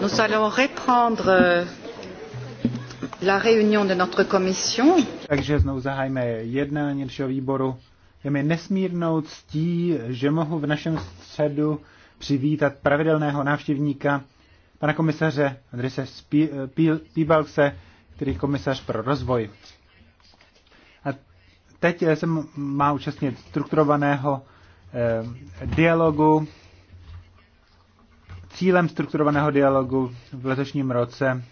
Nous allons reprendre euh, la réunion de notre commission. Takže znovu zahájíme jednání našeho výboru. Je mi nesmírnou ctí, že mohu v našem středu přivítat pravidelného návštěvníka, pana komisaře Andrise eh, Píbalkse, který je komisař pro rozvoj. A teď jsem má účastnit strukturovaného eh, dialogu Cílem strukturovaného dialogu v letošním roce,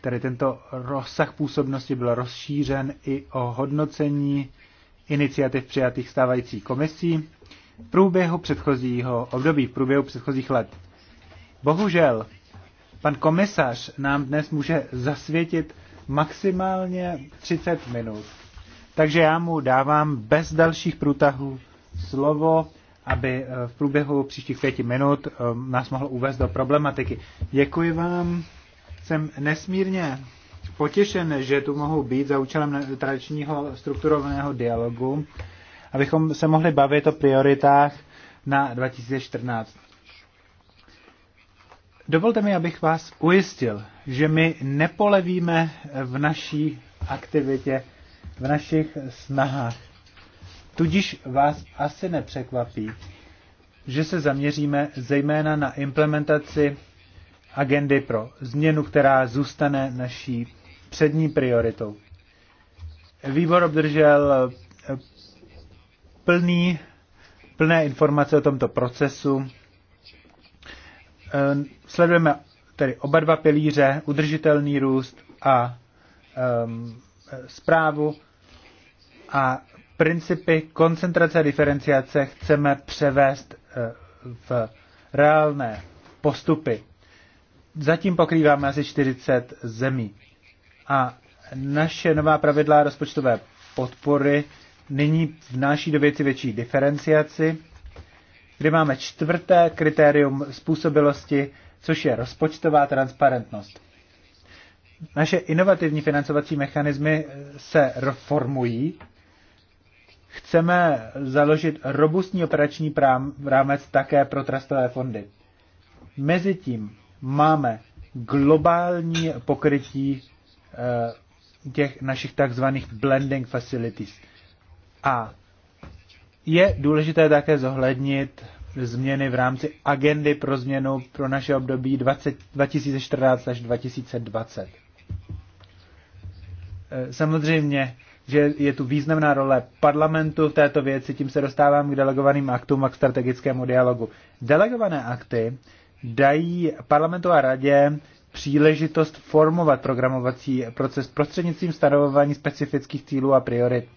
tedy tento rozsah působnosti byl rozšířen i o hodnocení iniciativ přijatých stávající komisí v průběhu předchozího období, v průběhu předchozích let. Bohužel, pan komisař nám dnes může zasvětit maximálně 30 minut. Takže já mu dávám bez dalších průtahů slovo aby eh, v průběhu příštích pěti minut eh, nás mohl uvést do problematiky. Děkuji vám. Jsem nesmírně potěšen, že tu mohou být za účelem tradičního strukturovaného dialogu, abychom se mohli bavit o prioritách na 2014. Dovolte mi, abych vás ujistil, že my nepolevíme v naší aktivitě, v našich snahách Tudíž vás asi nepřekvapí, že se zaměříme zejména na implementaci agendy pro změnu, která zůstane naší přední prioritou. Výbor obdržel eh, plný, plné informace o tomto procesu. Eh, sledujeme tedy oba dva pilíře, udržitelný růst a um, ehm, zprávu eh, a principy koncentrace a diferenciace chceme převést eh, v reálné postupy. Zatím pokrýváme asi 40 zemí. A naše nová pravidla rozpočtové podpory nyní vnáší do věci větší diferenciaci, kde máme čtvrté kritérium způsobilosti, což je rozpočtová transparentnost. Naše inovativní financovací mechanismy se reformují chceme založit robustní operační rámec také pro trustové fondy. Mezitím máme globální pokrytí eh, těch našich takzvaných blending facilities. A je důležité také zohlednit změny v rámci agendy pro změnu pro naše období 20, 2014 až 2020. Eh, samozřejmě že je tu významná role parlamentu v této věci, tím se dostávám k delegovaným aktům a k strategickému dialogu. Delegované akty dají parlamentu a radě příležitost formovat programovací proces prostřednictvím stanovování specifických cílů a priorit.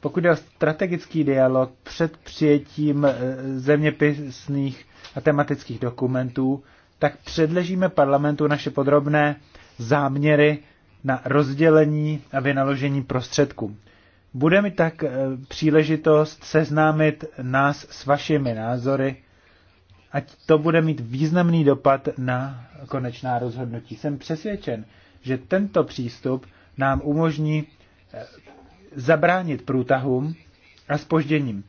Pokud je o strategický dialog před přijetím eh, zeměpisných a tematických dokumentů, tak předležíme parlamentu naše podrobné záměry na rozdělení a vynaložení prostředků. Bude mi tak eh, příležitost seznámit nás s vašimi názory, ať to bude mít významný dopad na konečná rozhodnutí. Jsem přesvědčen, že tento přístup nám umožní eh, zabránit průtahům a spožděním.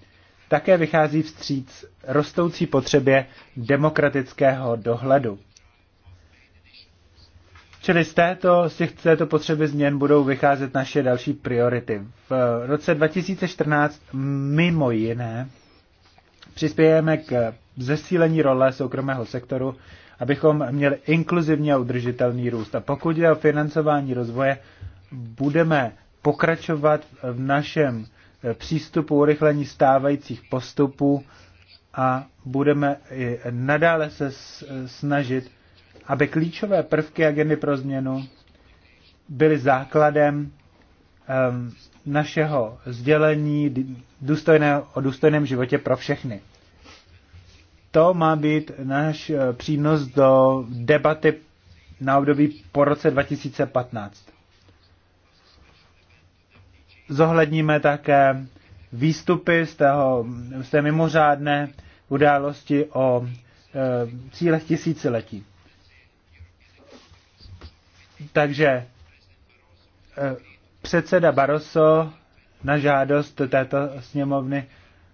Také vychází vstříc rostoucí potřebě demokratického dohledu. Čili z této, z, těch, této potřeby změn budou vycházet naše další priority. V roce 2014 mimo jiné přispějeme k zesílení role soukromého sektoru, abychom měli inkluzivní a udržitelný růst. A pokud jde o financování rozvoje, budeme pokračovat v našem eh, přístupu urychlení stávajících postupů a budeme i nadále se eh, snažit aby klíčové prvky agendy pro změnu byly základem um, našeho sdělení důstojné, o důstojném životě pro všechny. To má být náš eh, přínos do debaty na období po roce 2015. Zohledníme také výstupy z, tého, z té mimořádné události o e, cílech tisíciletí. Takže eh, předseda Barroso na žádost této sněmovny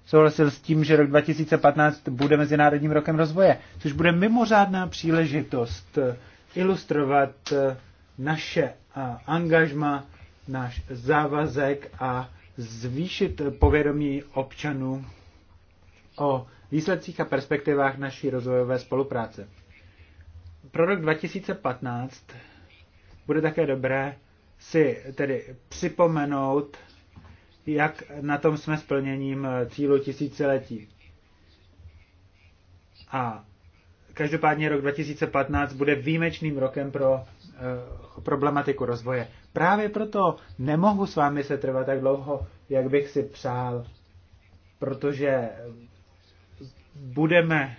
souhlasil s tím, že rok 2015 bude Mezinárodním rokem rozvoje, což bude mimořádná příležitost eh, ilustrovat eh, naše angažma, náš závazek a zvýšit povědomí občanů o výsledcích a perspektivách naší rozvojové spolupráce. Pro rok 2015 bude také dobré si tedy připomenout, jak na tom jsme s plněním eh, cílu tisíciletí. A každopádně rok 2015 bude výjimečným rokem pro eh, problematiku rozvoje. Právě proto nemohu s vámi se trvat tak dlouho, jak bych si přál, protože budeme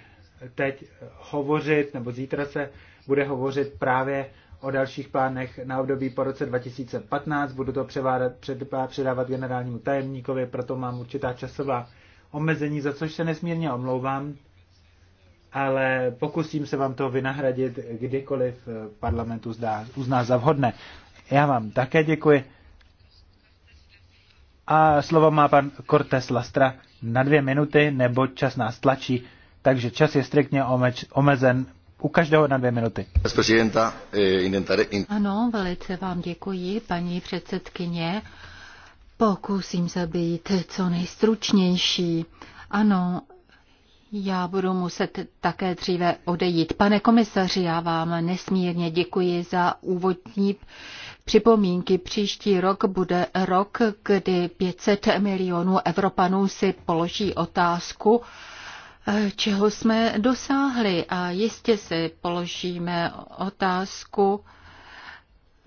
teď hovořit, nebo zítra se bude hovořit právě o dalších plánech na období po roce 2015. Budu to převádat, předávat generálnímu tajemníkovi, proto mám určitá časová omezení, za což se nesmírně omlouvám, ale pokusím se vám to vynahradit kdykoliv eh, parlamentu zdá, uzná za vhodné. Já vám také děkuji. A slovo má pan Cortés Lastra na dvě minuty, nebo čas nás tlačí, takže čas je striktně omezen u každého na dvě minuty. Eh, ano, velice vám děkuji, paní předsedkyně. Pokusím se být co nejstručnější. Ano, já budu muset také dříve odejít. Pane komisaři, já vám nesmírně děkuji za úvodní připomínky. Příští rok bude rok, kdy 500 milionů Evropanů si položí otázku, čeho jsme dosáhli. A jistě si položíme otázku,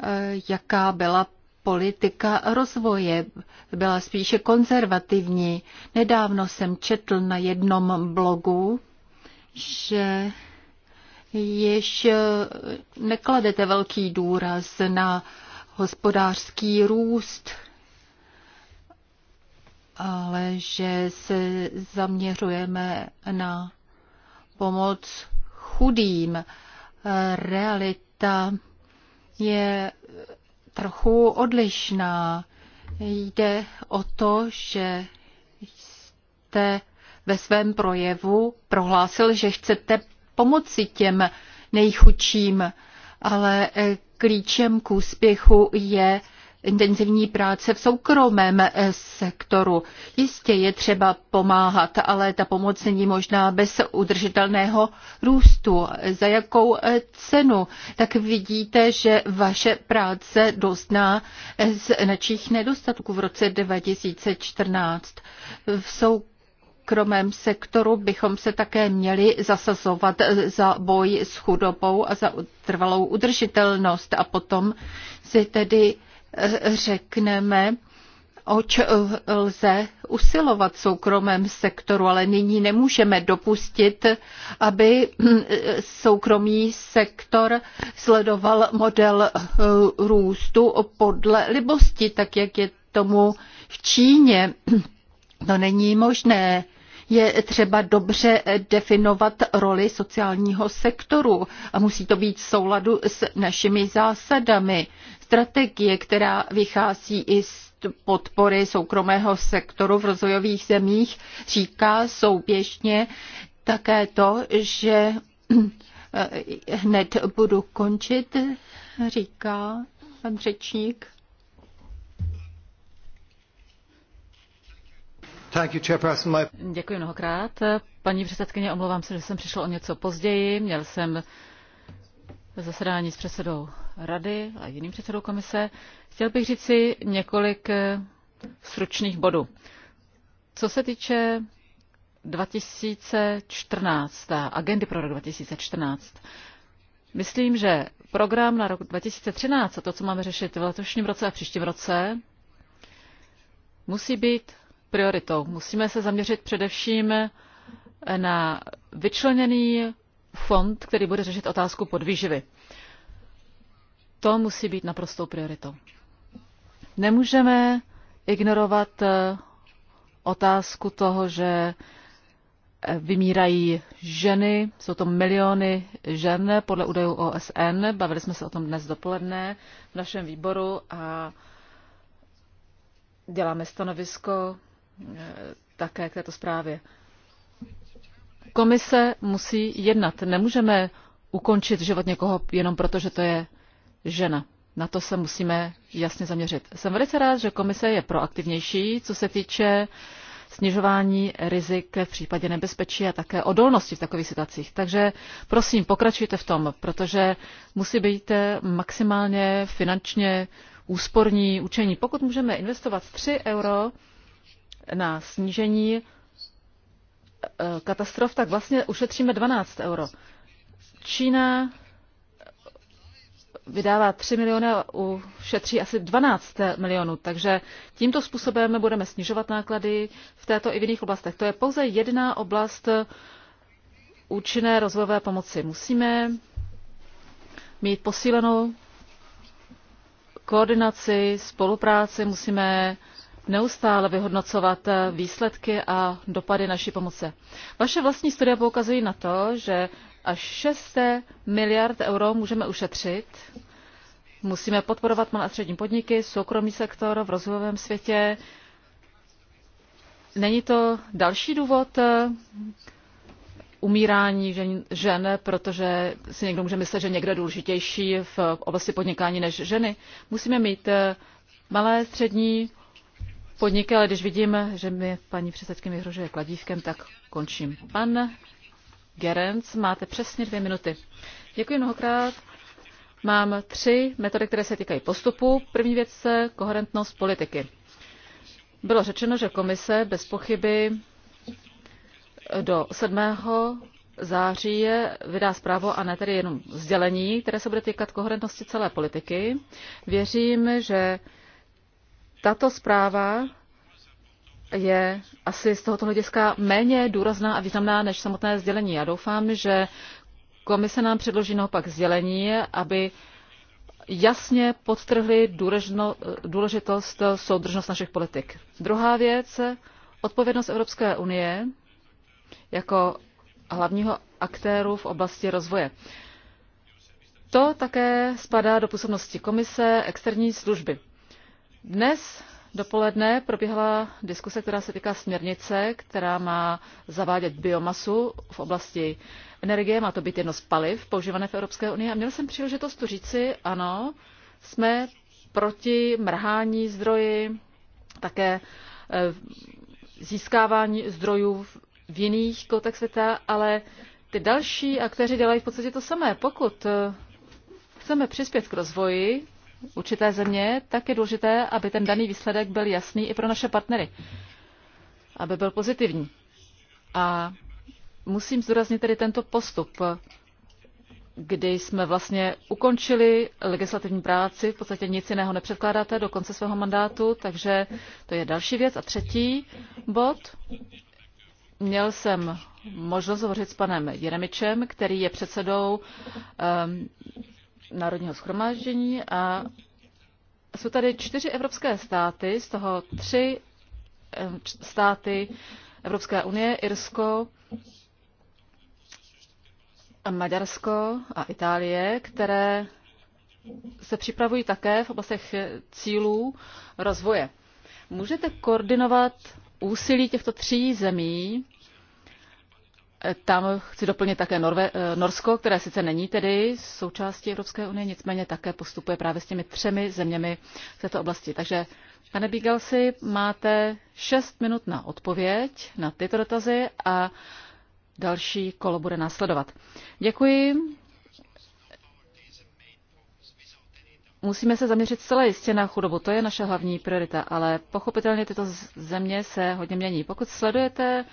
eh, jaká byla politika rozvoje. Byla spíše konzervativní. Nedávno jsem četl na jednom blogu, že již eh, nekladete velký důraz na hospodářský růst ale že se zaměřujeme na pomoc chudým. Realita je trochu odlišná. Jde o to, že jste ve svém projevu prohlásil, že chcete pomoci těm nejchudším, ale klíčem k úspěchu je intenzivní práce v soukromém eh, sektoru. Jistě je třeba pomáhat, ale ta pomoc není možná bez udržitelného růstu. Za jakou eh, cenu? Tak vidíte, že vaše práce dozná eh, značných nedostatků v roce 2014. V soukromém soukromém sektoru bychom se také měli zasazovat za boj s chudobou a za trvalou udržitelnost a potom si tedy řekneme, oč lze usilovat v soukromém sektoru, ale nyní nemůžeme dopustit, aby soukromý sektor sledoval model eh, růstu podle libosti, tak jak je tomu v Číně. To není možné je třeba dobře definovat roli sociálního sektoru a musí to být v souladu s našimi zásadami. Strategie, která vychází i z podpory soukromého sektoru v rozvojových zemích, říká souběžně také to, že hned budu končit, říká pan řečník. Děkuji mnohokrát. Paní předsedkyně, omlouvám se, že jsem přišel o něco později. Měl jsem zasedání s předsedou rady a jiným předsedou komise. Chtěl bych říct si několik eh, stručných bodů. Co se týče 2014, agendy pro rok 2014, myslím, že program na rok 2013 a to, co máme řešit v letošním roce a příštím roce, musí být prioritou. Musíme se zaměřit především na vyčleněný fond, který bude řešit otázku podvýživy. To musí být naprostou prioritou. Nemůžeme ignorovat otázku toho, že vymírají ženy, jsou to miliony žen podle údajů OSN. Bavili jsme se o tom dnes dopoledne v našem výboru a děláme stanovisko Eh, také k této zprávě. Komise musí jednat. Nemůžeme ukončit život někoho jenom proto, že to je žena. Na to se musíme jasně zaměřit. Jsem velice rád, že komise je proaktivnější, co se týče snižování rizik v případě nebezpečí a také odolnosti v takových situacích. Takže prosím, pokračujte v tom, protože musí být eh, maximálně finančně úsporní učení. Pokud můžeme investovat 3 euro na snížení e, katastrof, tak vlastně ušetříme 12 euro. Čína vydává 3 miliony a ušetří asi 12 milionů. Takže tímto způsobem budeme snižovat náklady v této i v jiných oblastech. To je pouze jedna oblast účinné rozvojové pomoci. Musíme mít posílenou koordinaci, spolupráci, musíme neustále vyhodnocovat eh, výsledky a dopady naší pomoci. Vaše vlastní studie poukazují na to, že až 6 miliard euro můžeme ušetřit. Musíme podporovat malé a střední podniky, soukromý sektor v rozvojovém světě. Není to další důvod eh, umírání žen, žen, protože si někdo může myslet, že někdo je důležitější v oblasti podnikání než ženy. Musíme mít eh, malé, střední podniky, ale když vidím, že mi paní předsedkyně hrožuje kladívkem, tak končím. Pan Gerenc, máte přesně dvě minuty. Děkuji mnohokrát. Mám tři metody, které se týkají postupu. První věc je koherentnost politiky. Bylo řečeno, že komise bez pochyby do 7. září vydá zprávu a ne tedy jenom sdělení, které se bude týkat koherentnosti celé politiky. Věřím, že tato zpráva je asi z tohoto hlediska méně důrazná a významná než samotné sdělení. Já doufám, že komise nám předloží naopak sdělení, aby jasně podtrhli důležno, důležitost soudržnost našich politik. Druhá věc, odpovědnost Evropské unie jako hlavního aktéru v oblasti rozvoje. To také spadá do působnosti komise externí služby. Dnes dopoledne proběhla diskuse, která se týká směrnice, která má zavádět biomasu v oblasti energie. Má to být jedno z paliv používané v Evropské unii. A měl jsem příležitost tu říci, ano, jsme proti mrhání zdroji, také eh, získávání zdrojů v jiných koutech světa, ale ty další aktéři dělají v podstatě to samé. Pokud eh, chceme přispět k rozvoji, určité země, tak je důležité, aby ten daný výsledek byl jasný i pro naše partnery, aby byl pozitivní. A musím zdůraznit tedy tento postup, kdy jsme vlastně ukončili legislativní práci, v podstatě nic jiného nepředkládáte do konce svého mandátu, takže to je další věc. A třetí bod, měl jsem možnost hovořit s panem Jeremičem, který je předsedou um, národního schromáždění a jsou tady čtyři evropské státy, z toho tři eh, státy Evropské unie, Irsko, Maďarsko a Itálie, které se připravují také v oblastech cílů rozvoje. Můžete koordinovat úsilí těchto tří zemí tam chci doplnit také Norve, eh, Norsko, které sice není tedy součástí Evropské unie, nicméně také postupuje právě s těmi třemi zeměmi v této oblasti. Takže, pane Bígalsi, máte šest minut na odpověď na tyto dotazy a další kolo bude následovat. Děkuji. Musíme se zaměřit celé jistě na chudobu, to je naše hlavní priorita, ale pochopitelně tyto země se hodně mění. Pokud sledujete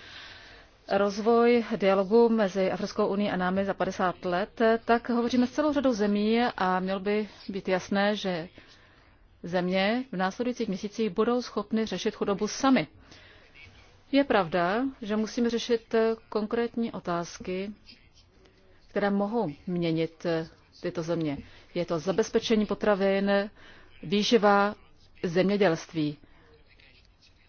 rozvoj dialogu mezi Evropskou unii a námi za 50 let, tak hovoříme s celou řadou zemí a mělo by být jasné, že země v následujících měsících budou schopny řešit chudobu sami. Je pravda, že musíme řešit konkrétní otázky, které mohou měnit tyto země. Je to zabezpečení potravin, výživa, zemědělství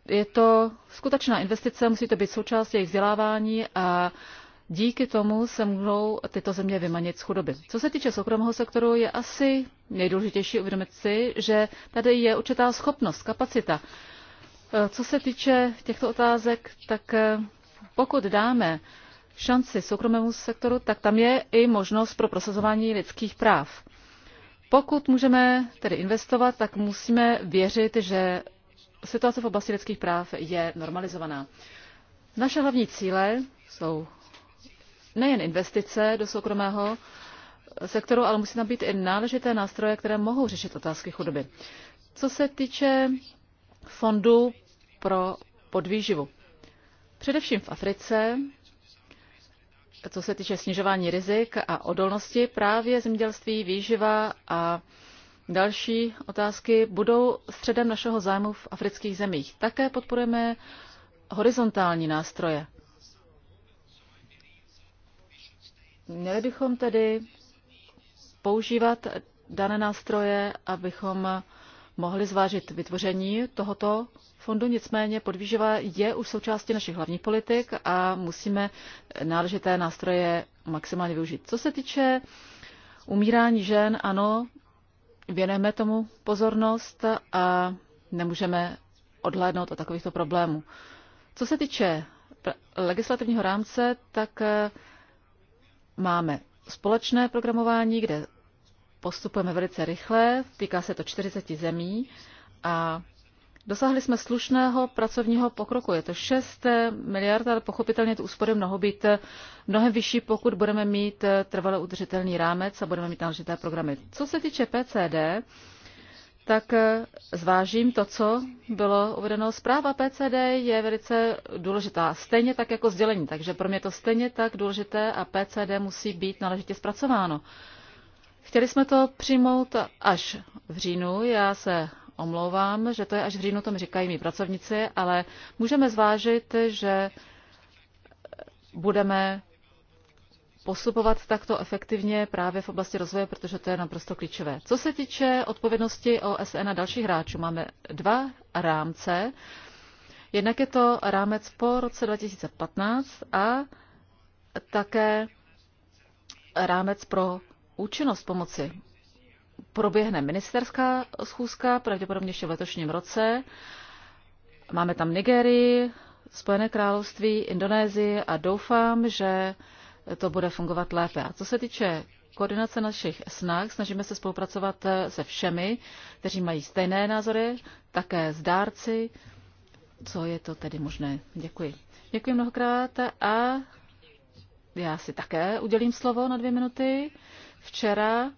je to skutečná investice, musí to být součást jejich vzdělávání a díky tomu se mohou tyto země vymanit z chudoby. Co se týče soukromého sektoru, je asi nejdůležitější uvědomit si, že tady je určitá schopnost, kapacita. E, co se týče těchto otázek, tak e, pokud dáme šanci soukromému sektoru, tak tam je i možnost pro prosazování lidských práv. Pokud můžeme tedy investovat, tak musíme věřit, že situace v oblasti lidských práv je normalizovaná. Naše hlavní cíle jsou nejen investice do soukromého sektoru, ale musí tam být i náležité nástroje, které mohou řešit otázky chudoby. Co se týče fondu pro podvýživu, především v Africe, co se týče snižování rizik a odolnosti, právě zemědělství, výživa a další otázky budou středem našeho zájmu v afrických zemích. Také podporujeme horizontální nástroje. Měli bychom tedy používat dané nástroje, abychom mohli zvážit vytvoření tohoto fondu, nicméně podvýživa je už součástí našich hlavních politik a musíme náležité nástroje maximálně využít. Co se týče umírání žen, ano, věnujeme tomu pozornost a nemůžeme odhlédnout od takovýchto problémů. Co se týče legislativního rámce, tak eh, máme společné programování, kde postupujeme velice rychle, týká se to 40 zemí a Dosáhli jsme slušného pracovního pokroku. Je to 6 miliard, ale pochopitelně ty úspory mnohou být mnohem vyšší, pokud budeme mít trvale udržitelný rámec a budeme mít náležité programy. Co se týče PCD, tak zvážím to, co bylo uvedeno. Zpráva PCD je velice důležitá, stejně tak jako sdělení, takže pro mě to stejně tak důležité a PCD musí být náležitě zpracováno. Chtěli jsme to přijmout až v říjnu. Já se omlouvám, že to je až v říjnu, to mi říkají mý pracovníci, ale můžeme zvážit, že budeme postupovat takto efektivně právě v oblasti rozvoje, protože to je naprosto klíčové. Co se týče odpovědnosti OSN a dalších hráčů, máme dva rámce. Jednak je to rámec po roce 2015 a také rámec pro účinnost pomoci proběhne ministerská schůzka, pravděpodobně ještě v letošním roce. Máme tam Nigerii, Spojené království, Indonésii a doufám, že to bude fungovat lépe. A co se týče koordinace našich snah, snažíme se spolupracovat se všemi, kteří mají stejné názory, také s dárci, co je to tedy možné. Děkuji. Děkuji mnohokrát a já si také udělím slovo na dvě minuty. Včera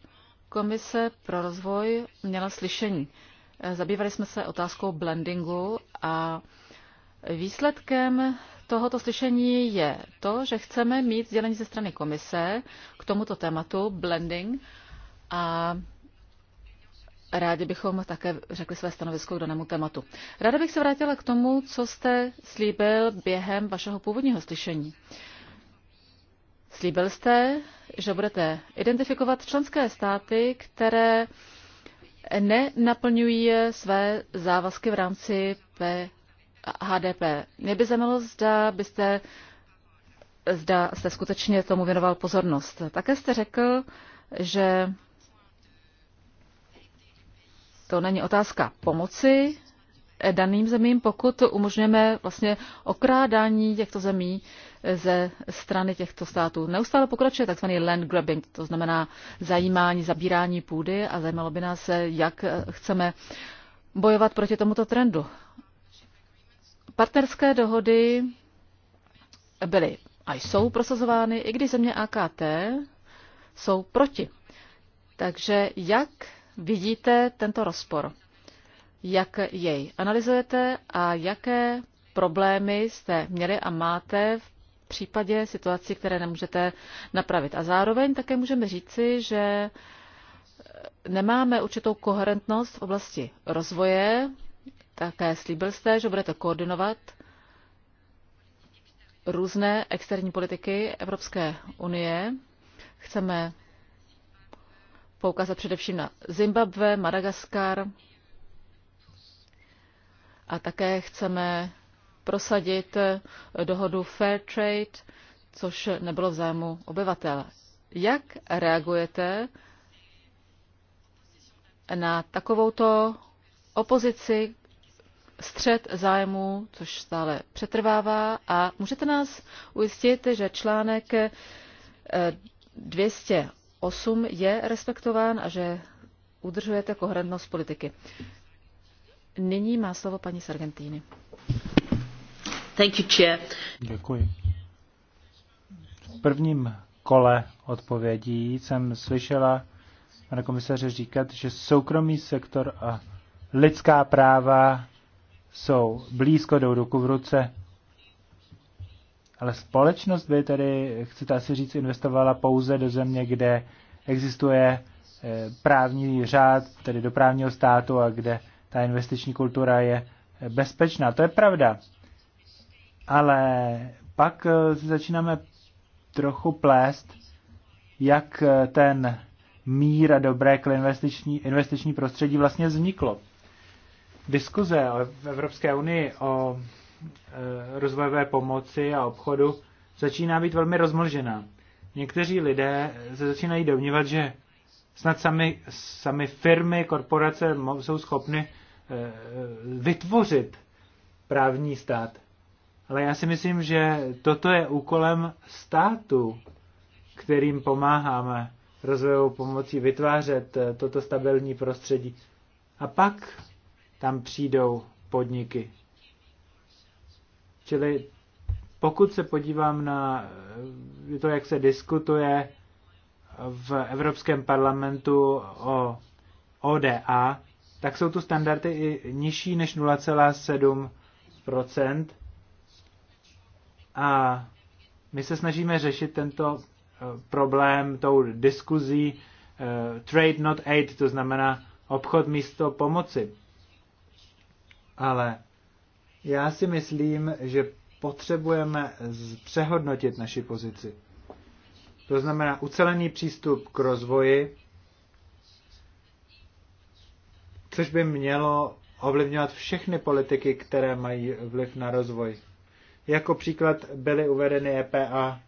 Komise pro rozvoj měla slyšení. Zabývali jsme se otázkou blendingu a výsledkem tohoto slyšení je to, že chceme mít sdělení ze strany komise k tomuto tématu blending a rádi bychom také řekli své stanovisko k danému tématu. Ráda bych se vrátila k tomu, co jste slíbil během vašeho původního slyšení. Uh, Slíbil jste, že budete identifikovat členské státy, které nenaplňují své závazky v rámci HDP. Mě by zajímalo, zda byste zda jste skutečně tomu věnoval pozornost. Také jste řekl, že to není otázka pomoci, daným zemím, pokud umožňujeme vlastně okrádání těchto zemí ze strany těchto států. Neustále pokračuje tzv. land grabbing, to znamená zajímání, zabírání půdy a zajímalo by nás, jak chceme bojovat proti tomuto trendu. Partnerské dohody byly a jsou prosazovány, i když země AKT jsou proti. Takže jak vidíte tento rozpor? jak jej analyzujete a jaké problémy jste měli a máte v případě situací, které nemůžete napravit. A zároveň také můžeme říci, že nemáme určitou koherentnost v oblasti rozvoje. Také slíbil jste, že budete koordinovat různé externí politiky Evropské unie. Chceme poukázat především na Zimbabwe, Madagaskar, a také chceme prosadit eh, dohodu Fair Trade, což nebylo v zájmu obyvatel. Jak reagujete na takovouto opozici, střed zájmu, což stále přetrvává a můžete nás ujistit, že článek 208 eh, je respektován a že udržujete koherentnost politiky. Nyní má slovo paní z Thank you, chair. Děkuji. V prvním kole odpovědí jsem slyšela pana komisaře říkat, že soukromý sektor a lidská práva jsou blízko, jdou ruku v ruce. Ale společnost by tedy, chcete asi říct, investovala pouze do země, kde existuje eh, právní řád, tedy do právního státu a kde ta investiční kultura je bezpečná. To je pravda. Ale pak eh, si začínáme trochu plést, jak eh, ten mír a dobré investiční, investiční prostředí vlastně vzniklo. Diskuze o Evropské unii, o eh, rozvojové pomoci a obchodu začíná být velmi rozmlžená. Někteří lidé se začínají domnívat, že snad sami, sami firmy, korporace jsou schopny vytvořit právní stát. Ale já si myslím, že toto je úkolem státu, kterým pomáháme rozvojovou pomocí vytvářet eh, toto stabilní prostředí. A pak tam přijdou podniky. Čili pokud se podívám na eh, to, jak se diskutuje v Evropském parlamentu o ODA, tak jsou tu standardy i nižší než 0,7 A my se snažíme řešit tento eh, problém tou diskuzí eh, trade not aid, to znamená obchod místo pomoci. Ale já si myslím, že potřebujeme přehodnotit naši pozici. To znamená ucelený přístup k rozvoji, což by mělo ovlivňovat všechny politiky, které mají vliv na rozvoj. Jako příklad byly uvedeny EPA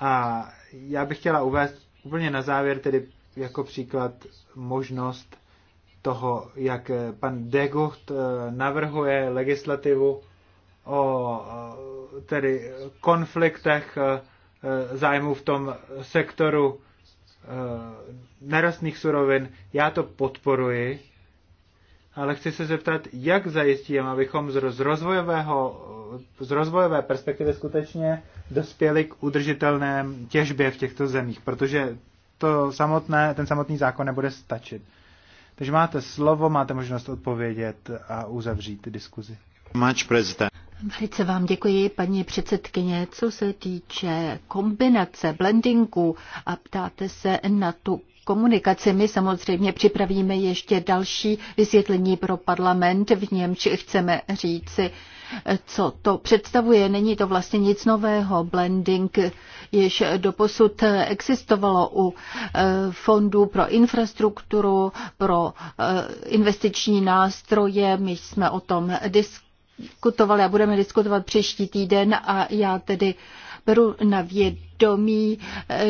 a já bych chtěla uvést úplně na závěr tedy jako příklad možnost toho, jak pan Degucht eh, navrhuje legislativu o eh, tedy konfliktech eh, zájmů v tom sektoru Eh, nerostných surovin. Já to podporuji, ale chci se zeptat, jak zajistíme, abychom z, rozvojového, z rozvojové perspektivy skutečně dospěli k udržitelné těžbě v těchto zemích, protože to samotné, ten samotný zákon nebude stačit. Takže máte slovo, máte možnost odpovědět a uzavřít diskuzi. Much president. Velice vám děkuji, paní předsedkyně. Co se týče kombinace blendingu a ptáte se na tu komunikaci. My samozřejmě připravíme ještě další vysvětlení pro parlament, v němž chceme říci, co to představuje. Není to vlastně nic nového. Blending již doposud existovalo u eh, fondů pro infrastrukturu, pro eh, investiční nástroje. My jsme o tom diskutovali diskutovali a budeme diskutovat příští týden a já tedy beru na vědomí,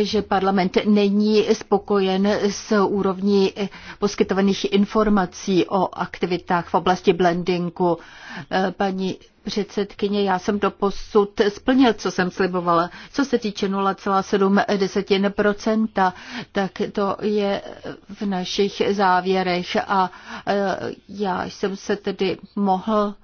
že parlament není spokojen s úrovní poskytovaných informací o aktivitách v oblasti blendingu. Paní předsedkyně, já jsem do posud splnil, co jsem slibovala. Co se týče 0,7%, tak to je v našich závěrech a e, já jsem se tedy mohl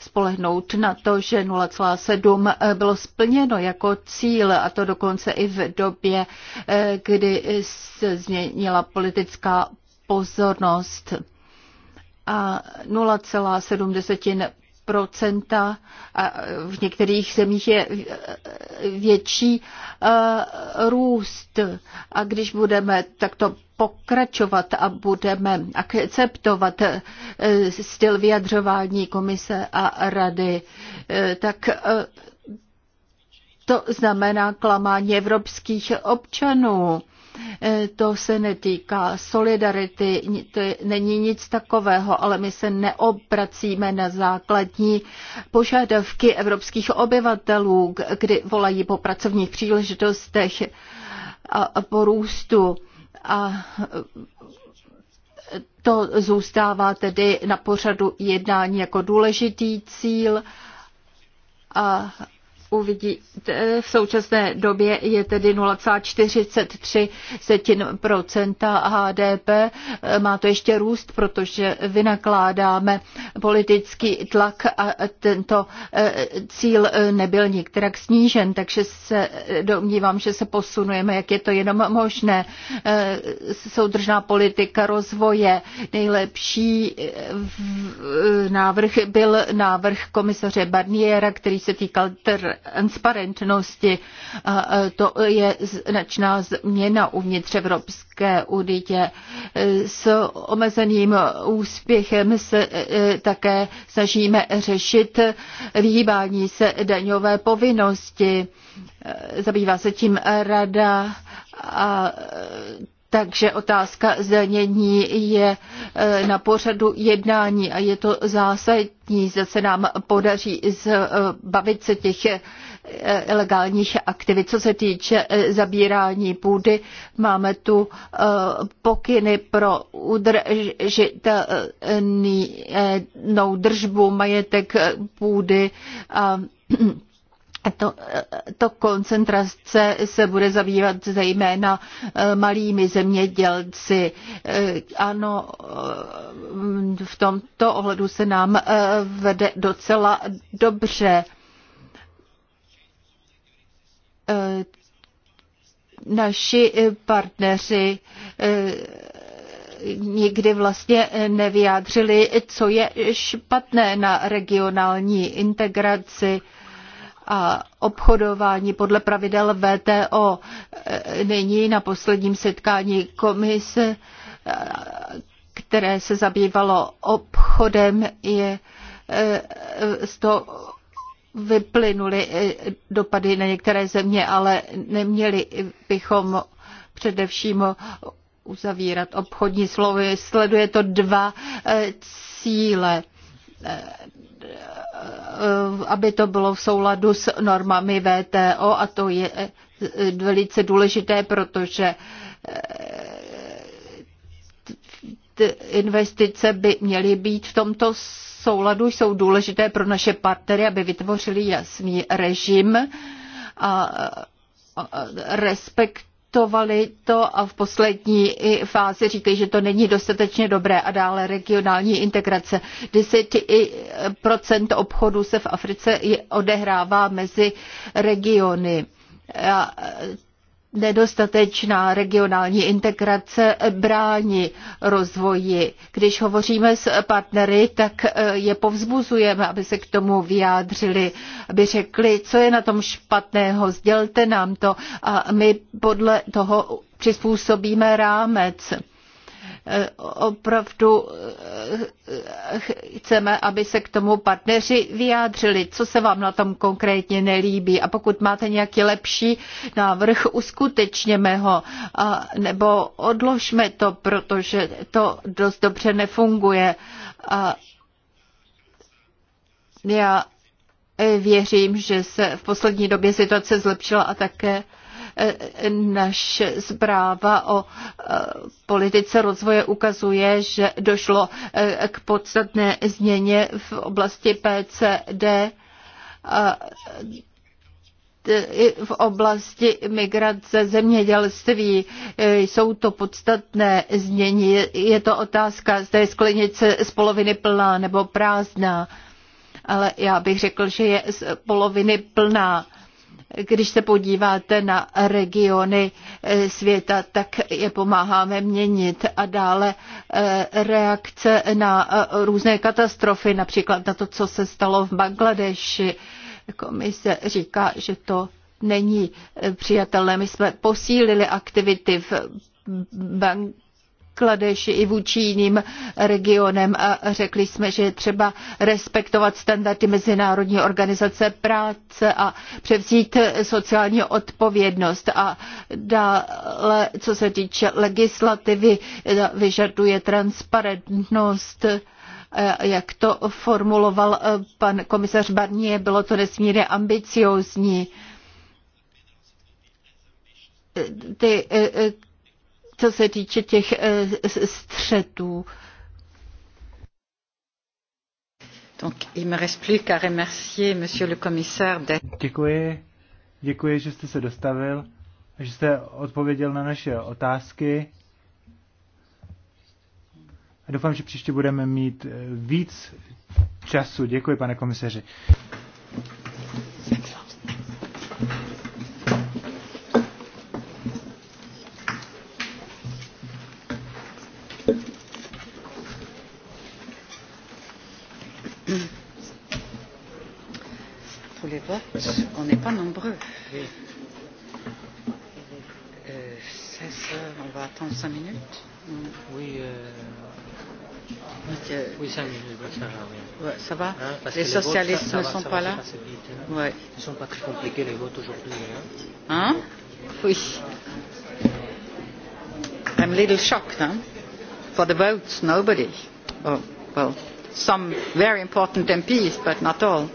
spolehnout na to, že 0,7 eh, bylo splněno jako cíl a to dokonce i v době, eh, kdy se změnila politická pozornost. A 0,7 procenta a eh, v některých zemích je větší růst. A když budeme takto pokračovat a budeme akceptovat eh, styl vyjadřování komise a rady, eh, tak eh, to znamená klamání evropských občanů. To se netýká solidarity, to není nic takového, ale my se neobracíme na základní požadavky evropských obyvatelů, kdy volají po pracovních příležitostech a po růstu a to zůstává tedy na pořadu jednání jako důležitý cíl a uvidíte, v současné době je tedy 0,43 HDP. Má to ještě růst, protože vynakládáme politický tlak a tento eh, cíl eh, nebyl nikterak snížen, takže se domnívám, že se posunujeme, jak je to jenom možné. Eh, soudržná politika rozvoje, nejlepší návrh byl návrh komisaře Barniera, který se týkal ter transparentnosti. To je značná změna uvnitř Evropské unie. S omezeným úspěchem se e, e, také snažíme řešit vyhýbání se daňové povinnosti. E, zabývá se tím rada a takže otázka zdanění je eh, na pořadu jednání a je to zásadní, že se nám podaří zbavit se těch eh, ilegálních aktivit. Co se týče eh, zabírání půdy, máme tu pokyny pro udržitelnou držbu majetek půdy a to, to koncentrace se bude zabývat zejména eh, malými zemědělci. Eh, ano, eh, v tomto ohledu se nám vede docela dobře. Naši partneři nikdy vlastně nevyjádřili, co je špatné na regionální integraci a obchodování podle pravidel VTO. E, nyní na posledním setkání komise, e, které se zabývalo obchodem, je e, z toho vyplynuly dopady na některé země, ale neměli bychom především uzavírat obchodní slovy. Sleduje to dva cíle Eh, aby to bylo v souladu s normami VTO a to je velice důležité, protože eh, investice by měly být v tomto souladu, jsou důležité pro naše partnery, aby vytvořili jasný režim a respekt kritizovali to a v poslední fázi říkají, že to není dostatečně dobré a dále regionální integrace. 10% obchodu se v Africe odehrává mezi regiony. A nedostatečná regionální integrace brání rozvoji. Když hovoříme s partnery, tak eh, je povzbuzujeme, aby se k tomu vyjádřili, aby řekli, co je na tom špatného, sdělte nám to a my podle toho přizpůsobíme rámec. Eh, opravdu eh, chceme, aby se k tomu partneři vyjádřili, co se vám na tom konkrétně nelíbí a pokud máte nějaký lepší návrh, uskutečněme ho a nebo odložme to, protože to dost dobře nefunguje. A já eh, věřím, že se v poslední době situace zlepšila a také Naš zpráva o eh, politice rozvoje ukazuje, že došlo eh, k podstatné změně v oblasti PCD eh, v oblasti migrace, zemědělství. Jsou to podstatné změny. Je to otázka, zda je sklenice z poloviny plná nebo prázdná. Ale já bych řekl, že je z poloviny plná. Když se podíváte na regiony eh, světa, tak je pomáháme měnit a dále eh, reakce na eh, různé katastrofy, například na to, co se stalo v Bangladeši. Komise říká, že to není přijatelné. My jsme posílili aktivity v Bangladeši Bangladeši i vůči jiným regionem a řekli jsme, že je třeba respektovat standardy Mezinárodní organizace práce a převzít sociální odpovědnost. A dále, co se týče legislativy, vyžaduje transparentnost jak to formuloval pan komisař Barnier, bylo to nesmírně ambiciozní. Ty co se týče těch eh, střetů. Děkuji. Děkuji, že jste se dostavil, že jste odpověděl na naše otázky. A doufám, že příště budeme mít eh, víc času. Děkuji, pane komisaři. On n'est pas nombreux. Euh, 16 heures, on va attendre 5 minutes. Oui. Euh... Monsieur... Oui, 5 minutes, ça va. Oui. Ouais, ça va hein, parce Les que socialistes les votes, ça, ça ne va, sont ça pas va, là vite, hein. ouais. Ils ne sont pas très compliqués les votes aujourd'hui. Hein, hein Oui. I'm a little shocked, huh? For the votes, nobody. Oh, well, some very important MPs, but not all.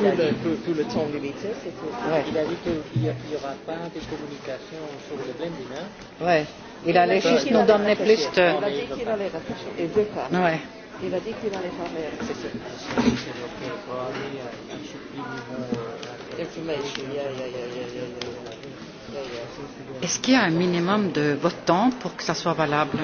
il a dit que tout le temps limité, Ouais. Il a dit qu'il n'y aura pas de communication sur le blending. Hein. Ouais. Il allait juste nous donner plus de. Il a dit qu'il allait rattacher. Il veut pas. Ouais. Il a dit qu'il allait parler avec ses Est-ce qu'il y a un minimum de votants pour que ça soit valable?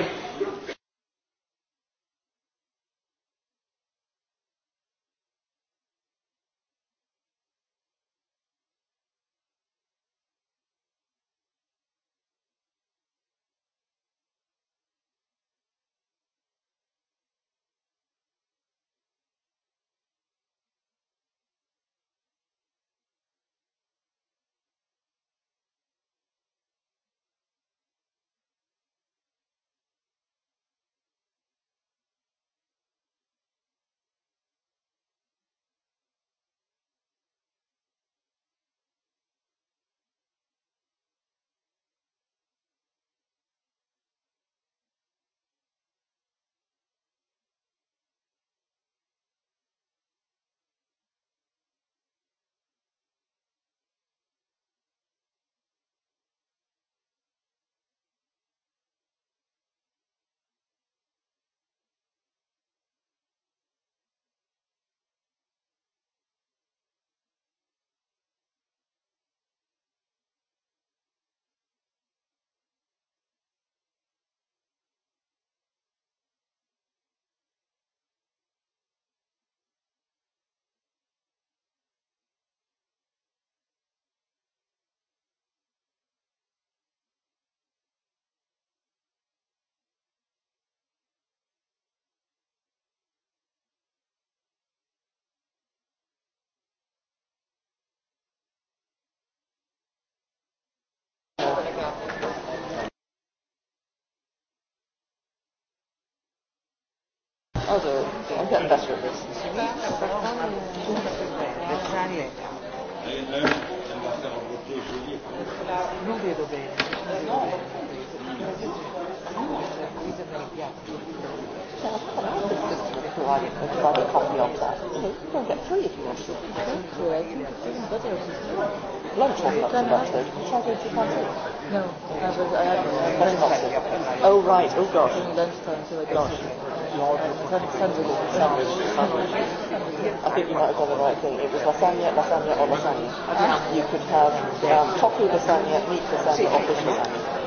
Also, das, das wird es. Non vedo bene. Lunch was not suggested. Shall we do one? No, Oh right. Oh gosh. Lunchtime, so I got. I think you might have done the right thing. It was lasagna, lasagna, or lasagna. You could have um, tofu lasagna, meat lasagna, or fish lasagna.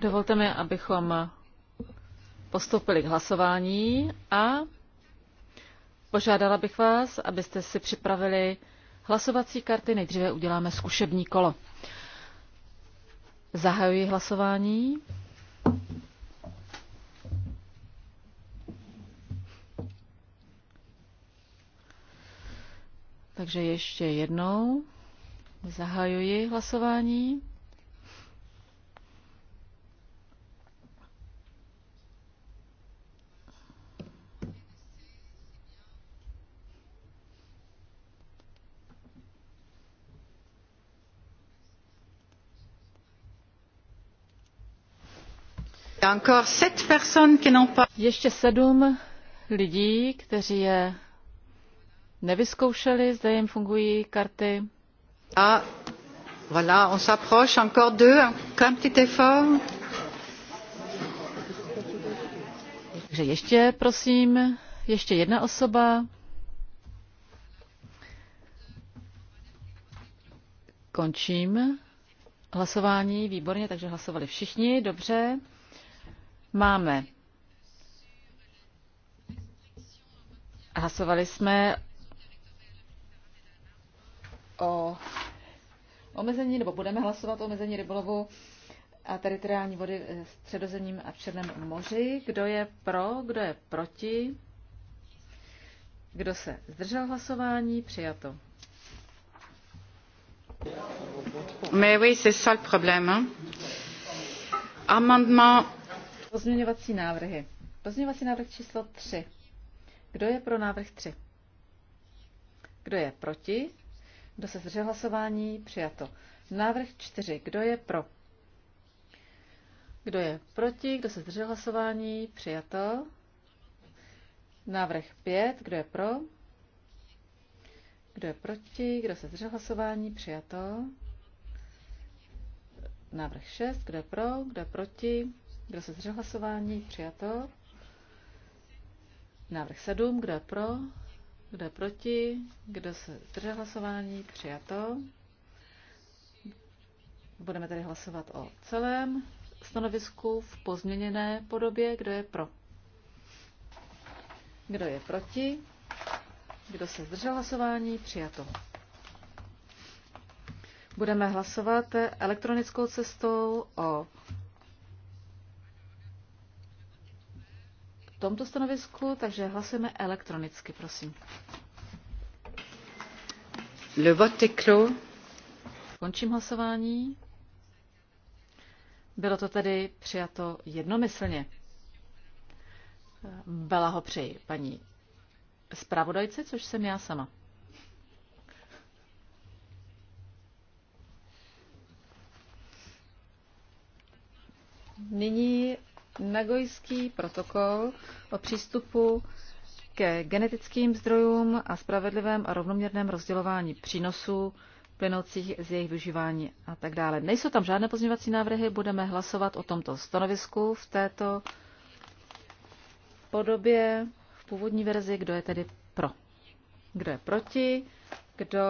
Dovolte mi, abychom postoupili k hlasování a požádala bych vás, abyste si připravili hlasovací karty. Nejdříve uděláme zkušební kolo. Zahajuji hlasování. Takže ještě jednou zahajuji hlasování. Ještě sedm lidí, kteří je nevyzkoušeli, zde jim fungují karty. A voilà, on s'approche encore deux, un petit effort. Takže ještě, prosím, ještě jedna osoba. Končím hlasování, výborně, takže hlasovali všichni, dobře máme. Hlasovali jsme o omezení, nebo budeme hlasovat o omezení rybolovu a teritoriální vody s středozemním a v Černém moři. Kdo je pro, kdo je proti? Kdo se zdržel hlasování? Přijato. Mais oui, c'est ça le problème. Hein? Amendement Pozměňovací návrhy. Pozměňovací návrh číslo 3. Kdo je pro návrh 3? Kdo je proti? Kdo se zdržel hlasování? Přijato. Návrh 4. Kdo je pro? Kdo je proti? Kdo se zdržel hlasování? Přijato. Návrh 5. Kdo je pro? Kdo je proti? Kdo se zdržel hlasování? Přijato. Návrh 6. Kdo je pro? Kdo je proti? Kdo se zdržel hlasování? Přijato. Návrh 7. Kdo je pro? Kdo je proti? Kdo se zdržel hlasování? Přijato. Budeme tedy hlasovat o celém stanovisku v pozměněné podobě. Kdo je pro? Kdo je proti? Kdo se zdržel hlasování? Přijato. Budeme hlasovat elektronickou cestou o tomto stanovisku, takže hlasujeme elektronicky, prosím. Le vote est clos. Končím hlasování. Bylo to tedy přijato jednomyslně. Byla ho přeji, paní zpravodajce, což jsem já sama. Nyní Nagojský protokol o přístupu ke genetickým zdrojům a spravedlivém a rovnoměrném rozdělování přínosů plynoucích z jejich využívání a tak dále. Nejsou tam žádné pozměňovací návrhy, budeme hlasovat o tomto stanovisku v této podobě, v původní verzi, kdo je tedy pro, kdo je proti, kdo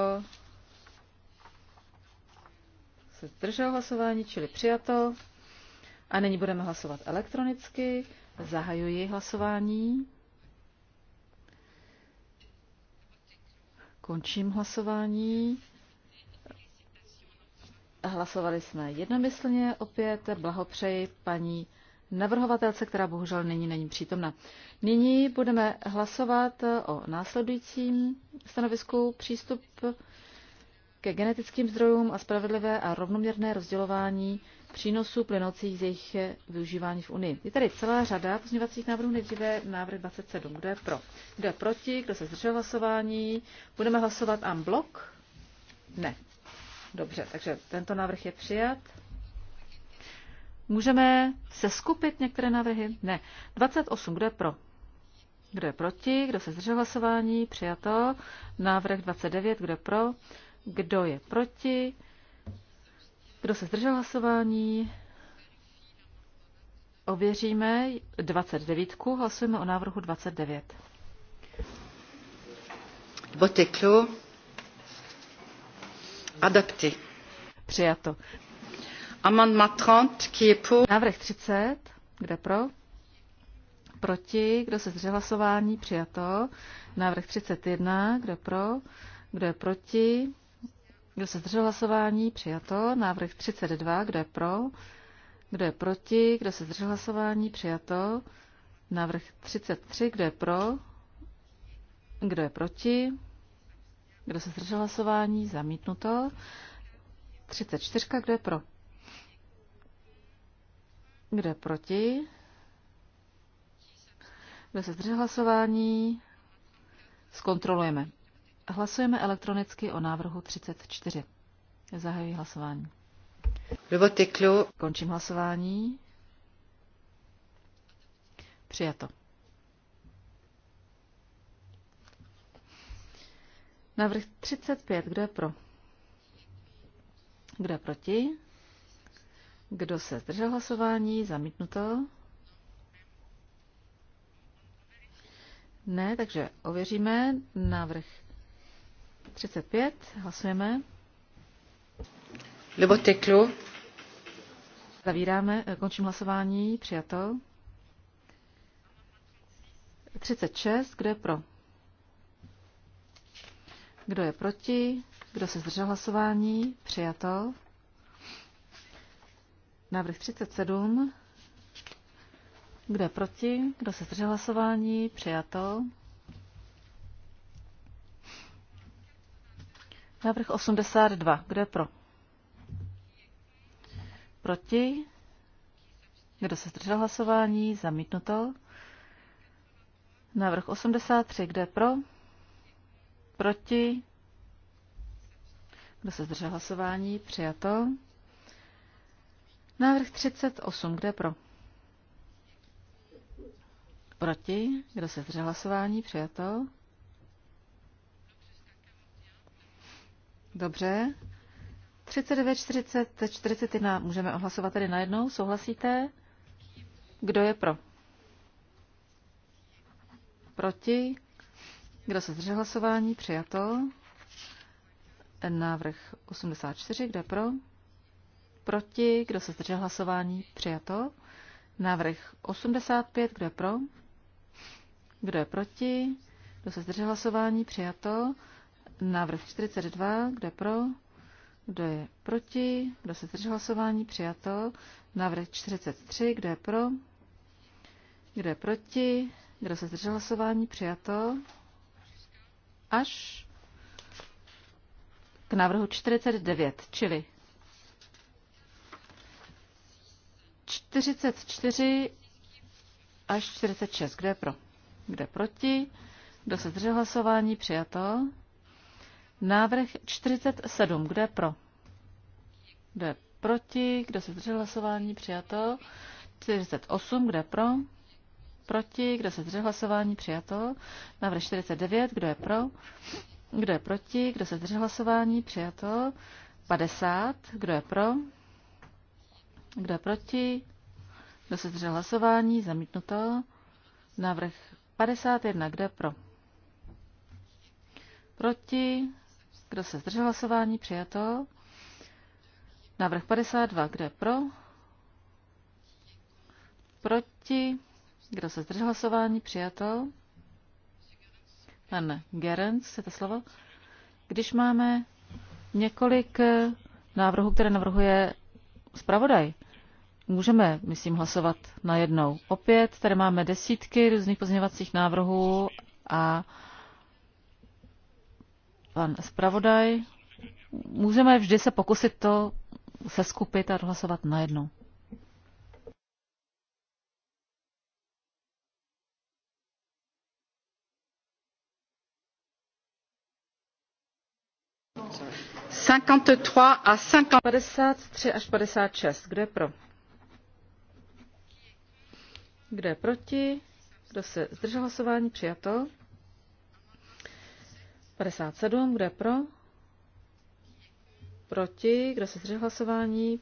se zdržel hlasování, čili přijato. A nyní budeme hlasovat elektronicky. Zahajuji hlasování. Končím hlasování. Hlasovali jsme jednomyslně. Opět blahopřeji paní navrhovatelce, která bohužel nyní není přítomna. Nyní budeme hlasovat o následujícím stanovisku přístup ke genetickým zdrojům a spravedlivé a rovnoměrné rozdělování přínosů plynoucích z jejich využívání v Unii. Je tady celá řada pozměňovacích návrhů, nejdříve návrh 27. Kdo je pro? Kdo je proti? Kdo se zdržel hlasování? Budeme hlasovat en blok? Ne. Dobře, takže tento návrh je přijat. Můžeme se skupit některé návrhy? Ne. 28. Kdo je pro? Kdo je proti? Kdo se zdržel hlasování? Přijato. Návrh 29. Kdo je pro? kdo je proti, kdo se zdržel hlasování. Ověříme 29. Hlasujeme o návrhu 29. Boteklo. Adapté. Přijato. Amendement 30, qui est pour. Návrh 30, kde pro? Proti, kdo se zdržel hlasování, přijato. Návrh 31, kdo pro, kdo je proti, kdo se zdržel hlasování? Přijato. Návrh 32. Kdo je pro? Kdo je proti? Kdo se zdržel hlasování? Přijato. Návrh 33. Kdo je pro? Kdo je proti? Kdo se zdržel hlasování? Zamítnuto. 34. Kdo je pro? Kdo je proti? Kdo se zdržel hlasování? Zkontrolujeme. Hlasujeme elektronicky o návrhu 34. Zahajuji hlasování. Lubotyklu. Končím hlasování. Přijato. Návrh 35. Kdo je pro? Kdo je proti? Kdo se zdržel hlasování? Zamítnuto. Ne, takže ověříme návrh 35, hlasujeme. Libo Teklu. Zavíráme, eh, končím hlasování, přijato. 36, kdo je pro? Kdo je proti? Kdo se zdržel hlasování? Přijato. Návrh 37. Kdo je proti? Kdo se zdržel hlasování? Přijato. Návrh 82. Kdo je pro? Proti? Kdo se zdržel hlasování? Zamítnuto. Návrh 83. Kdo je pro? Proti? Kdo se zdržel hlasování? Přijato. Návrh 38. Kdo je pro? Proti? Kdo se zdržel hlasování? Přijato. Dobře. 39, 40, 41 můžeme ohlasovat tedy najednou. Souhlasíte? Kdo je pro? Proti? Kdo se zdržel hlasování? Přijato. Návrh 84, kdo je pro? Proti? Kdo se zdržel hlasování? Přijato. Návrh 85, kdo je pro? Kdo je proti? Kdo se zdržel hlasování? Přijato. Návrh 42, kde pro, kdo je proti, kdo se zdržel hlasování, přijato. Návrh 43, kde je pro, kdo je proti, kdo se zdržel hlasování, přijato. Až k návrhu 49, čili 44 až 46. Kdo je pro? Kdo je proti? Kdo se zdržel hlasování? Přijato. Návrh 47. Kdo je pro? Kdo je proti? Kdo se zdržel hlasování? Přijato. 48. Kdo je pro? Proti? Kdo se zdržel hlasování? Přijato. Návrh 49. Kdo je pro? Kdo je proti? Kdo se zdržel hlasování? Přijato. 50. Kdo je pro? Kdo je proti? Kdo se zdržel hlasování? Zamítnuto. Návrh 51. Kdo je pro? Proti? Kdo se zdržel hlasování? Přijato. Návrh 52. Kdo je pro? Proti? Kdo se zdržel hlasování? Přijato. Pan Gerenc, je to slovo? Když máme několik eh, návrhů, které navrhuje zpravodaj, můžeme, myslím, hlasovat najednou. Opět tady máme desítky různých pozměňovacích návrhů a pan zpravodaj. Můžeme vždy se pokusit to seskupit a hlasovat najednou. Cinquante trois až padesát Kdo je pro? Kdo je proti? Kdo se zdržel hlasování? Přijato. 57, kde pro? Proti, kdo se zdržel hlasování?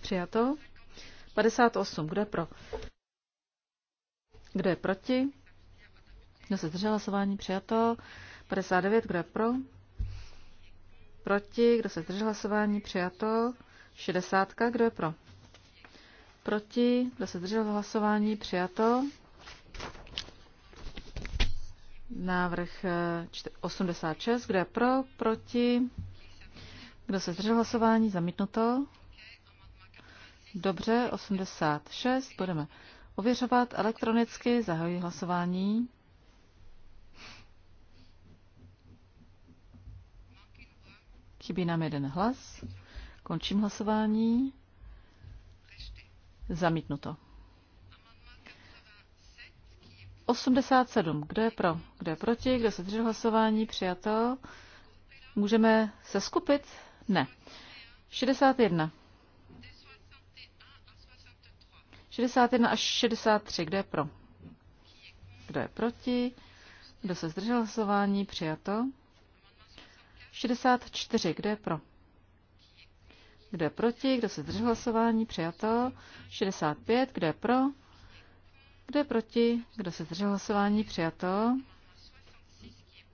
Přijato. 58, kde pro? Kdo je proti? Kdo se zdržel hlasování? Přijato. 59, kdo je pro? Proti, kdo se zdržel hlasování? Přijato. 60, kdo je pro? Proti, kdo se zdržel hlasování? Přijato. Návrh 86, eh, kdo je pro, proti, kdo se zdržel hlasování, zamítnuto. Dobře, 86, budeme ověřovat elektronicky, zahajuji hlasování. Chybí nám jeden hlas. Končím hlasování. Zamítnuto. 87. Kdo je pro? Kdo je proti? Kdo se držel hlasování? Přijato. Můžeme se skupit? Ne. 61. 61 až 63. Kdo je pro? Kdo je proti? Kdo se zdržel hlasování? Přijato. 64. Kdo je pro? Kdo je proti? Kdo se zdržel hlasování? Přijato. 65. Kdo je pro? Kdo je proti? Kdo se zdržel hlasování? Přijato.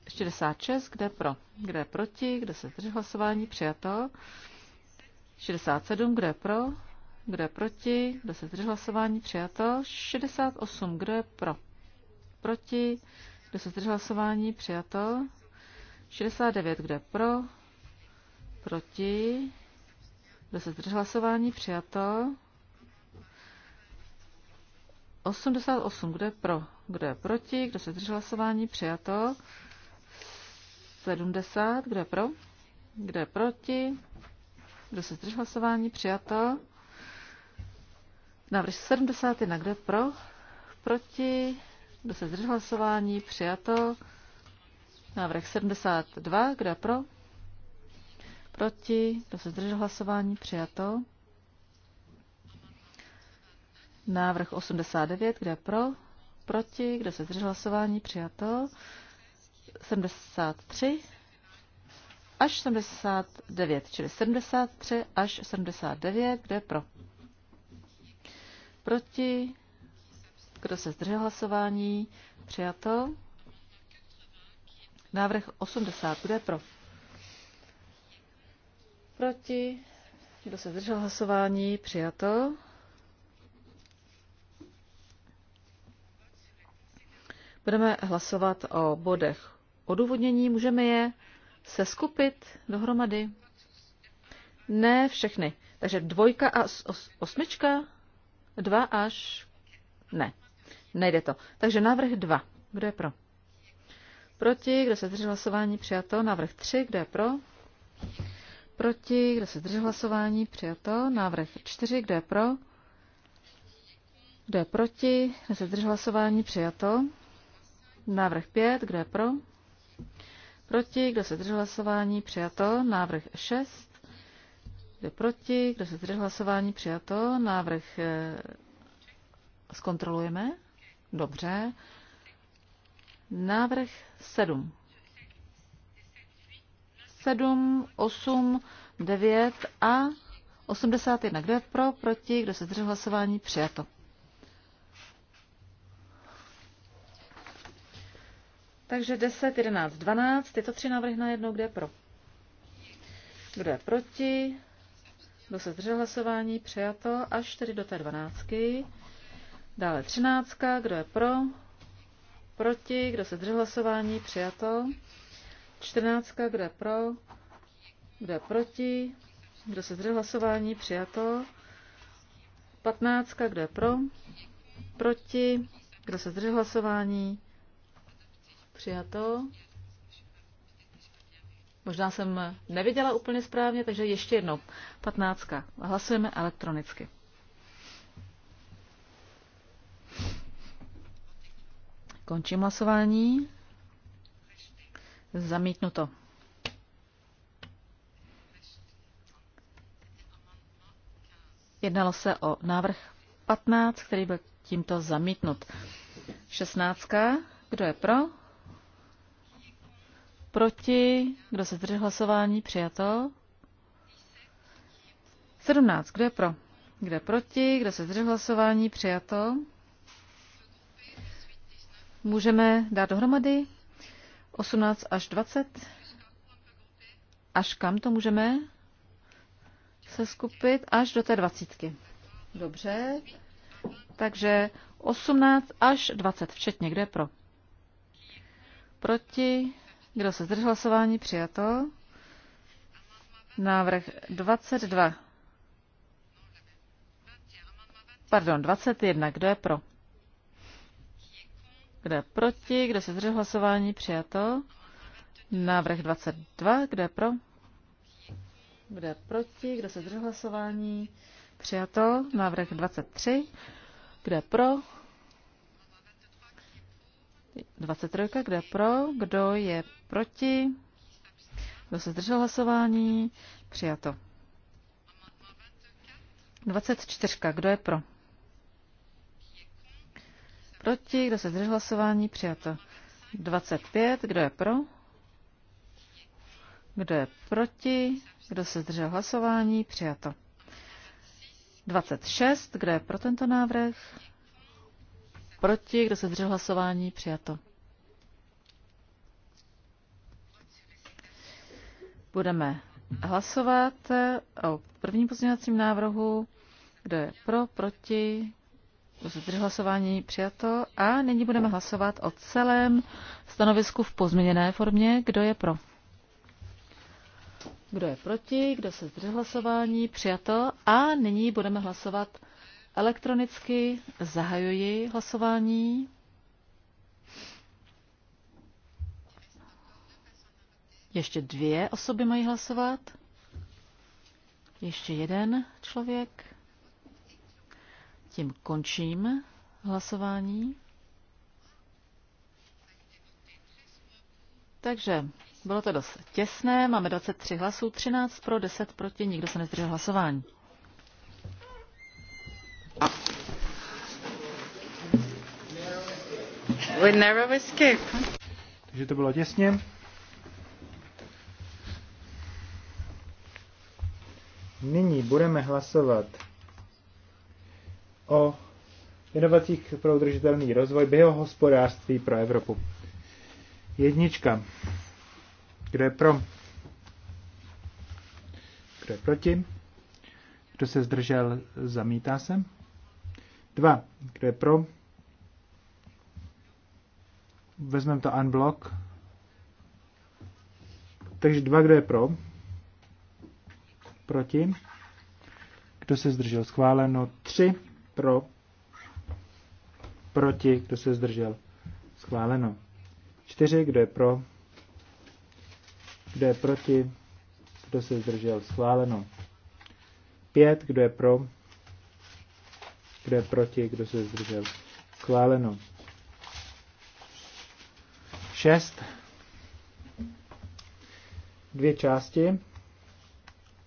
66. Kdo je pro? Kdo je proti? Kdo se zdržel hlasování? Přijato. 67. Kdo je pro? Kdo je proti? Kdo se zdržel hlasování? Přijato. 68. Kdo je pro? Proti? Kdo se zdržel hlasování? Přijato. 69. Kdo je pro? Proti? Kdo se zdržel hlasování? Přijato. 88. Kdo je pro? Kdo je proti? Kdo se zdržel hlasování? Přijato. 70. Kdo je pro? Kdo je proti? Kdo se zdržel hlasování? Přijato. Návrh 71. Kdo je pro? Proti? Kdo se zdržel hlasování? Přijato. Návrh 72. Kdo je pro? Proti? Kdo se zdržel hlasování? Přijato. Návrh 89, kde pro, proti, kdo se zdržel hlasování, přijato. 73 až 79, čili 73 až 79, kde pro. Proti, kdo se zdržel hlasování, přijato. Návrh 80, kde pro. Proti, kdo se zdržel hlasování, přijato. Budeme hlasovat o bodech odůvodnění. Můžeme je seskupit dohromady? Ne všechny. Takže dvojka a os, osmička? Dva až... Ne. Nejde to. Takže návrh dva. Kdo je pro? Proti, kdo se zdržel hlasování, přijato. Návrh 3, kdo je pro? Proti, kdo se zdržel hlasování, přijato. Návrh 4, kdo je pro? Kdo je proti, kdo se zdržel hlasování, přijato. Návrh 5, kdo je pro? Proti, kdo se zdržel hlasování, přijato. Návrh 6, kdo je proti, kdo se zdržel hlasování, přijato. Návrh eh, zkontrolujeme. Dobře. Návrh 7. 7, 8, 9 a 81. Kdo je pro, proti, kdo se zdržel hlasování, přijato. Takže 10, 11, 12, tyto tři návrhy na jedno, kde je pro. Kdo je proti? Kdo se zdržel hlasování? Přijato až tedy do té dvanáctky. Dále třináctka. Kdo je pro? Proti? Kdo se zdržel hlasování? Přijato. Čtrnáctka. Kdo je pro? Kdo je proti? Kdo se zdržel hlasování? Přijato. Patnáctka. Kdo je pro? Proti? Kdo se zdržel hlasování? Přijato. Možná jsem neviděla úplně správně, takže ještě jednou. 15. Hlasujeme elektronicky. Končím hlasování. Zamítnuto. Jednalo se o návrh 15, který byl tímto zamítnut. 16. Kdo je pro? Proti? Kdo se zdržel hlasování? Přijato. 17. Kdo je pro? Kdo je proti? Kdo se zdržel hlasování? Přijato. Můžeme dát dohromady 18 až 20. Až kam to můžeme se skupit? Až do té dvacítky. Dobře. Takže 18 až 20, včetně. Kde je pro? Proti? Kdo se zdržel hlasování? Přijato. Návrh 22. Pardon, 21. Kdo je pro? Kdo je proti? Kdo se zdržel hlasování? Přijato. Návrh 22. Kdo je pro? Kdo je proti? Kdo se zdržel hlasování? Přijato. Návrh 23. Kdo je pro? 23, kde je pro, kdo je proti, kdo se zdržel hlasování, přijato. 24, kdo je pro? Proti, kdo se zdržel hlasování, přijato. 25, kdo je pro? Kdo je proti? Kdo se zdržel hlasování? Přijato. 26, kdo je pro tento návrh? Proti? Kdo se zdržel hlasování? Přijato. Budeme hlasovat o prvním pozměňovacím návrhu. Kdo je pro, proti? Kdo se zdržel hlasování? Přijato. A nyní budeme hlasovat o celém stanovisku v pozměněné formě. Kdo je pro? Kdo je proti? Kdo se zdržel hlasování? Přijato. A nyní budeme hlasovat Elektronicky zahajuji hlasování. Ještě dvě osoby mají hlasovat. Ještě jeden člověk. Tím končím hlasování. Takže bylo to dost těsné, máme 23 hlasů, 13 pro, 10 proti, nikdo se nezdržel hlasování. We never escape. Takže to bylo těsně. Nyní budeme hlasovat o inovacích pro udržitelný rozvoj biohospodářství pro Evropu. Jednička. Kdo je pro? Kdo je proti? Kdo se zdržel, zamítá se. 2. Kdo je pro? Vezmeme to unblock. Takže 2. Kdo je pro? Proti. Kdo se zdržel? Schváleno. 3. Pro. Proti. Kdo se zdržel? Schváleno. 4. Kdo je pro? Kdo je proti? Kdo se zdržel? Schváleno. 5. Kdo je pro? Kdo je proti? Kdo se zdržel? Schváleno. šest Dvě části.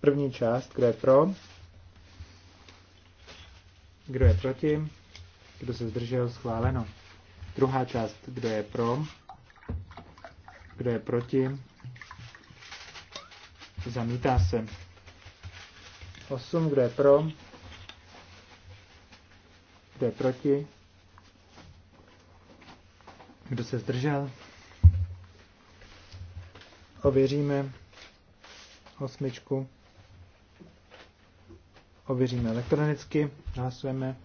První část, kdo je pro? Kdo je proti? Kdo se zdržel? Schváleno. Druhá část, kdo je pro? Kdo je proti? Zamítá se. osm kdo je pro? Kdo je proti? Kdo se zdržel? Ověříme osmičku. Ověříme elektronicky. Hlasujeme.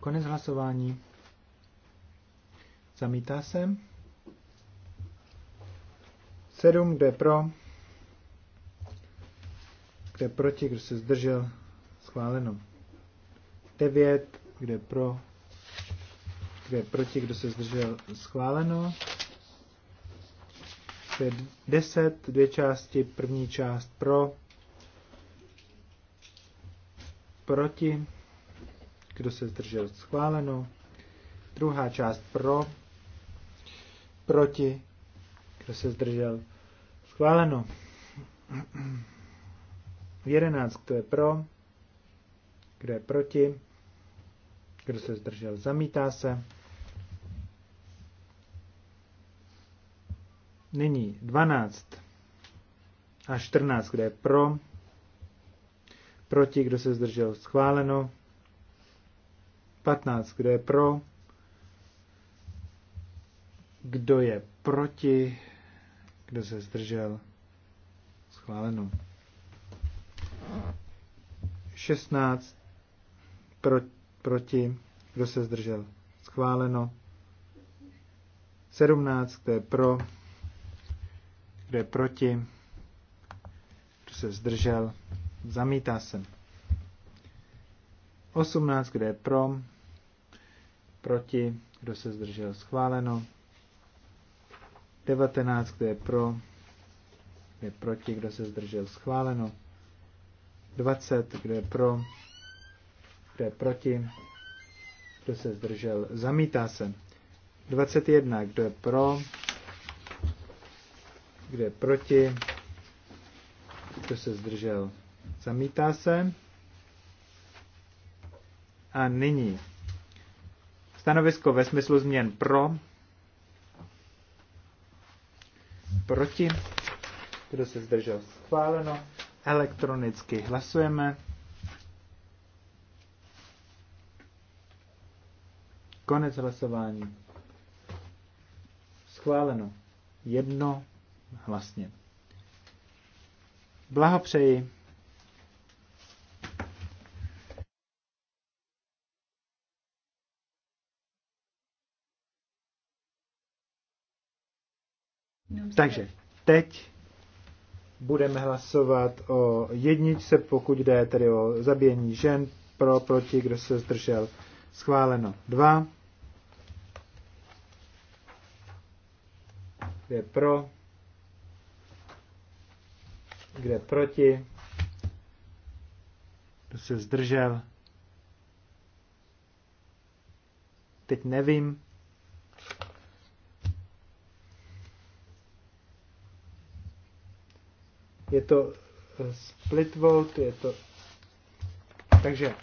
Konec hlasování. Zamítá se. 7 jde pro. Kdo je proti, kdo se zdržel? Schváleno. 9. kde je pro? Kdo je proti, kdo se zdržel? Schváleno. To je 10, dvě části, první část pro, proti, kdo se zdržel schváleno, druhá část pro, proti, kdo se zdržel schváleno. 11, kdo je pro, kdo je proti, kdo se zdržel, zamítá se. Nyní 12 a 14, kde je pro, proti, kdo se zdržel, schváleno. 15, kdo je pro, kdo je proti, kdo se zdržel, schváleno. 16 pro, proti, kdo se zdržel. Schváleno. 17, kdo je pro, kdo je proti, kdo se zdržel. Zamítá se. 18, kdo je pro, proti, kdo se zdržel. Schváleno. 19, kdo je pro, kdo je proti, kdo se zdržel. Schváleno. 20, kdo je pro, kdo je proti, kdo se zdržel, zamítá se. 21, kdo je pro, kdo je proti, kdo se zdržel, zamítá se. A nyní stanovisko ve smyslu změn pro, proti, kdo se zdržel, schváleno. Elektronicky hlasujeme. Konec hlasování. Schváleno. Jedno hlasně. Blahopřeji. Takže teď budeme hlasovat o jedničce, pokud jde tedy o zabíjení žen, pro, proti, kdo se zdržel. Schváleno. Dva. Kde pro? Kde proti? Kdo se zdržel? Teď nevím. je to eh, split volt, je to... Takže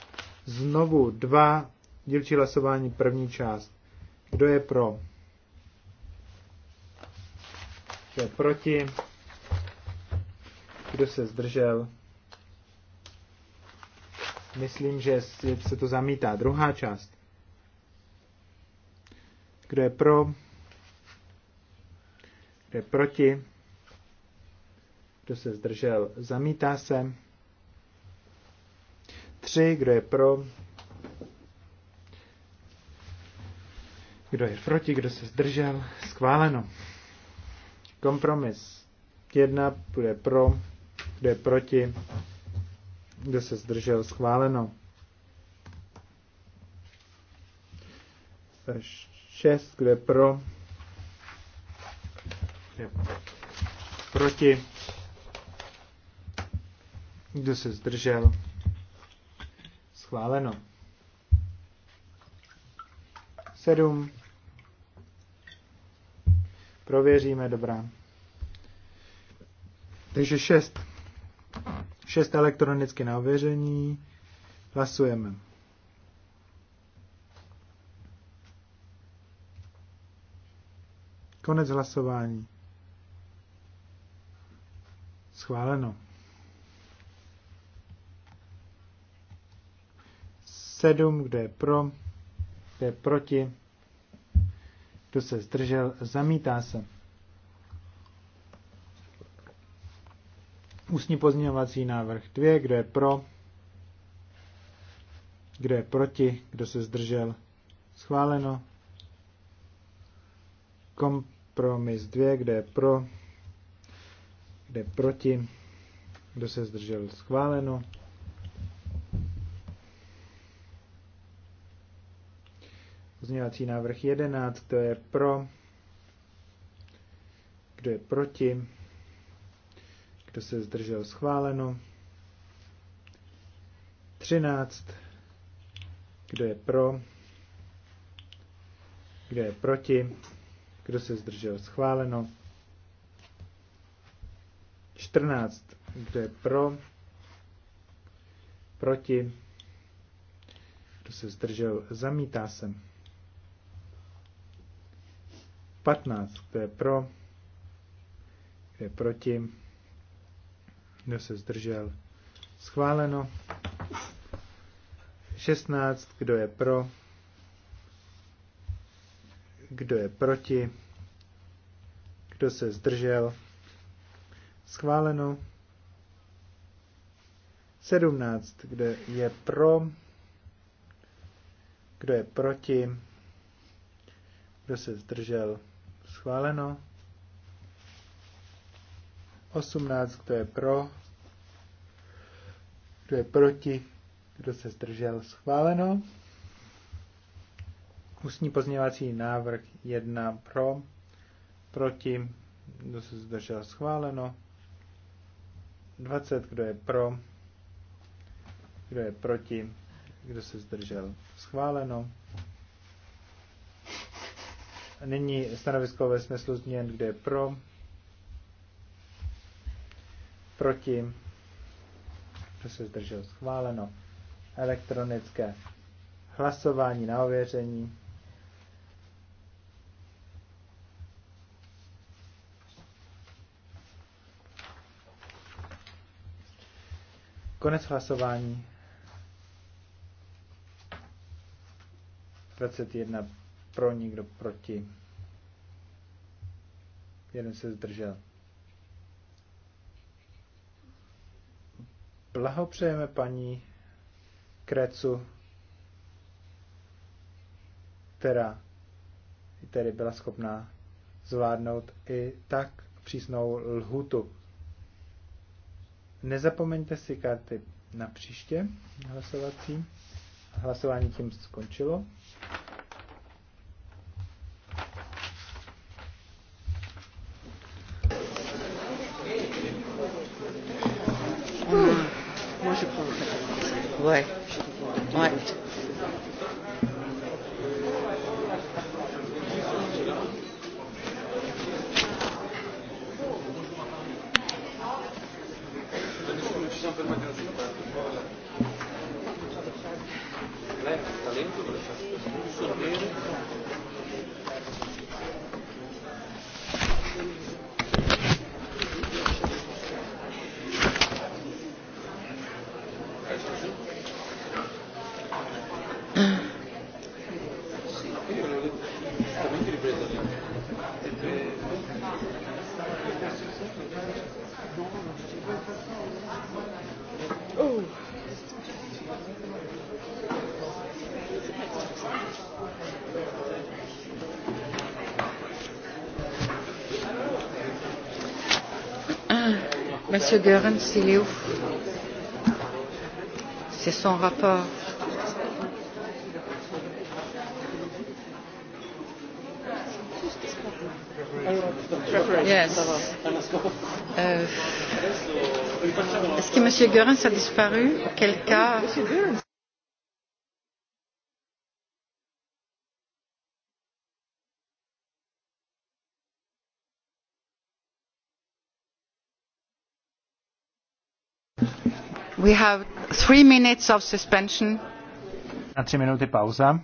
znovu dva dílčí hlasování, první část. Kdo je pro? Kdo je proti? Kdo se zdržel? Myslím, že se to zamítá. Druhá část. Kdo je pro? Kdo je proti? Kdo se zdržel? Zamítá se. 3. Kdo je pro? Kdo je proti? Kdo se zdržel? Schváleno. Kompromis. 1. Kdo je pro? Kdo je proti? Kdo se zdržel? Schváleno. 6. Kdo je pro? Kdo je proti? Kdo se zdržel? Schváleno. 7. Prověříme, dobrá. Takže 6. 6 elektronicky na ověření. Hlasujeme. Konec hlasování. Schváleno. 7, kdo je pro, kdo je proti, kdo se zdržel, zamítá se. Ústní pozměňovací návrh 2, kdo je pro, kdo je proti, kdo se zdržel, schváleno. Kompromis 2, kdo je pro, kdo je proti, kdo se zdržel, schváleno. Pozměňovací návrh 11, kdo je pro, kdo je proti, kdo se zdržel schváleno. 13, kdo je pro, kdo je proti, kdo se zdržel schváleno. 14, kdo je pro, proti, kdo se zdržel, zamítá se. 15, kdo je pro, kdo je proti, kdo se zdržel, schváleno. 16, kdo je pro, kdo je proti, kdo se zdržel, schváleno. 17, kdo je pro, kdo je proti, kdo se zdržel, Schváleno. 18, kdo je pro, kdo je proti, kdo se zdržel, schváleno. Ústní pozměňovací návrh 1 pro, proti, kdo se zdržel, schváleno. 20, kdo je pro, kdo je proti, kdo se zdržel, schváleno. Nyní stanovisko ve smyslu změn, kde je pro, proti, kdo se zdržel, schváleno, elektronické hlasování na ověření. Konec hlasování. 21 pro, nikdo proti. Jeden se zdržel. Blahopřejeme paní Krecu, která tedy byla schopná zvládnout i tak přísnou lhutu. Nezapomeňte si karty na příště hlasovací. Hlasování tím skončilo. Monsieur Goerens, il est C'est son rapport. Yes. Euh, Est-ce que M. Goerens a disparu Quel cas have three minutes of suspension. Na tři minuty pauza.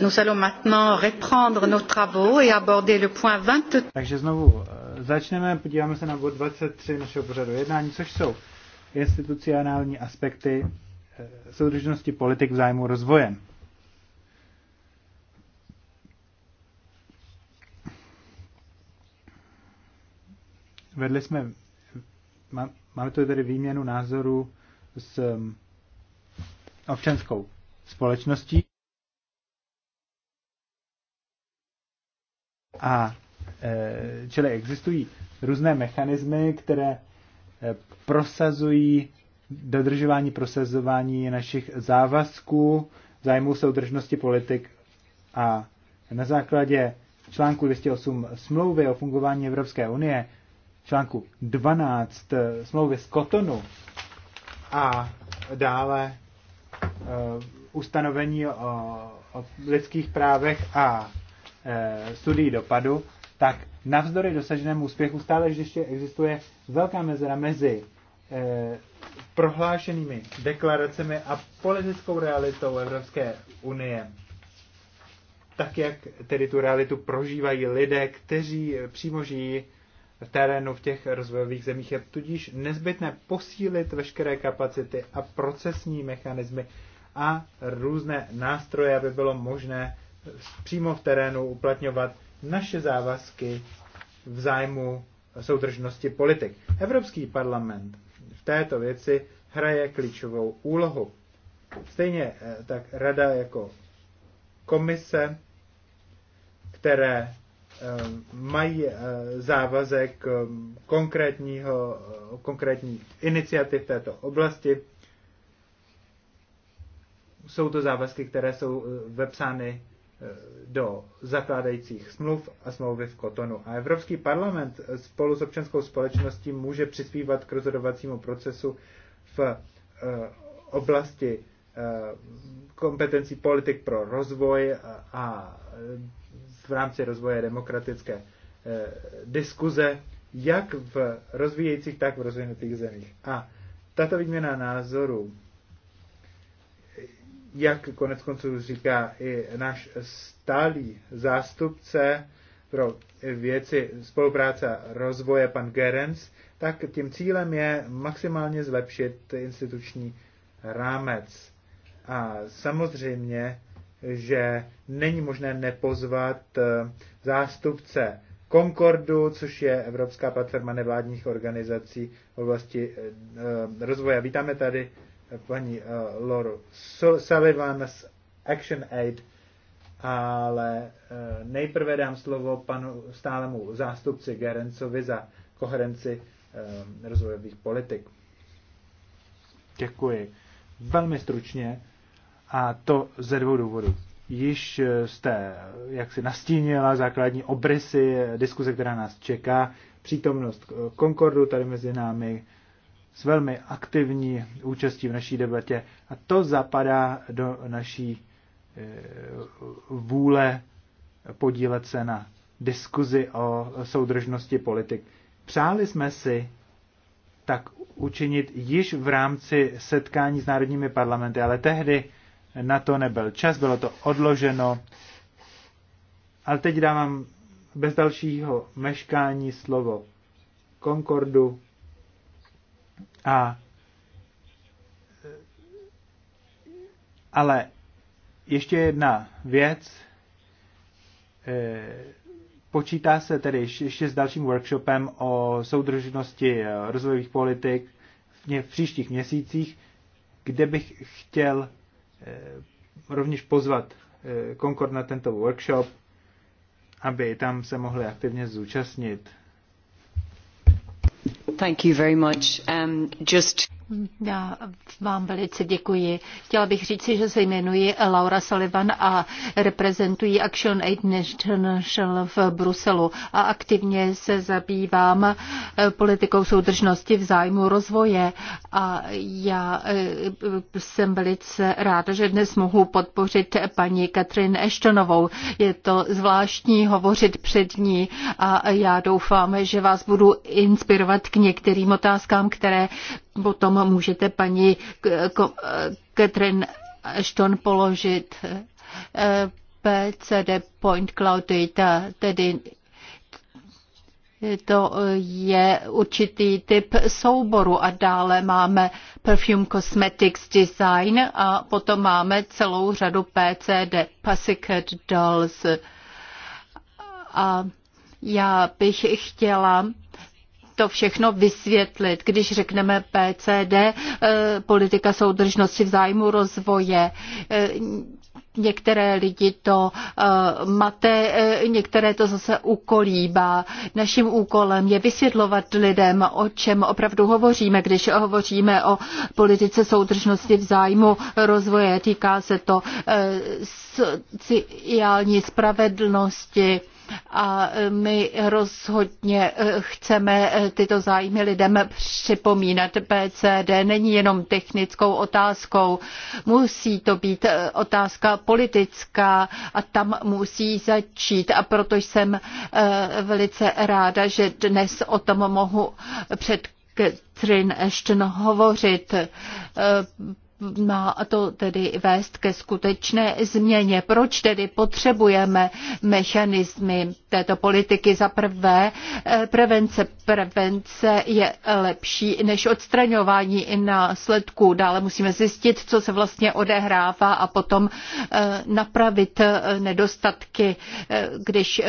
Nous allons maintenant reprendre nos travaux et aborder le point 23. Takže znovu eh, začneme, podíváme se na bod 23 našeho pořadu jednání, což jsou institucionální aspekty eh, soudržnosti politik v zájmu rozvoje. Vedli jsme, máme tu tedy výměnu názoru s eh, občanskou společností. A e, čili existují různé mechanismy, které e, prosazují dodržování, prosazování našich závazků, zájmů soudržnosti politik a na základě článku 208 smlouvy o fungování Evropské unie, článku 12 e, smlouvy z Kotonu a dále ustanovení o, o lidských právech a e, studií dopadu, tak navzdory dosaženému úspěchu stále ještě existuje velká mezera mezi e, prohlášenými deklaracemi a politickou realitou Evropské unie. Tak, jak tedy tu realitu prožívají lidé, kteří přímo žijí v terénu v těch rozvojových zemích, je tudíž nezbytné posílit veškeré kapacity a procesní mechanismy, a různé nástroje, aby bylo možné přímo v terénu uplatňovat naše závazky v zájmu soudržnosti politik. Evropský parlament v této věci hraje klíčovou úlohu. Stejně eh, tak rada jako komise, které eh, mají eh, závazek konkrétního, konkrétních iniciativ této oblasti, jsou to závazky, které jsou eh, vepsány eh, do zakládajících smluv a smlouvy v Kotonu. A Evropský parlament eh, spolu s občanskou společností může přispívat k rozhodovacímu procesu v oblasti kompetencí politik pro rozvoj a v rámci rozvoje demokratické diskuze, jak v rozvíjejících, tak v rozvinutých zemích. A tato výměna názorů jak konec konců říká i náš stálý zástupce pro věci spolupráce a rozvoje, pan Gerens, tak tím cílem je maximálně zlepšit instituční rámec. A samozřejmě, že není možné nepozvat eh, zástupce Concordu, což je Evropská platforma nevládních organizací v oblasti eh, rozvoje. Vítáme tady paní uh, eh, Loru Sullivan z Action Aid, ale uh, nejprve dám slovo panu stálemu zástupci Gerencovi za koherenci um, rozvojových politik. Děkuji. Velmi stručně a to ze dvou důvodů. Již jste, jak si nastínila, základní obrysy diskuze, která nás čeká, přítomnost Concordu tady mezi námi, s velmi aktivní účastí v naší debatě a to zapadá do naší eh, vůle podílet se na diskuzi o soudržnosti politik. Přáli jsme si tak učinit již v rámci setkání s národními parlamenty, ale tehdy na to nebyl čas, bylo to odloženo. Ale teď dávám bez dalšího meškání slovo Concordu a, ale ještě jedna věc. E, počítá se tedy ještě s dalším workshopem o soudržnosti rozvojových politik v příštích měsících, kde bych chtěl e, rovněž pozvat e, Concord na tento workshop, aby tam se mohli aktivně zúčastnit. Thank you very much. Um, just já vám velice děkuji. Chtěla bych říci, že se jmenuji Laura Sullivan a reprezentuji Action Aid International v Bruselu a aktivně se zabývám eh, politikou soudržnosti v zájmu rozvoje. A já eh, jsem velice ráda, že dnes mohu podpořit paní Katrin Eštonovou. Je to zvláštní hovořit před ní a já doufám, že vás budu inspirovat k některým otázkám, které potom můžete paní Katrin Ashton položit eh, PCD Point Cloud Data, tedy to je určitý typ souboru a dále máme Perfume Cosmetics Design a potom máme celou řadu PCD, Pussycat Dolls. A já bych chtěla to všechno vysvětlit, když řekneme PCD, eh, politika soudržnosti v zájmu rozvoje. Eh, některé lidi to eh, mate, některé to zase ukolíbá. Naším úkolem je vysvětlovat lidem, o čem opravdu hovoříme, když hovoříme o politice soudržnosti v zájmu rozvoje. Týká se to sociální spravedlnosti, a e, my rozhodně e, chceme e, tyto zájmy lidem připomínat. PCD není jenom technickou otázkou, musí to být otázka politická a tam musí začít a proto jsem velice ráda, že dnes o tom mohu před Catherine Ashton hovořit má to tedy vést ke skutečné změně. Proč tedy potřebujeme mechanismy této politiky? Za prvé, eh, prevence. Prevence je lepší než odstraňování následků. Dále musíme zjistit, co se vlastně odehrává a potom eh, napravit eh, nedostatky, když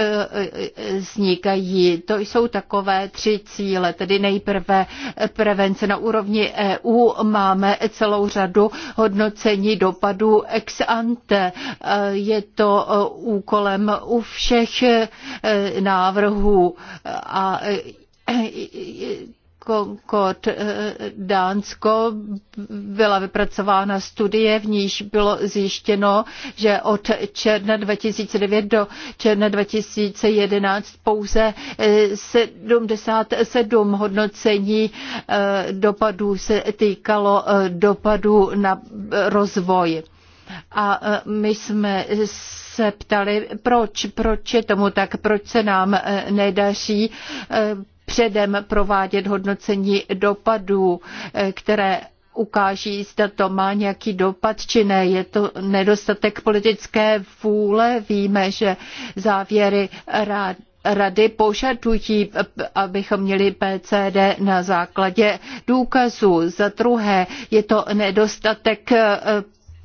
vznikají. To jsou takové tři cíle, tedy nejprve prevence na úrovni EU. Máme celou řadu opravdu hodnocení dopadu ex ante. Je to úkolem u všech eh, návrhů a eh, Concord eh, Dánsko byla vypracována studie, v níž bylo zjištěno, že od června 2009 do června 2011 pouze 77 eh, hodnocení eh, dopadů se týkalo dopadů na rozvoj. A my jsme se ptali, proč, proč je tomu tak, proč se nám nedaří předem provádět hodnocení dopadů, eh, které ukáží, zda to má nějaký dopad či ne. Je to nedostatek politické vůle. Víme, že závěry rád rady požadují, abychom měli PCD na základě důkazů. Za druhé je to nedostatek eh,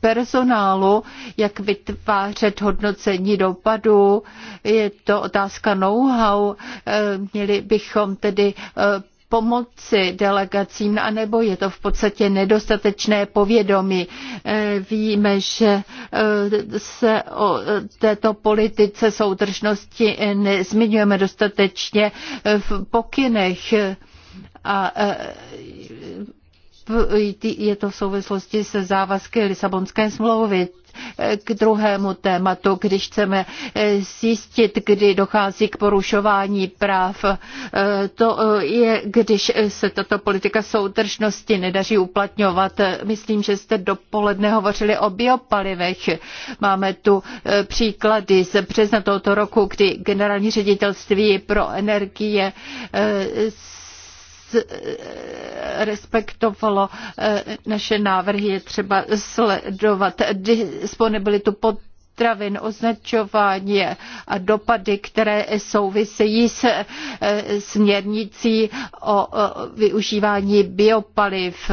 personálu, jak vytvářet hodnocení dopadu. Je to otázka know-how. Eh, měli bychom tedy eh, pomoci delegacím, anebo je to v podstatě nedostatečné povědomí. Eh, víme, že se o této politice soudržnosti nezmiňujeme dostatečně v pokynech a je to v souvislosti se závazky Lisabonské smlouvy k druhému tématu, když chceme eh, zjistit, kdy dochází k porušování práv. Eh, to eh, je, když se tato politika soudržnosti nedaří uplatňovat. Myslím, že jste dopoledne hovořili o biopalivech. Máme tu příklady z března tohoto roku, kdy generální ředitelství pro energie respektovalo eh, naše návrhy. Je třeba sledovat disponibilitu pod Travin, označování a dopady, které souvisejí s eh, směrnicí o využívání biopaliv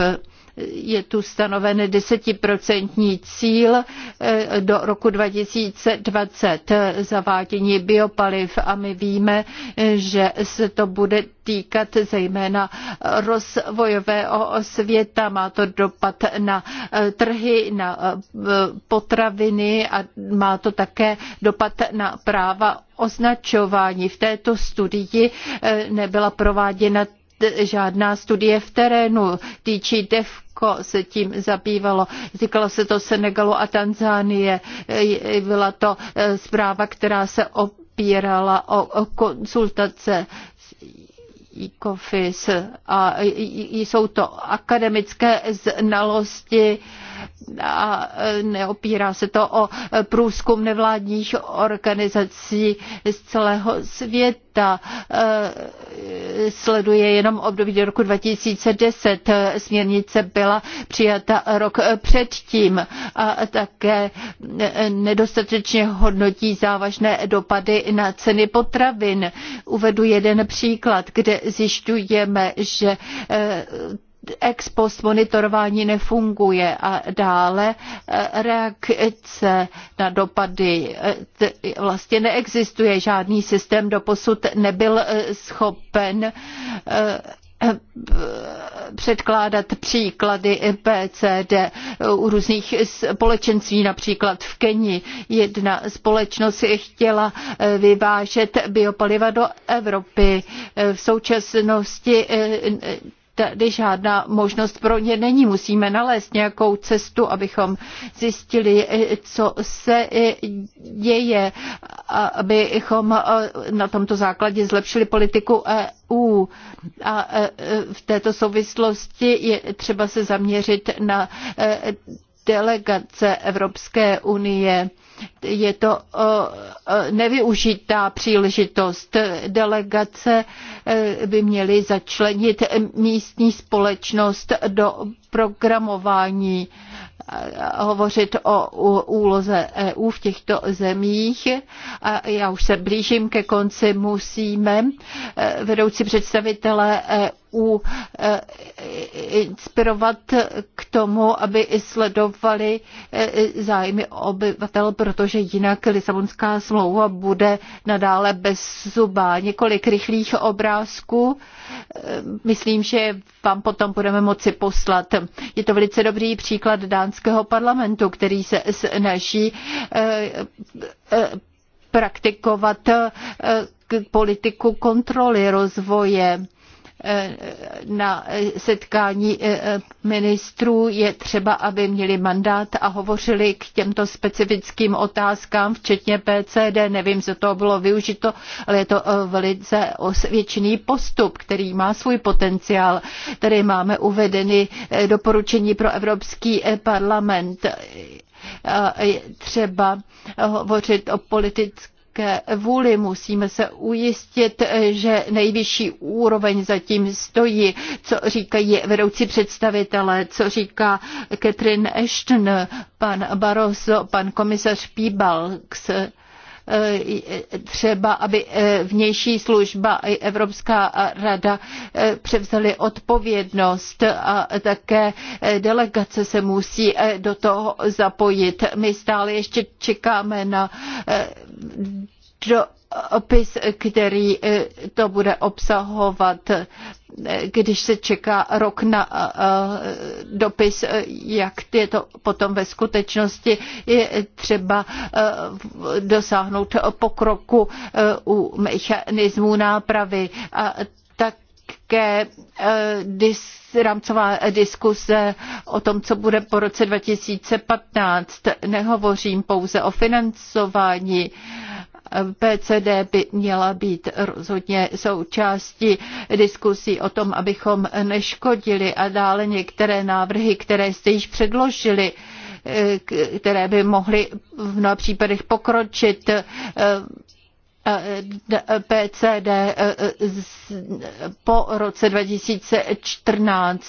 je tu stanoven desetiprocentní cíl eh, do roku 2020 zavádění biopaliv a my víme, že se to bude týkat zejména rozvojového světa. Má to dopad na eh, trhy, na eh, potraviny a má to také dopad na práva označování. V této studii nebyla prováděna žádná studie v terénu. Týčí DEFCO se tím zabývalo. Říkalo se to Senegalu a Tanzánie. Byla to e, zpráva, která se opírala o konsultace ECOFIS a jsou to akademické znalosti a e, neopírá se to o průzkum nevládních organizací z celého světa. E, sleduje jenom období do roku 2010. Směrnice byla přijata rok předtím a také nedostatečně hodnotí závažné dopady na ceny potravin. Uvedu jeden příklad, kde zjišťujeme, že e, ex post monitorování nefunguje a dále eh, reakce na dopady eh, vlastně neexistuje. Žádný systém doposud nebyl eh, schopen předkládat příklady PCD u různých společenství, například v Keni. Jedna společnost chtěla vyvážet biopaliva do Evropy. V současnosti tady žádná možnost pro ně není. Musíme nalézt nějakou cestu, abychom zjistili, co se děje, abychom eh, na tomto základě zlepšili politiku EU. A eh, v této souvislosti je třeba se zaměřit na eh, delegace Evropské unie je to nevyužitá příležitost. Delegace e, by měly začlenit místní společnost do programování, e, hovořit o úloze EU v těchto zemích. A já už se blížím ke konci, musíme e, vedoucí představitelé EU eh, inspirovat k tomu, aby sledovali eh, zájmy obyvatel, protože jinak Lisabonská smlouva bude nadále bez zuba. Několik rychlých obrázků, eh, myslím, že vám potom budeme moci poslat. Je to velice dobrý příklad dánského parlamentu, který se snaží praktikovat politiku kontroly rozvoje Eh, na eh, setkání eh, ministrů je třeba, aby měli mandát a hovořili k těmto specifickým otázkám, včetně PCD. Nevím, co to bylo využito, ale je to velice osvědčený postup, který má svůj potenciál. Tady máme uvedeny doporučení pro Evropský parlament. třeba hovořit o politické politické vůli. Musíme se ujistit, že nejvyšší úroveň zatím stojí, co říkají vedoucí představitelé, co říká Catherine Ashton, pan Barroso, pan komisař Píbalks Eh, třeba, aby eh, vnější služba i Evropská rada eh, převzali odpovědnost a také delegace se musí do toho zapojit. My stále ještě čekáme na Dopis, který eh, to bude obsahovat, eh, když se čeká rok na eh, dopis, jak je to potom ve skutečnosti, je třeba dosáhnout pokroku u mechanismů nápravy a tak také rámcová diskuse o tom, co bude po roce 2015. Nehovořím pouze o financování, PCD by měla být rozhodně součástí diskusí o tom, abychom neškodili a dále některé návrhy, které jste již předložili, eh, které by mohly v mnoha případech pokročit eh, PCD eh, eh, eh, po roce 2014.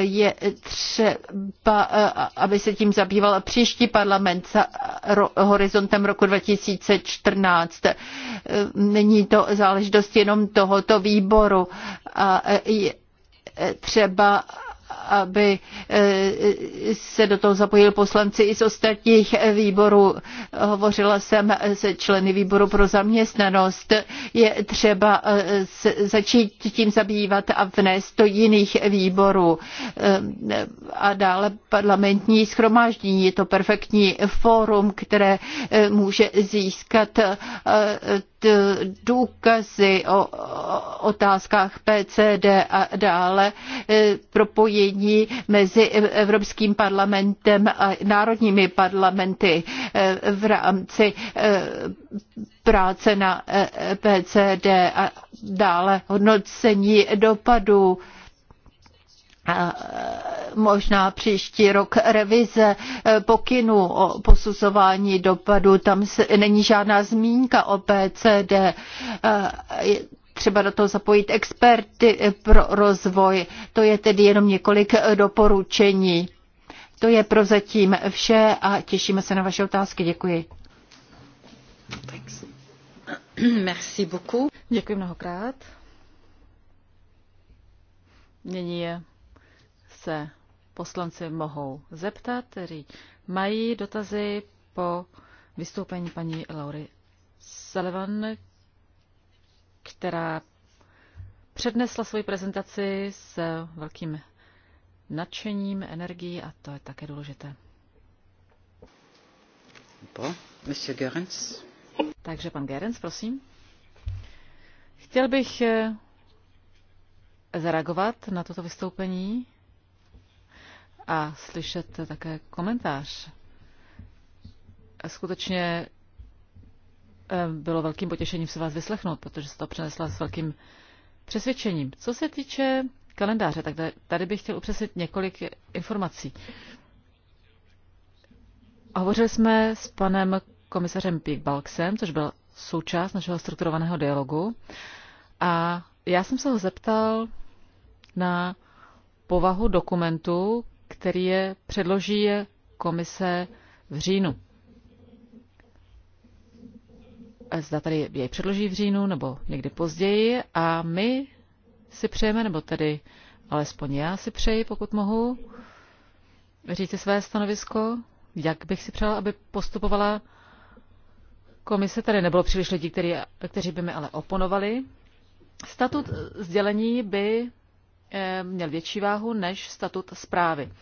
Je třeba, aby se tím zabýval příští parlament s horizontem roku 2014. Není to záležitost jenom tohoto výboru. A je třeba, aby eh, se do toho zapojili poslanci i z ostatních výborů. Hovořila jsem se členy výboru pro zaměstnanost. Je třeba eh, začít tím zabývat a vnést do jiných výborů. Eh, a dále parlamentní schromáždění je to perfektní fórum, které může získat Eh, důkazy o otázkách PCD a dále eh, propojení mezi Evropským parlamentem a národními parlamenty eh, v rámci práce na PCD a dále hodnocení dopadů E, možná příští rok revize e, pokynu o posuzování dopadu. Tam není žádná zmínka o PCD. E, třeba do toho zapojit experty pro rozvoj. To je tedy jenom několik doporučení. To je prozatím vše a těšíme se na vaše otázky. Děkuji. Merci beaucoup. Děkuji mnohokrát. Nyní je se poslanci mohou zeptat, kteří mají dotazy po vystoupení paní Laury Sullivan, která přednesla svoji prezentaci s velkým nadšením, energií a to je také důležité. Bon, Monsieur Gerens. Takže pan Gerens, prosím. Chtěl bych eh, zareagovat na toto vystoupení a slyšet také komentář. Skutečně eh, bylo velkým potěšením se vás vyslechnout, protože se to přinesla s velkým přesvědčením. Co se týče kalendáře, tak tady bych chtěl upřesnit několik informací. Hovořili jsme s panem komisařem Pík-Balksem, což byl součást našeho strukturovaného dialogu. A já jsem se ho zeptal na povahu dokumentu, který je předloží komise v říjnu. Zda tady jej předloží v říjnu nebo někdy později a my si přejeme, nebo tedy alespoň já si přeji, pokud mohu, říci své stanovisko, jak bych si přála, aby postupovala komise. Tady nebylo příliš lidí, který, kteří by mi ale oponovali. Statut sdělení by Eh, měl větší váhu než statut zprávy.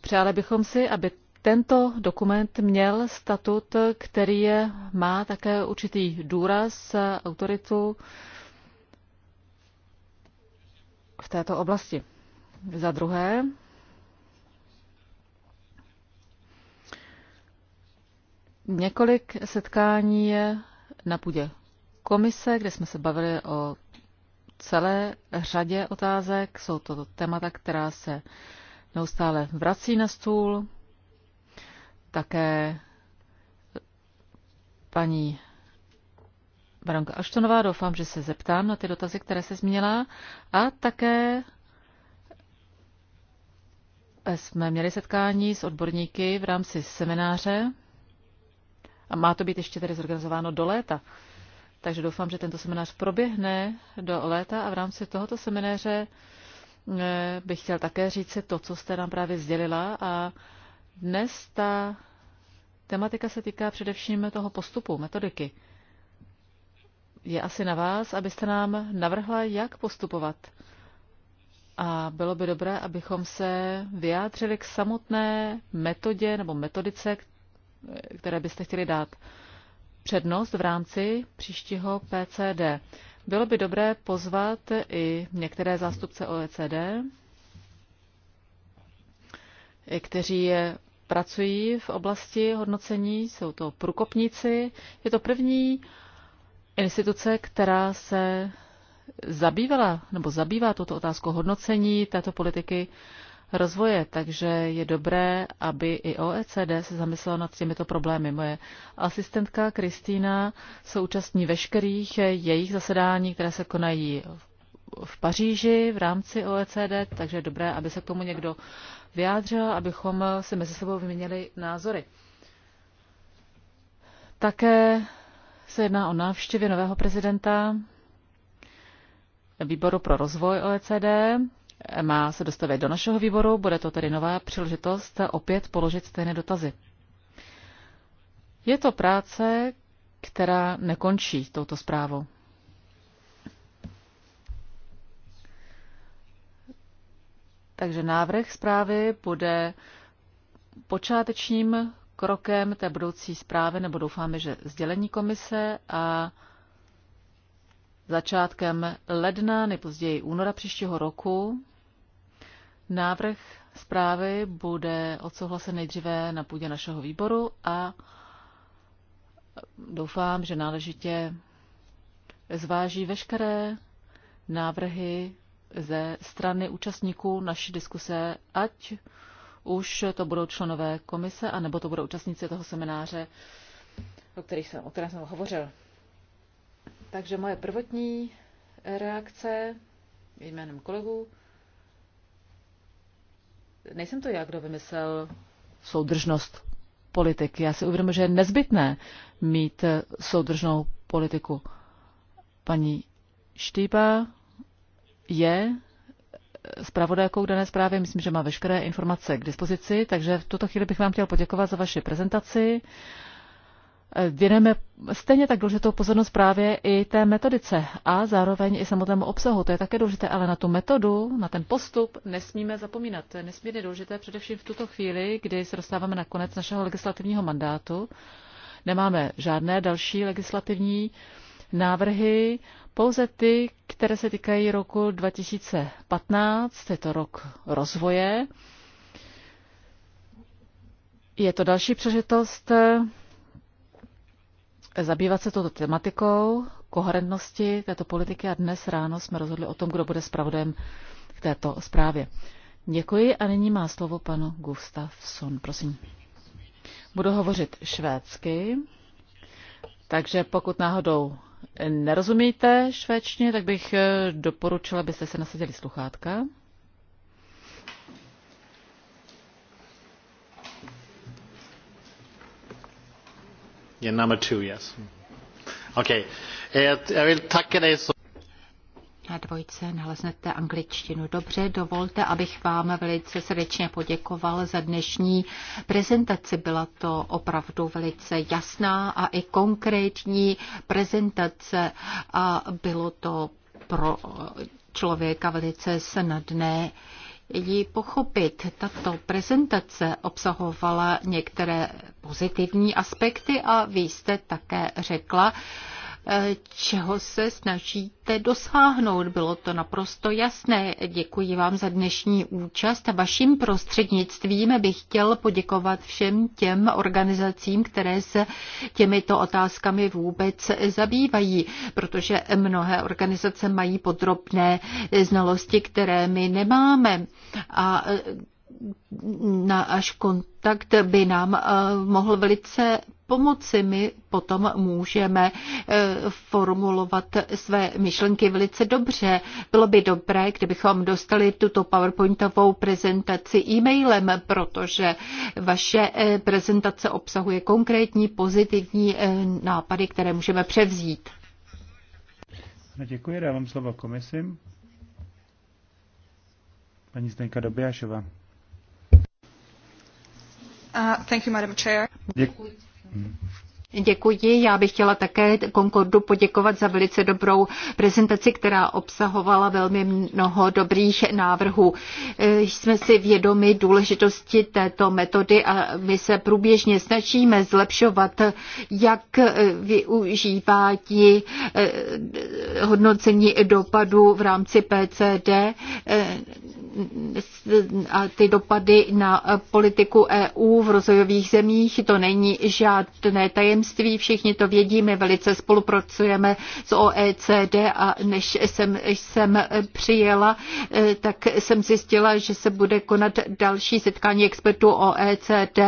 Přáli bychom si, aby tento dokument měl statut, který je, má také určitý důraz, autoritu v této oblasti. Za druhé, několik setkání na půdě komise, kde jsme se bavili o celé řadě otázek. Jsou to témata, která se neustále vrací na stůl. Také paní Baronka Aštonová, doufám, že se zeptám na ty dotazy, které se zmínila. A také jsme měli setkání s odborníky v rámci semináře. A má to být ještě tedy zorganizováno do léta. Takže doufám, že tento seminář proběhne do léta a v rámci tohoto semináře eh, bych chtěl také si to, co jste nám právě sdělila. A dnes ta tematika se týká především toho postupu, metodiky. Je asi na vás, abyste nám navrhla, jak postupovat. A bylo by dobré, abychom se vyjádřili k samotné metodě nebo metodice, které byste chtěli dát přednost v rámci příštího PCD. Bylo by dobré pozvat i některé zástupce OECD, kteří pracují v oblasti hodnocení, jsou to průkopníci. Je to první instituce, která se zabývala nebo zabývá tuto otázku hodnocení této politiky rozvoje, takže je dobré, aby i OECD se zamyslela nad těmito problémy. Moje asistentka Kristýna se účastní veškerých jejich zasedání, které se konají v Paříži v rámci OECD, takže je dobré, aby se k tomu někdo vyjádřil, abychom si mezi sebou vyměnili názory. Také se jedná o návštěvě nového prezidenta výboru pro rozvoj OECD, má se dostavit do našeho výboru, bude to tedy nová příležitost opět položit stejné dotazy. Je to práce, která nekončí touto zprávou. Takže návrh zprávy bude počátečním krokem té budoucí zprávy, nebo doufáme, že sdělení komise a začátkem ledna, nejpozději února příštího roku, Návrh zprávy bude odsouhlasen nejdříve na půdě našeho výboru a doufám, že náležitě zváží veškeré návrhy ze strany účastníků naší diskuse, ať už to budou členové komise, anebo to budou účastníci toho semináře, o, kterých jsem, o kterém jsem hovořil. Takže moje prvotní reakce jménem kolegů nejsem to já, kdo vymyslel soudržnost politik. Já si uvědomuji, že je nezbytné mít eh, soudržnou politiku. Paní Štýba je eh, zpravodajkou dané zprávy, Myslím, že má veškeré informace k dispozici, takže v tuto chvíli bych vám chtěl poděkovat za vaši prezentaci věneme stejně tak důležitou pozornost právě i té metodice a zároveň i samotnému obsahu. To je také důležité, ale na tu metodu, na ten postup nesmíme zapomínat. To je nesmírně důležité především v tuto chvíli, kdy se dostáváme na konec našeho legislativního mandátu. Nemáme žádné další legislativní návrhy, pouze ty, které se týkají roku 2015, je to rok rozvoje. Je to další přežitost zabývat se touto tematikou, koherentnosti této politiky a dnes ráno jsme rozhodli o tom, kdo bude zpravodajem k této zprávě. Děkuji a nyní má slovo pan Gustafsson, prosím. Budu hovořit švédsky, takže pokud náhodou nerozumíte švédštině, tak bych eh, doporučila, abyste se nasadili sluchátka. Yeah, number two, yes. Okay. Eh, na dvojce naleznete angličtinu. Dobře, dovolte, abych vám velice srdečně poděkoval za dnešní prezentaci. Byla to opravdu velice jasná a i konkrétní prezentace a bylo to pro člověka velice snadné ji pochopit. Tato prezentace obsahovala některé pozitivní aspekty a vy jste také řekla, Eh, čeho se snažíte dosáhnout. Bylo to naprosto jasné. Děkuji vám za dnešní účast a vaším prostřednictvím bych chtěl poděkovat všem těm organizacím, které se těmito otázkami vůbec zabývají, protože mnohé organizace mají podrobné znalosti, které my nemáme. A eh, náš kontakt by nám eh, mohl velice pomoci. My potom můžeme eh, formulovat své myšlenky velice dobře. Bylo by dobré, kdybychom dostali tuto PowerPointovou prezentaci e-mailem, protože vaše eh, prezentace obsahuje konkrétní pozitivní nápady, které můžeme převzít. No, děkuji, dávám slovo komisi. Paní Zdenka Dobiašová. Uh, Děkuji. Děkuji. Já bych chtěla také Concordu poděkovat za velice dobrou prezentaci, která obsahovala velmi mnoho dobrých návrhů. Eh, jsme si vědomi důležitosti této metody a my se průběžně snažíme zlepšovat, jak eh, využívání eh, hodnocení dopadu v rámci PCD a ty dopady na politiku EU v rozvojových zemích. To není žádné tajemství, všichni to vědí, my velice spolupracujeme s OECD a než jsem, jsem přijela, tak jsem zjistila, že se bude konat další setkání expertů OECD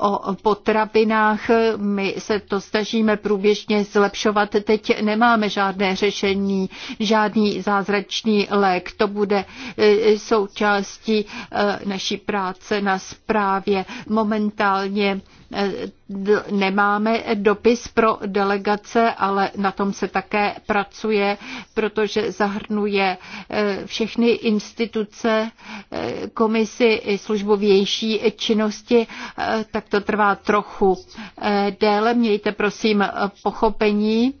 o potravinách. My se to snažíme průběžně zlepšovat. Teď nemáme žádné řešení, žádný zázračný lék. To bude jsou součástí eh, naší práce na zprávě. Momentálně eh, nemáme dopis pro delegace, ale na tom se také pracuje, protože zahrnuje eh, všechny instituce, eh, komisi i službu vnější činnosti, eh, tak to trvá trochu déle. Mějte prosím pochopení.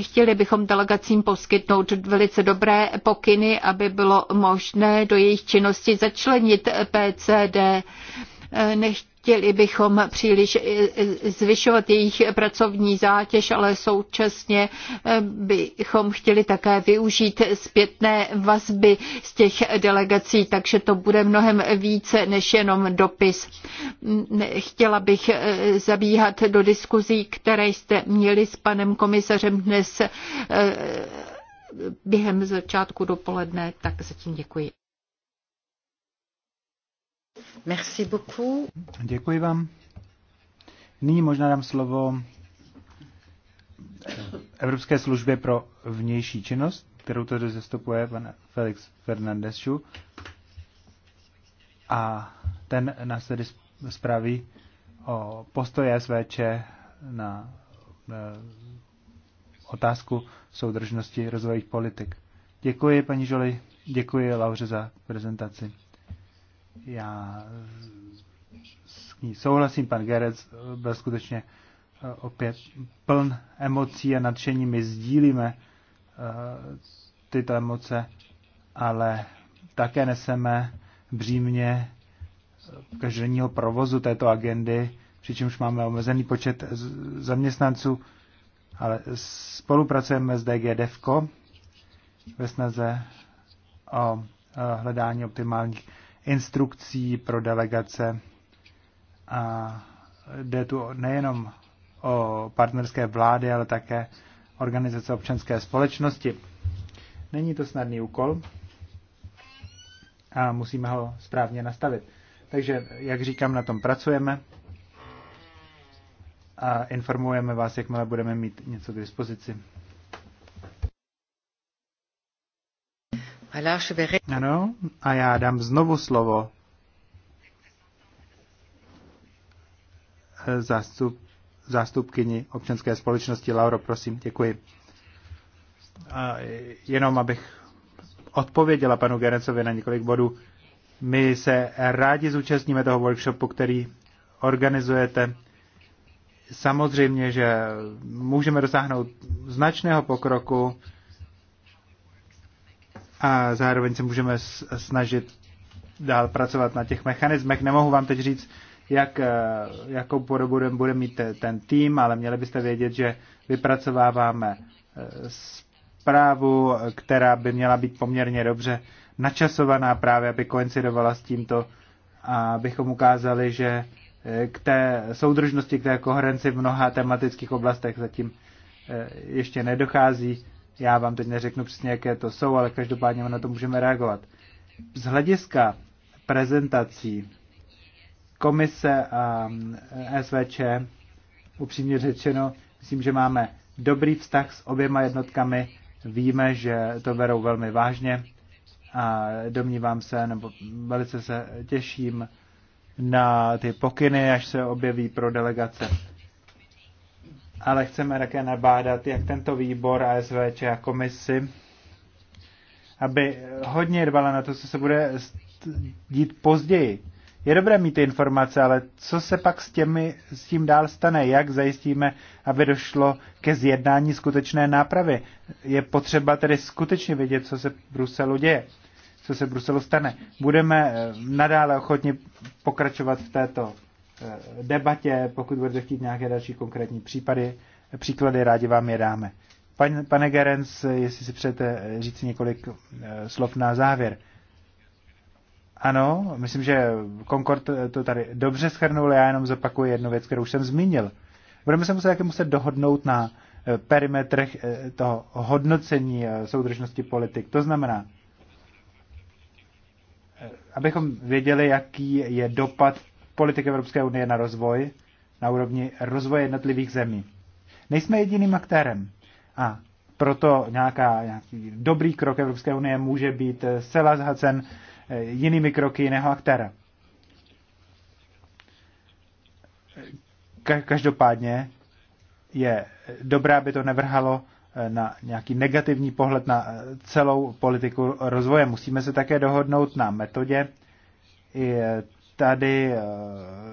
Chtěli bychom delegacím poskytnout velice dobré pokyny, aby bylo možné do jejich činnosti začlenit PCD. Nech Nechtěli bychom příliš eh, eh, zvyšovat jejich pracovní zátěž, ale současně eh, bychom chtěli také využít zpětné vazby z těch delegací, takže to bude mnohem více než jenom dopis. Chtěla bych zabíhat do diskuzí, které jste měli s panem komisařem dnes během začátku dopoledne, tak zatím děkuji. Merci beaucoup. Děkuji vám. Nyní možná dám slovo Evropské službě pro vnější činnost, kterou tady zastupuje pan Felix Fernandesču. A ten nás tedy zpráví o postoje SVČ na eh, otázku soudržnosti rozvojových politik. Děkuji, paní Žoli, děkuji Lauře za prezentaci já s ní souhlasím, pan Gerec byl skutečně eh, opět pln emocí a nadšení. My sdílíme eh, tyto emoce, ale také neseme břímně eh, každodenního provozu této agendy, přičemž máme omezený počet zaměstnanců, ale spolupracujeme s DG Devko ve snaze o hledání optimálních instrukcí pro delegace. A jde tu nejenom o partnerské vlády, ale také organizace občanské společnosti. Není to snadný úkol a musíme ho správně nastavit. Takže, jak říkám, na tom pracujeme a informujeme vás, jakmile budeme mít něco k dispozici. Ano, a já dám znovu slovo eh, zastup, zástupkyni občanské společnosti. Lauro, prosím, děkuji. A jenom abych odpověděla panu Gerencovi na několik bodů. My se rádi zúčastníme toho workshopu, který organizujete. Samozřejmě, že můžeme dosáhnout značného pokroku a zároveň se můžeme snažit dál pracovat na těch mechanismech. Nemohu vám teď říct, jak, eh, jakou podobu bude mít ten tým, ale měli byste vědět, že vypracováváme eh, zprávu, která by měla být poměrně dobře načasovaná právě, aby koincidovala s tímto, a abychom ukázali, že eh, k té soudržnosti, k té koherenci v mnoha tematických oblastech zatím ještě nedochází. Já vám teď neřeknu přesně, jaké to jsou, ale každopádně na to můžeme reagovat. Z hlediska prezentací komise a eh, SVČ, upřímně řečeno, myslím, že máme dobrý vztah s oběma jednotkami, víme, že to berou velmi vážně a domnívám se, nebo velice se těším na ty pokyny, až se objeví pro delegace ale chceme také nabádat jak tento výbor ASVČ a komisi, aby hodně dbala na to, co se bude dít později. Je dobré mít ty informace, ale co se pak s, těmi, s tím dál stane? Jak zajistíme, aby došlo ke zjednání skutečné nápravy? Je potřeba tedy skutečně vědět, co se v Bruselu děje, co se v Bruselu stane. Budeme eh, nadále ochotně pokračovat v této Eh, debatě. Pokud budete chtít nějaké další konkrétní případy, příklady, rádi vám je dáme. Pan, pane Gerens, jestli si přejete eh, říct několik eh, slov na závěr. Ano, myslím, že Concord to tady dobře schrnul, já jenom zopakuju jednu věc, kterou už jsem zmínil. Budeme se muset muset dohodnout na perimetrech toho hodnocení soudržnosti politik. To znamená, abychom věděli, jaký je dopad politik Evropské unie na rozvoj na úrovni rozvoje jednotlivých zemí. Nejsme jediným aktérem a proto nějaká, nějaký dobrý krok Evropské unie může být eh, zcela zhacen eh, jinými kroky jiného aktéra. Každopádně je dobré, aby to nevrhalo eh, na nějaký negativní pohled na celou politiku rozvoje. Musíme se také dohodnout na metodě. I tady eh,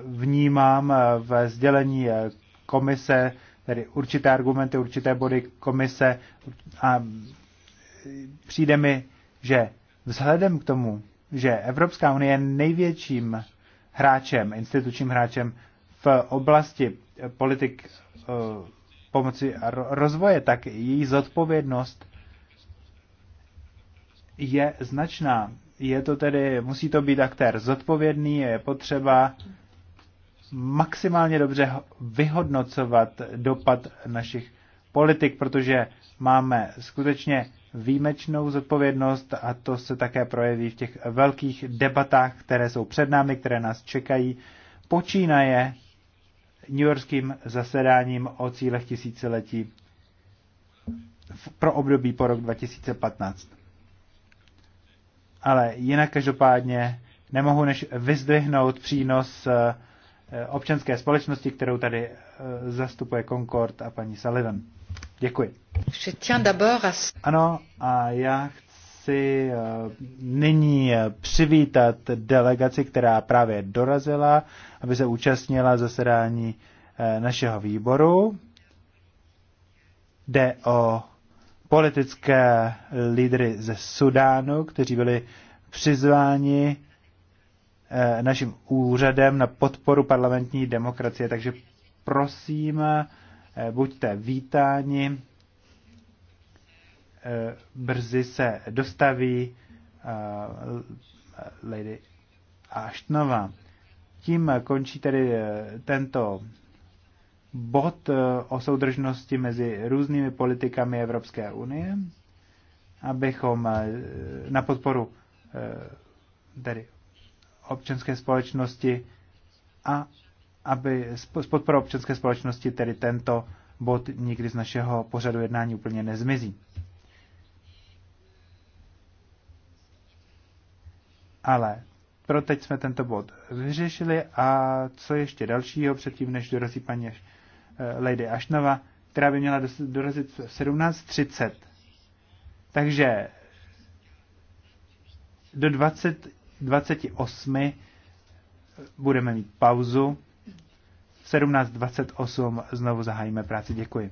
vnímám eh, ve sdělení eh, komise, tedy určité argumenty, určité body komise a mm, přijde mi, že vzhledem k tomu, že Evropská unie je největším hráčem, institučním hráčem v oblasti politik pomoci a rozvoje, tak její zodpovědnost je značná je to tedy, musí to být aktér zodpovědný, je potřeba maximálně dobře vyhodnocovat dopad našich politik, protože máme skutečně výjimečnou zodpovědnost a to se také projeví v těch velkých debatách, které jsou před námi, které nás čekají. Počínaje New Yorkským zasedáním o cílech tisíciletí pro období po rok 2015. Ale jinak každopádně nemohu než vyzdvihnout přínos eh, eh, občanské společnosti, kterou tady eh, zastupuje Concord a paní Sullivan. Děkuji. Ano, a já chci nyní přivítat delegaci, která právě dorazila, aby se účastnila zasedání našeho výboru. Jde o politické lídry ze Sudánu, kteří byli přizváni eh, naším úřadem na podporu parlamentní demokracie. Takže prosím, eh, buďte vítáni, eh, brzy se dostaví Lady Ashtonová. Tím končí tedy tento bod eh, o soudržnosti mezi různými politikami Evropské unie, abychom eh, na podporu eh, tedy občanské společnosti a aby s podporou občanské společnosti tedy tento bod nikdy z našeho pořadu jednání úplně nezmizí. Ale pro teď jsme tento bod vyřešili a co ještě dalšího předtím, než dorazí paní Lady Ashnava, která by měla dorazit v 17.30. Takže do 20, 28 budeme mít pauzu. V 17.28 znovu zahájíme práci. Děkuji.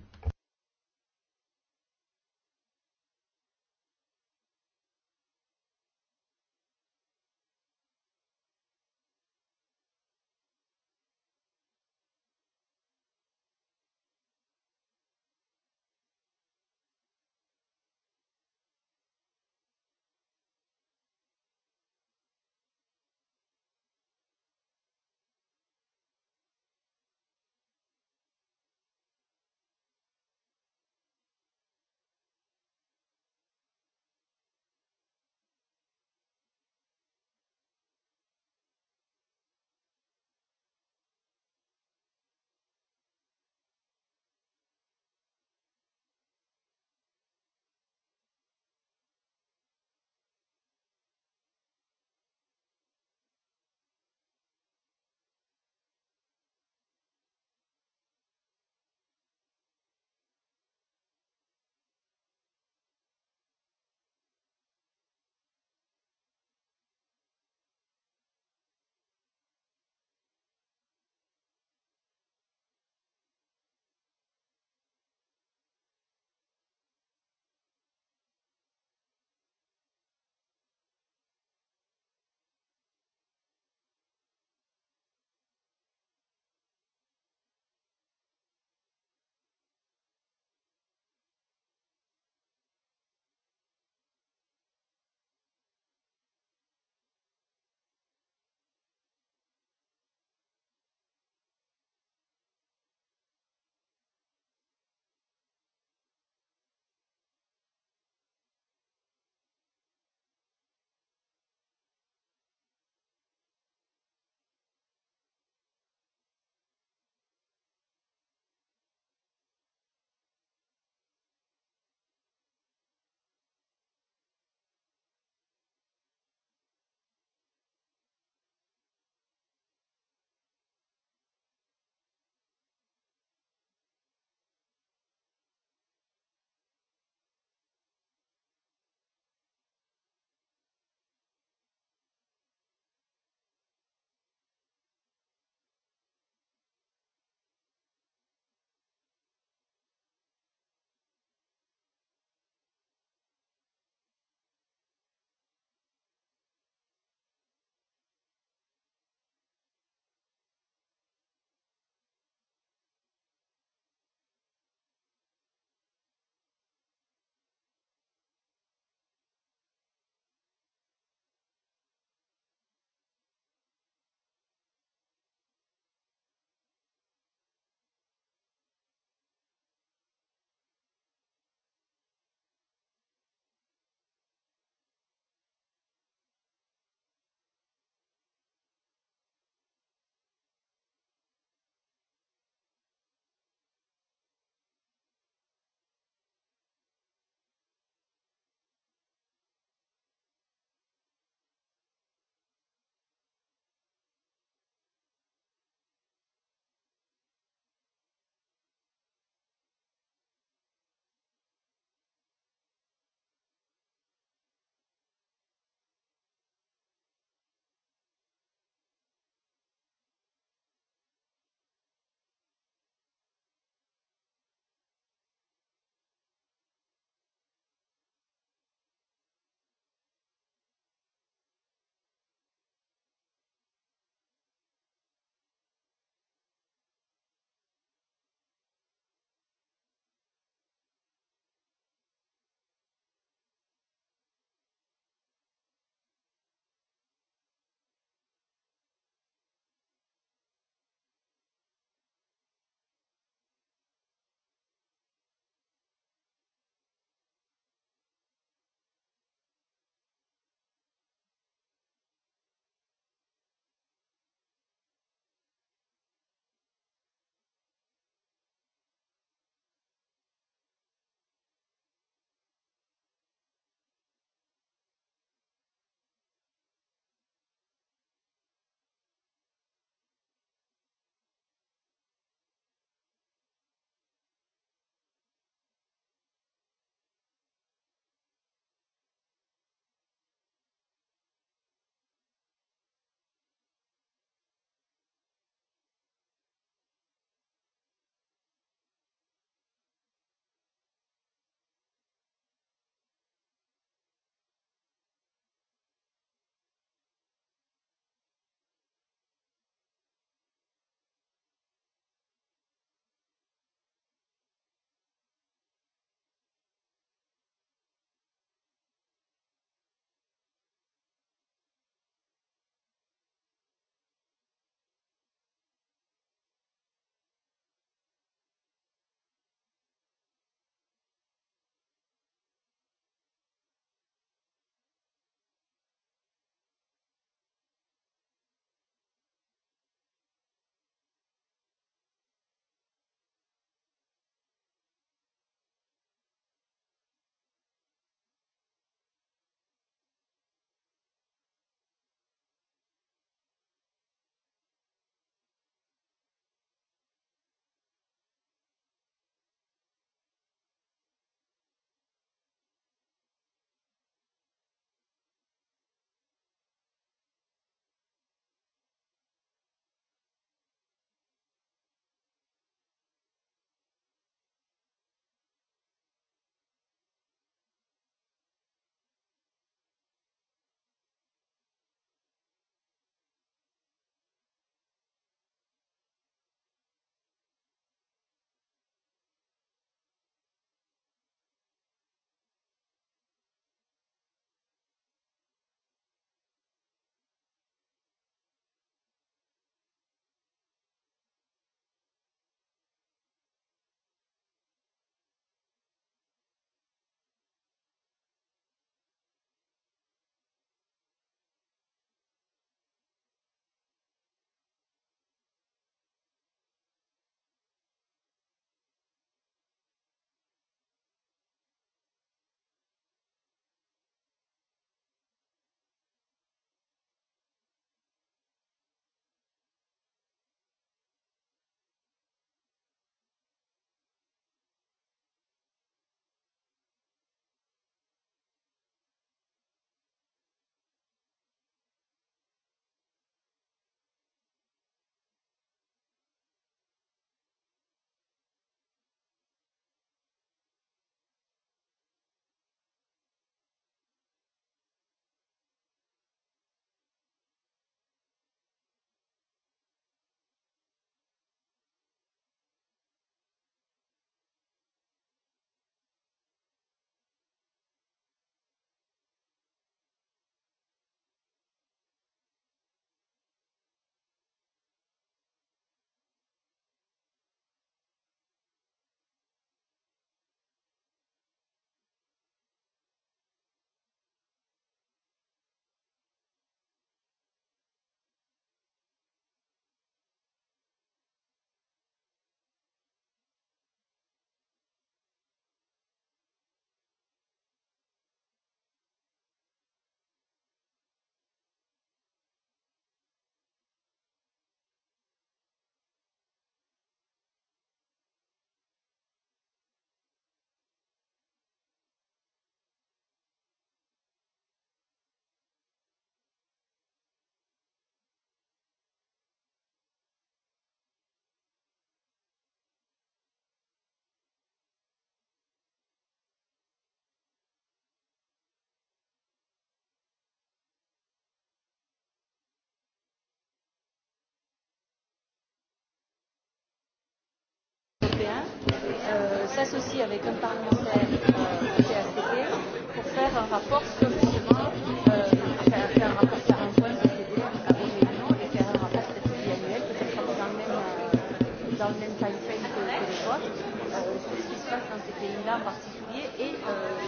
s'associe avec un parlementaire euh, CACP pour faire un rapport sur justement, euh, faire, faire un rapport sur un point de CCD à vos réunions et faire un rapport peut-être annuel, peut-être dans le même, euh, dans le même time frame que, que les autres, euh, sur ce qui se passe dans ces pays-là en particulier et euh,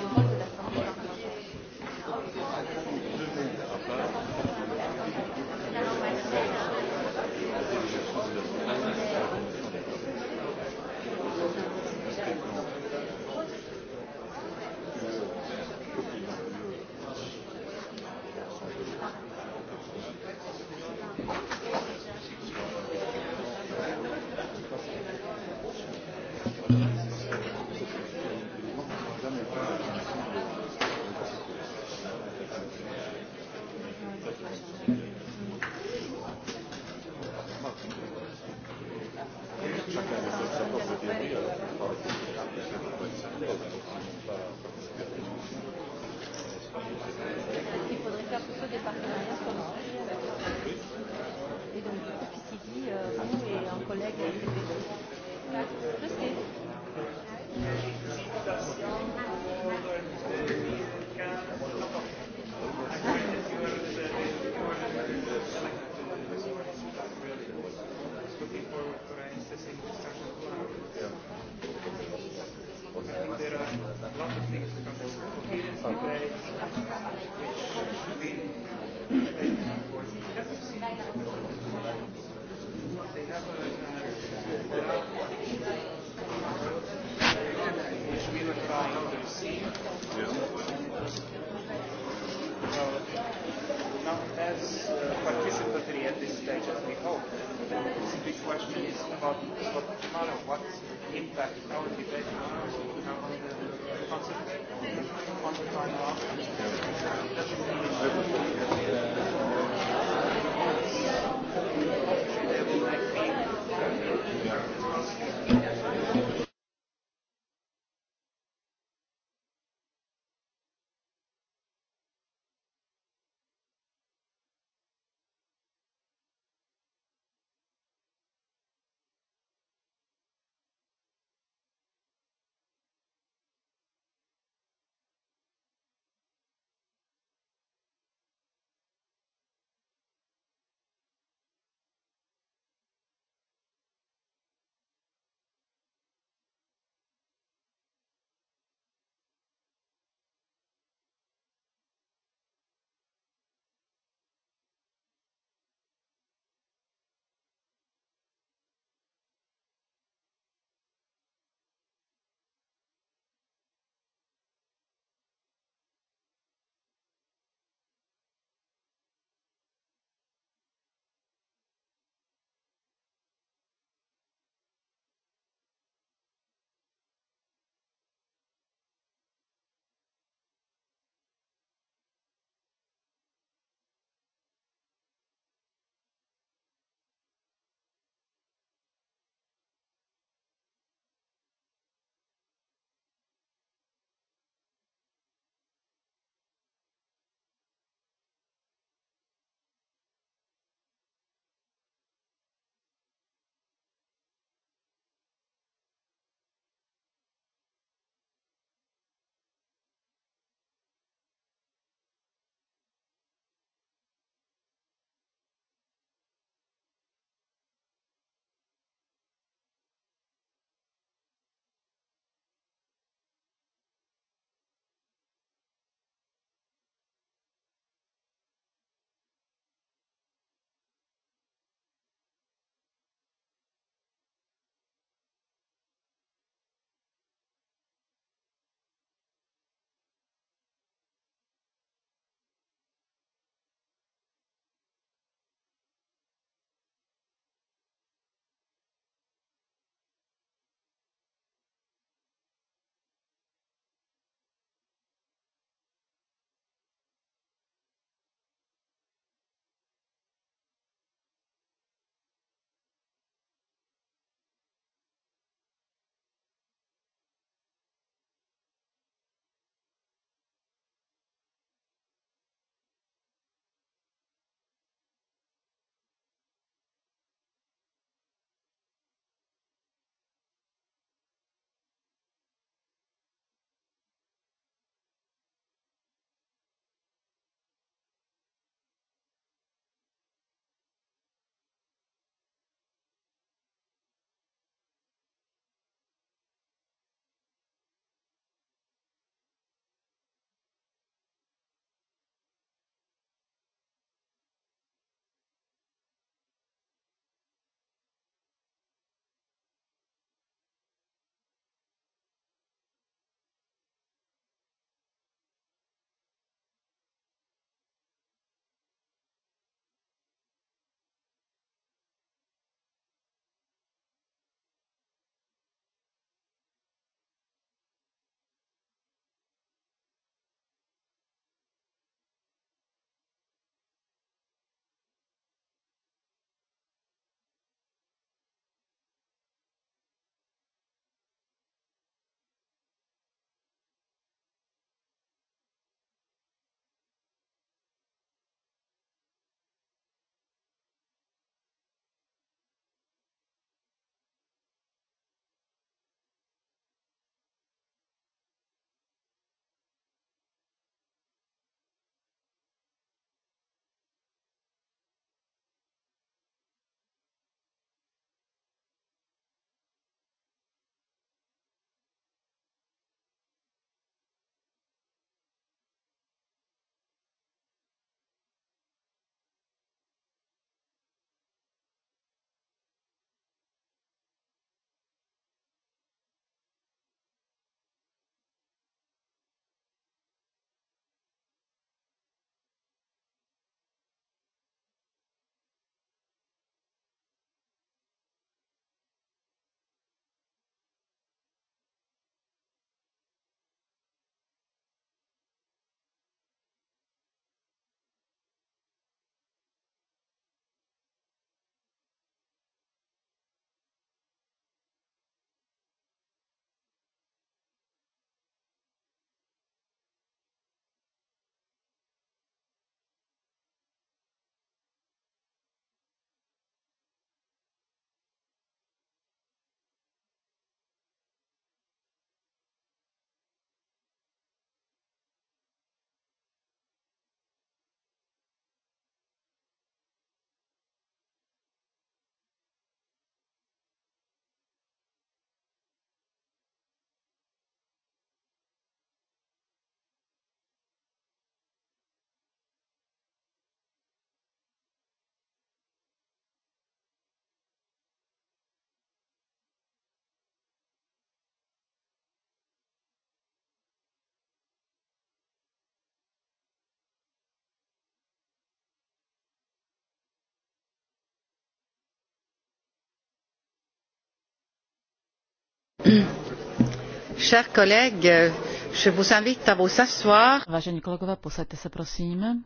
Chers collègues, je vous invite à vous asseoir. Vážení kolegové, posaďte se prosím.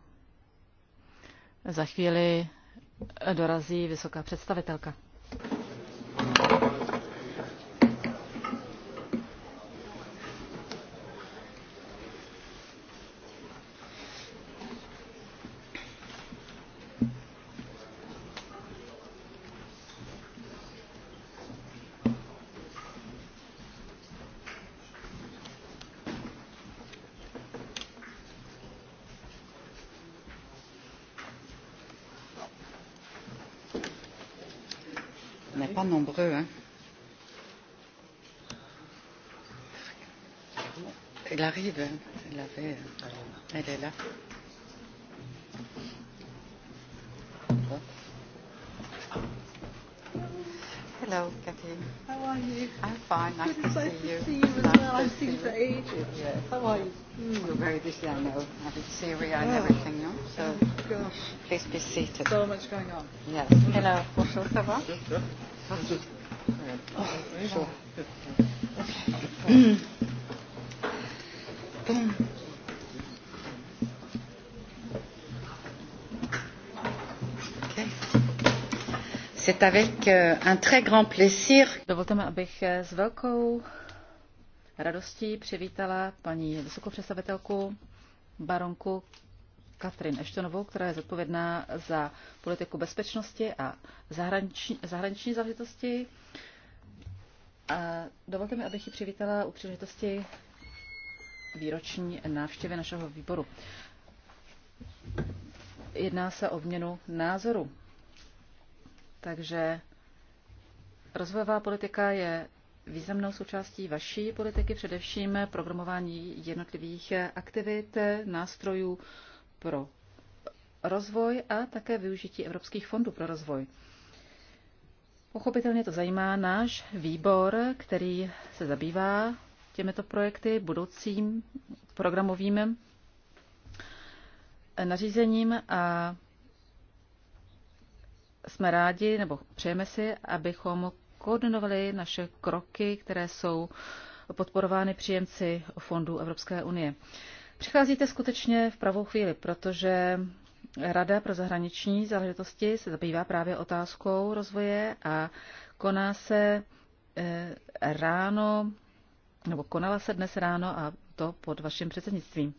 Za chvíli dorazí vysoká představitelka. arrive. Elle, avait, elle est là. Hello, Kathy. How are you? I'm fine. Nice Good to see you. To see you as well. I've seen you for ages. Yes. How are you? Mm. You're very busy, I know. Have Having Syria oh. and everything, no? Oh, so, oh, gosh. Please be seated. So much going on. Yes. Mm. Hello. Bonjour, ça va? Bonjour. Oh, bonjour. Euh, dovolte mi, abych eh, s velkou radostí přivítala paní vysokou představitelku baronku Katrin Eštonovou, která je zodpovědná za politiku bezpečnosti a zahraniční, zahraniční záležitosti. A dovolte mi, abych ji přivítala u příležitosti výroční návštěvy našeho výboru. Jedná se o změnu názoru takže rozvojová politika je významnou součástí vaší politiky, především programování jednotlivých aktivit, nástrojů pro rozvoj a také využití evropských fondů pro rozvoj. Pochopitelně to zajímá náš výbor, který se zabývá těmito projekty, budoucím programovým nařízením a jsme rádi, nebo přejeme si, abychom koordinovali naše kroky, které jsou podporovány příjemci fondů Evropské unie. Přicházíte skutečně v pravou chvíli, protože Rada pro zahraniční záležitosti se zabývá právě otázkou rozvoje a koná se eh, ráno, nebo konala se dnes ráno a to pod vaším předsednictvím.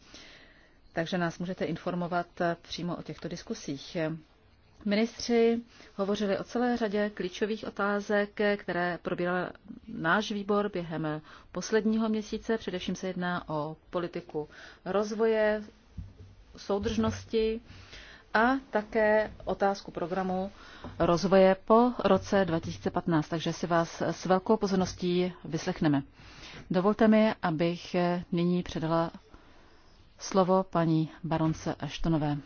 Takže nás můžete informovat přímo o těchto diskusích. Ministři hovořili o celé řadě klíčových otázek, které probíral náš výbor během posledního měsíce. Především se jedná o politiku rozvoje, soudržnosti a také otázku programu rozvoje po roce 2015. Takže si vás s velkou pozorností vyslechneme. Dovolte mi, abych nyní předala slovo paní baronce Aštonové.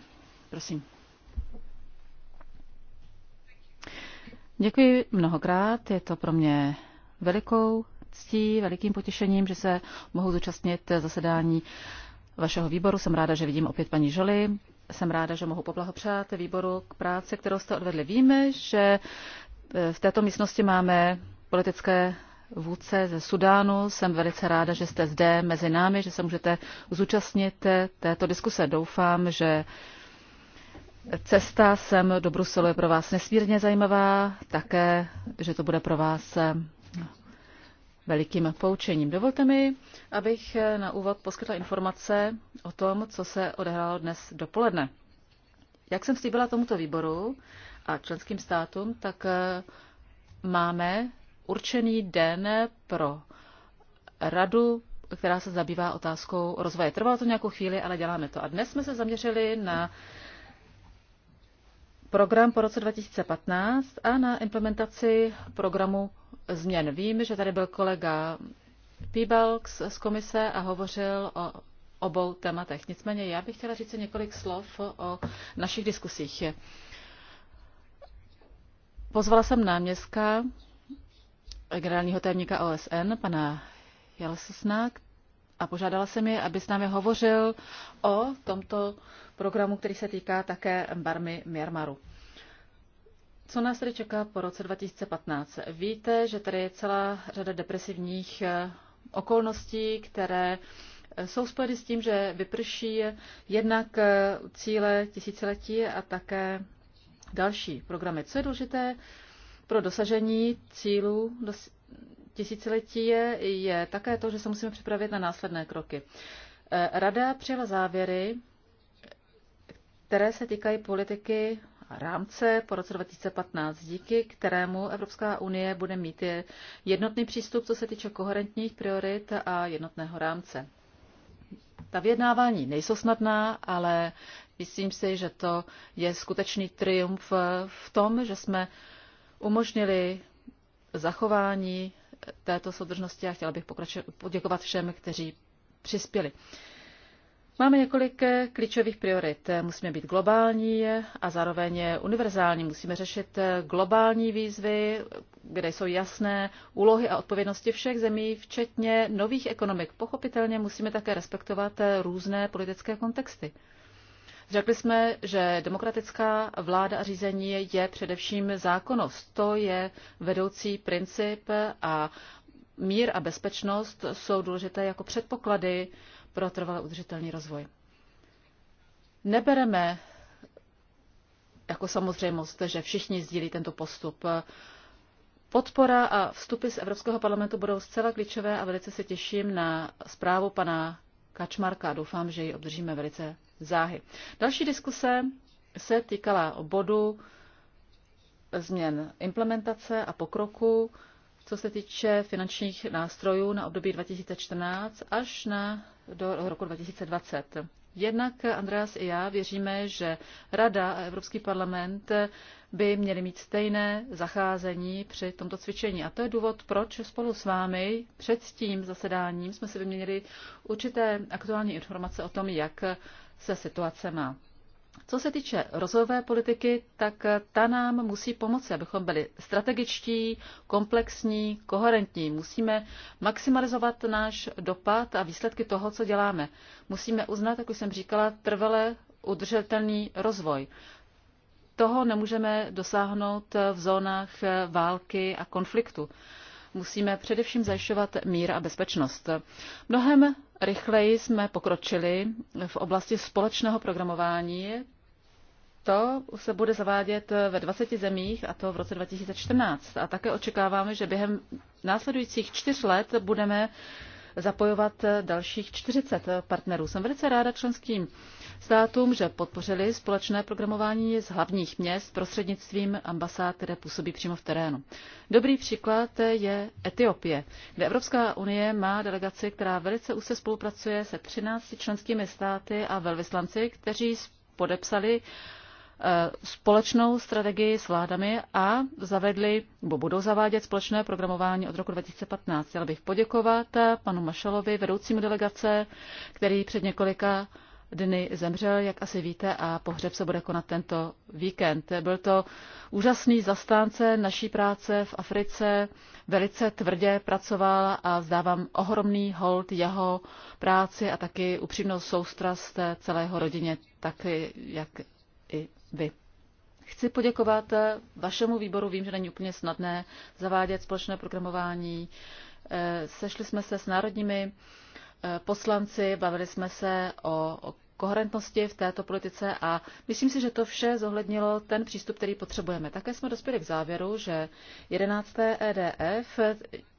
Prosím. Děkuji mnohokrát, je to pro mě velikou ctí, velikým potěšením, že se mohu zúčastnit zasedání vašeho výboru. Jsem ráda, že vidím opět paní Žoli. Jsem ráda, že mohu poblahopřát výboru k práci, kterou jste odvedli. Víme, že e, v této místnosti máme politické vůdce ze Sudánu. Jsem velice ráda, že jste zde mezi námi, že se můžete zúčastnit e, této diskuse. Doufám, že Cesta sem do Bruselu je pro vás nesmírně zajímavá, také, že to bude pro vás eh, velikým poučením. Dovolte mi, abych eh, na úvod poskytla informace o tom, co se odehrálo dnes dopoledne. Jak jsem slíbila tomuto výboru a členským státům, tak eh, máme určený den pro radu, která se zabývá otázkou rozvoje. Trvalo to nějakou chvíli, ale děláme to. A dnes jsme se zaměřili na program po roce 2015 a na implementaci programu změn. Vím, že tady byl kolega Pibalx z komise a hovořil o obou tématech. Nicméně já bych chtěla říct několik slov o našich diskusích. Pozvala jsem náměstka generálního tajemníka OSN, pana Jalsesna, a požádala jsem je, aby s námi hovořil o tomto programu, který se týká také Barmy Myanmaru. Co nás tedy čeká po roce 2015? Víte, že tady je celá řada depresivních eh, okolností, které eh, jsou spojeny s tím, že vyprší jednak eh, cíle tisíciletí a také další programy. Co je důležité pro dosažení cílů tisíciletí je, je také to, že se musíme připravit na následné kroky. Eh, Rada přijala závěry, které se týkají politiky a rámce po roce 2015, díky kterému Evropská unie bude mít jednotný přístup, co se týče koherentních priorit a jednotného rámce. Ta vyjednávání nejsou snadná, ale myslím si, že to je skutečný triumf v tom, že jsme umožnili zachování této soudržnosti a chtěla bych poděkovat všem, kteří přispěli. Máme několik eh, klíčových priorit. Musíme být globální a zároveň univerzální. Musíme řešit eh, globální výzvy, kde jsou jasné úlohy a odpovědnosti všech zemí, včetně nových ekonomik. Pochopitelně musíme také respektovat eh, různé politické kontexty. Řekli jsme, že demokratická vláda a řízení je především zákonnost. To je vedoucí princip a mír a bezpečnost jsou důležité jako předpoklady pro trvalý udržitelný rozvoj. Nebereme jako samozřejmost, že všichni sdílí tento postup. Podpora a vstupy z Evropského parlamentu budou zcela klíčové a velice se těším na zprávu pana Kačmarka. Doufám, že ji obdržíme velice záhy. Další diskuse se týkala bodu změn implementace a pokroku, co se týče finančních nástrojů na období 2014 až na do roku 2020. Jednak Andreas i já věříme, že Rada a Evropský parlament by měli mít stejné zacházení při tomto cvičení. A to je důvod, proč spolu s vámi před tím zasedáním jsme si vyměnili určité aktuální informace o tom, jak se situace má. Co se týče rozvojové politiky, tak ta nám musí pomoci, abychom byli strategičtí, komplexní, koherentní. Musíme maximalizovat náš dopad a výsledky toho, co děláme. Musíme uznat, jak už jsem říkala, trvale udržitelný rozvoj. Toho nemůžeme dosáhnout v zónách války a konfliktu musíme především zajišťovat mír a bezpečnost. Mnohem rychleji jsme pokročili v oblasti společného programování. To se bude zavádět ve 20 zemích, a to v roce 2014. A také očekáváme, že během následujících čtyř let budeme zapojovat dalších 40 partnerů. Jsem velice ráda členským státům, že podpořili společné programování z hlavních měst prostřednictvím ambasád, které působí přímo v terénu. Dobrý příklad je Etiopie, kde Evropská unie má delegaci, která velice úzce spolupracuje se 13 členskými státy a velvyslanci, kteří podepsali Eh, společnou strategii s vládami a zavedli, nebo budou zavádět společné programování od roku 2015. Chtěla bych poděkovat panu Mašalovi, vedoucímu delegace, který před několika dny zemřel, jak asi víte, a pohřeb se bude konat tento víkend. Byl to úžasný zastánce naší práce v Africe, velice tvrdě pracoval a zdávám ohromný hold jeho práci a taky upřímnou soustrast celého rodině, tak jak i vy. Chci poděkovat eh, vašemu výboru, vím, že není úplně snadné zavádět společné programování. Eh, Sešli jsme se s národními eh, poslanci, bavili jsme se o, o koherentnosti v této politice a myslím si, že to vše zohlednilo ten přístup, který potřebujeme. Také jsme dospěli k závěru, že 11. EDF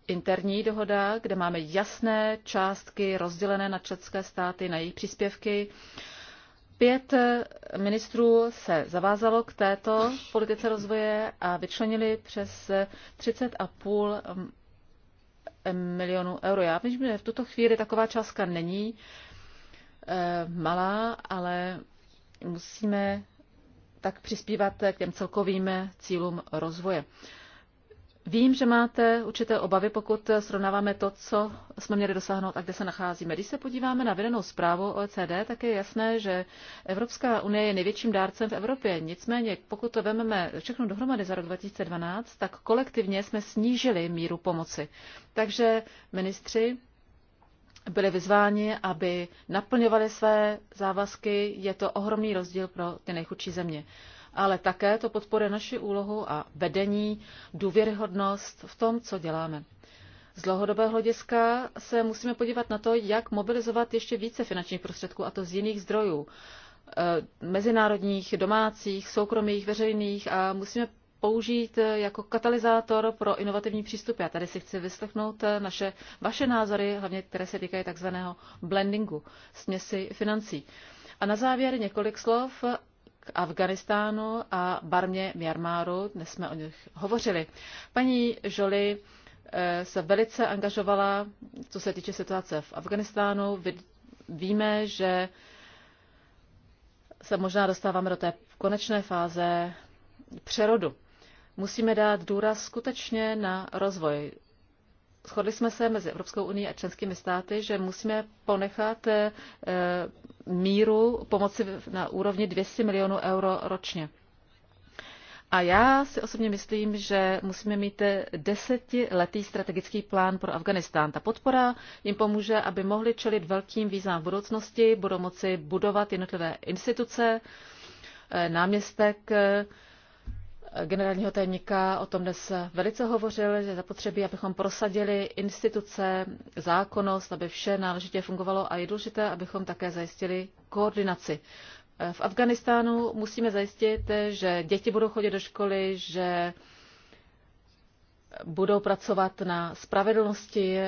interní dohoda, kde máme jasné částky rozdělené na české státy, na jejich příspěvky, Pět eh, ministrů se zavázalo k této politice rozvoje a vyčlenili přes 30,5 eh, mm, milionů euro. Já vím, že v tuto chvíli taková částka není eh, malá, ale musíme tak přispívat k těm celkovým cílům rozvoje. Vím, že máte určité obavy, pokud srovnáváme to, co jsme měli dosáhnout a kde se nacházíme. Když se podíváme na vedenou zprávu OECD, tak je jasné, že Evropská unie je největším dárcem v Evropě. Nicméně, pokud to vezmeme všechno dohromady za rok 2012, tak kolektivně jsme snížili míru pomoci. Takže ministři byli vyzváni, aby naplňovali své závazky. Je to ohromný rozdíl pro ty nejchudší země ale také to podporuje naši úlohu a vedení, důvěryhodnost v tom, co děláme. Z dlouhodobého hlediska se musíme podívat na to, jak mobilizovat ještě více finančních prostředků, a to z jiných zdrojů, eh, mezinárodních, domácích, soukromých, veřejných a musíme použít eh, jako katalyzátor pro inovativní přístupy. Já tady si chci vyslechnout eh, naše, vaše názory, hlavně které se týkají takzvaného blendingu, směsi financí. A na závěr několik slov Afganistánu a Barmě Mjarmáru. Dnes jsme o nich hovořili. Paní Žoli eh, se velice angažovala, co se týče situace v Afganistánu. Víme, že se možná dostáváme do té konečné fáze přerodu. Musíme dát důraz skutečně na rozvoj. Shodli jsme se mezi Evropskou unii a členskými státy, že musíme ponechat eh, míru pomoci na úrovni 200 milionů euro ročně. A já si osobně myslím, že musíme mít desetiletý strategický plán pro Afganistán. Ta podpora jim pomůže, aby mohli čelit velkým výzvám v budoucnosti, budou moci budovat jednotlivé instituce, eh, náměstek eh, generálního tajemníka o tom dnes velice hovořil, že zapotřebí, abychom prosadili instituce, zákonnost, aby vše náležitě fungovalo a je důležité, abychom také zajistili koordinaci. V Afganistánu musíme zajistit, že děti budou chodit do školy, že budou pracovat na spravedlnosti,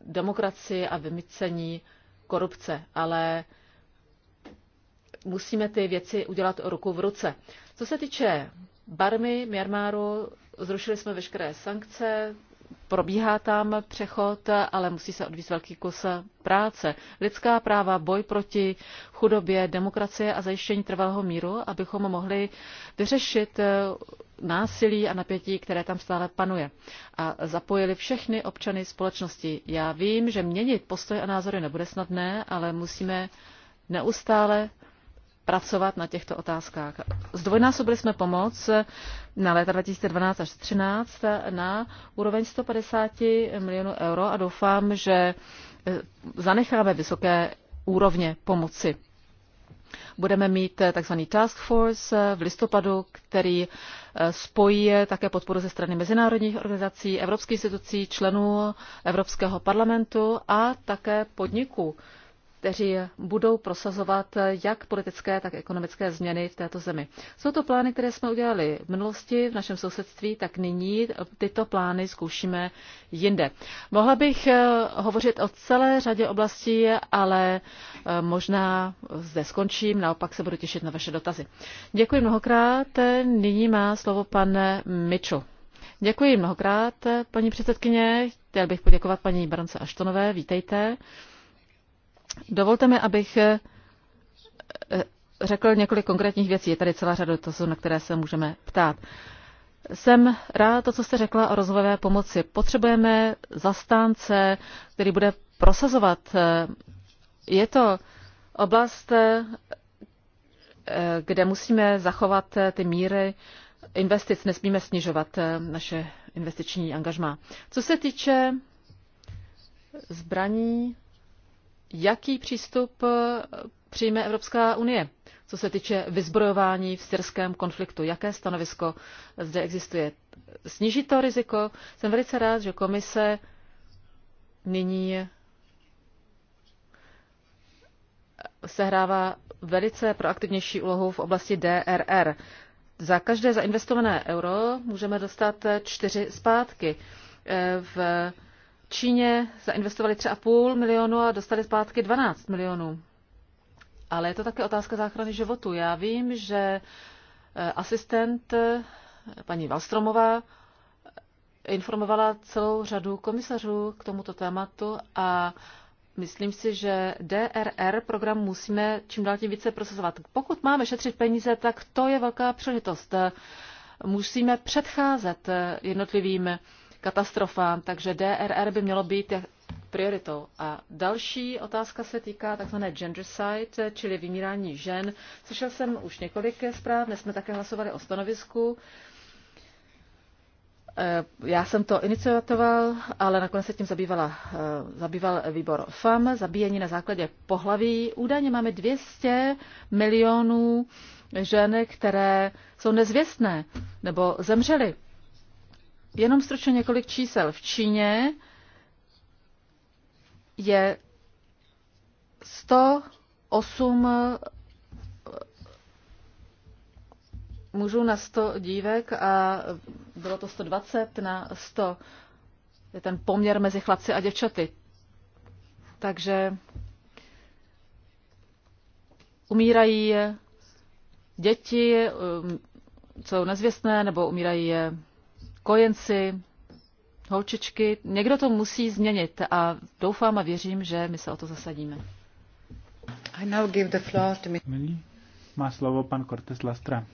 demokracii a vymycení korupce, ale musíme ty věci udělat ruku v ruce. Co se týče Barmy, Myanmaru, zrušili jsme veškeré sankce, probíhá tam přechod, ale musí se odvíct velký kus práce. Lidská práva, boj proti chudobě, demokracie a zajištění trvalého míru, abychom mohli vyřešit eh, násilí a napětí, které tam stále panuje. A zapojili všechny občany společnosti. Já vím, že měnit postoje a názory nebude snadné, ale musíme neustále pracovat na těchto otázkách. Zdvojnásobili jsme pomoc na léta 2012 až 2013 na úroveň 150 milionů euro a doufám, že eh, zanecháme vysoké úrovně pomoci. Budeme mít eh, tzv. task force eh, v listopadu, který spojí také podporu ze strany mezinárodních organizací, evropských institucí, členů Evropského parlamentu a také podniků kteří budou prosazovat jak politické, tak ekonomické změny v této zemi. Jsou to plány, které jsme udělali v minulosti v našem sousedství, tak nyní tyto plány zkoušíme jinde. Mohla bych eh, hovořit o celé řadě oblastí, ale eh, možná zde skončím, naopak se budu těšit na vaše dotazy. Děkuji mnohokrát. Nyní má slovo pan Mitchell. Děkuji mnohokrát, paní předsedkyně. Chtěl bych poděkovat paní baronce Aštonové. Vítejte. Dovolte mi, abych eh, řekl několik konkrétních věcí. Je tady celá řada dotazů, na které se můžeme ptát. Jsem rád to, co jste řekla o rozvojové pomoci. Potřebujeme zastánce, který bude prosazovat. Eh, je to oblast, eh, kde musíme zachovat ty míry investic, nesmíme snižovat naše investiční angažmá. Co se týče zbraní jaký přístup eh, přijme Evropská unie, co se týče vyzbrojování v syrském konfliktu. Jaké stanovisko zde existuje? Sníží to riziko? Jsem velice rád, že komise nyní sehrává velice proaktivnější úlohu v oblasti DRR. Za každé zainvestované euro můžeme dostat čtyři zpátky. Eh, v Číně zainvestovali 3,5 milionu a dostali zpátky 12 milionů. Ale je to také otázka záchrany životu. Já vím, že eh, asistent eh, paní Valstromová eh, informovala celou řadu komisařů k tomuto tématu a myslím si, že DRR program musíme čím dál tím více procesovat. Pokud máme šetřit peníze, tak to je velká příležitost. Musíme předcházet jednotlivým katastrofám, takže DRR by mělo být prioritou. A další otázka se týká tzv. gendercide, čili vymírání žen. Slyšel jsem už několik zpráv, dnes jsme také hlasovali o stanovisku. Eh, já jsem to inicioval, ale nakonec se tím zabývala, eh, zabýval výbor FAM, zabíjení na základě pohlaví. Údajně máme 200 milionů žen, které jsou nezvěstné nebo zemřely Jenom stručně několik čísel. V Číně je 108 eh, mužů na 100 dívek a bylo to 120 na 100. Je ten poměr mezi chlapci a děvčaty. Takže umírají děti, eh, jsou nezvěstné nebo umírají eh, kojenci, holčičky. Někdo to musí změnit a doufám a věřím, že my se o to zasadíme. I now give the floor to me. má slovo pan Cortes Lastra.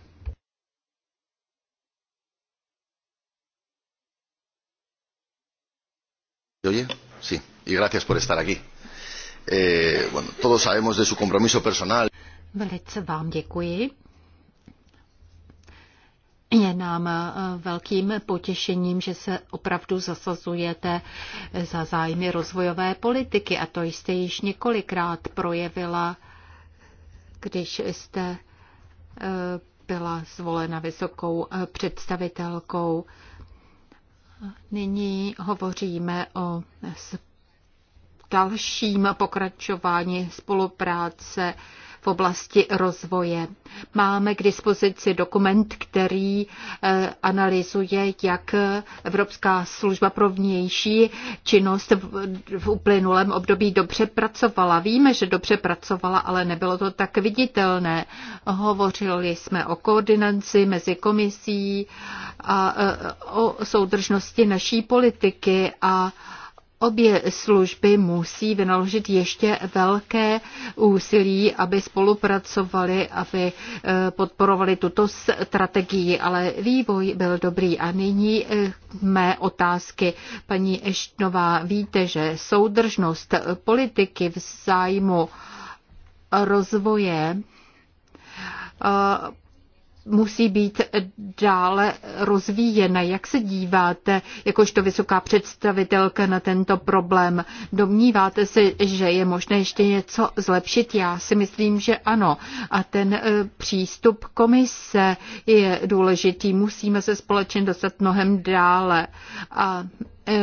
oye? Sí. Y gracias por estar aquí. Eh, bueno, todos sabemos de su compromiso personal. Velice vám děkuji je nám eh, velkým potěšením, že se opravdu zasazujete za zájmy rozvojové politiky a to jste již několikrát projevila, když jste eh, byla zvolena vysokou eh, představitelkou. Nyní hovoříme o dalším pokračování spolupráce v oblasti rozvoje. Máme k dispozici dokument, který eh, analyzuje, jak Evropská služba pro vnější činnost v uplynulém období dobře pracovala. Víme, že dobře pracovala, ale nebylo to tak viditelné. Hovořili jsme o koordinaci mezi komisí a eh, o soudržnosti naší politiky a Obě služby musí vynaložit ještě velké úsilí, aby spolupracovali, aby eh, podporovali tuto strategii, ale vývoj byl dobrý. A nyní eh, mé otázky. Paní Eštnová, víte, že soudržnost politiky v zájmu rozvoje eh, musí být dále rozvíjena. Jak se díváte, jakožto vysoká představitelka, na tento problém? Domníváte se, že je možné ještě něco zlepšit? Já si myslím, že ano. A ten eh, přístup komise je důležitý. Musíme se společně dostat mnohem dále. A eh,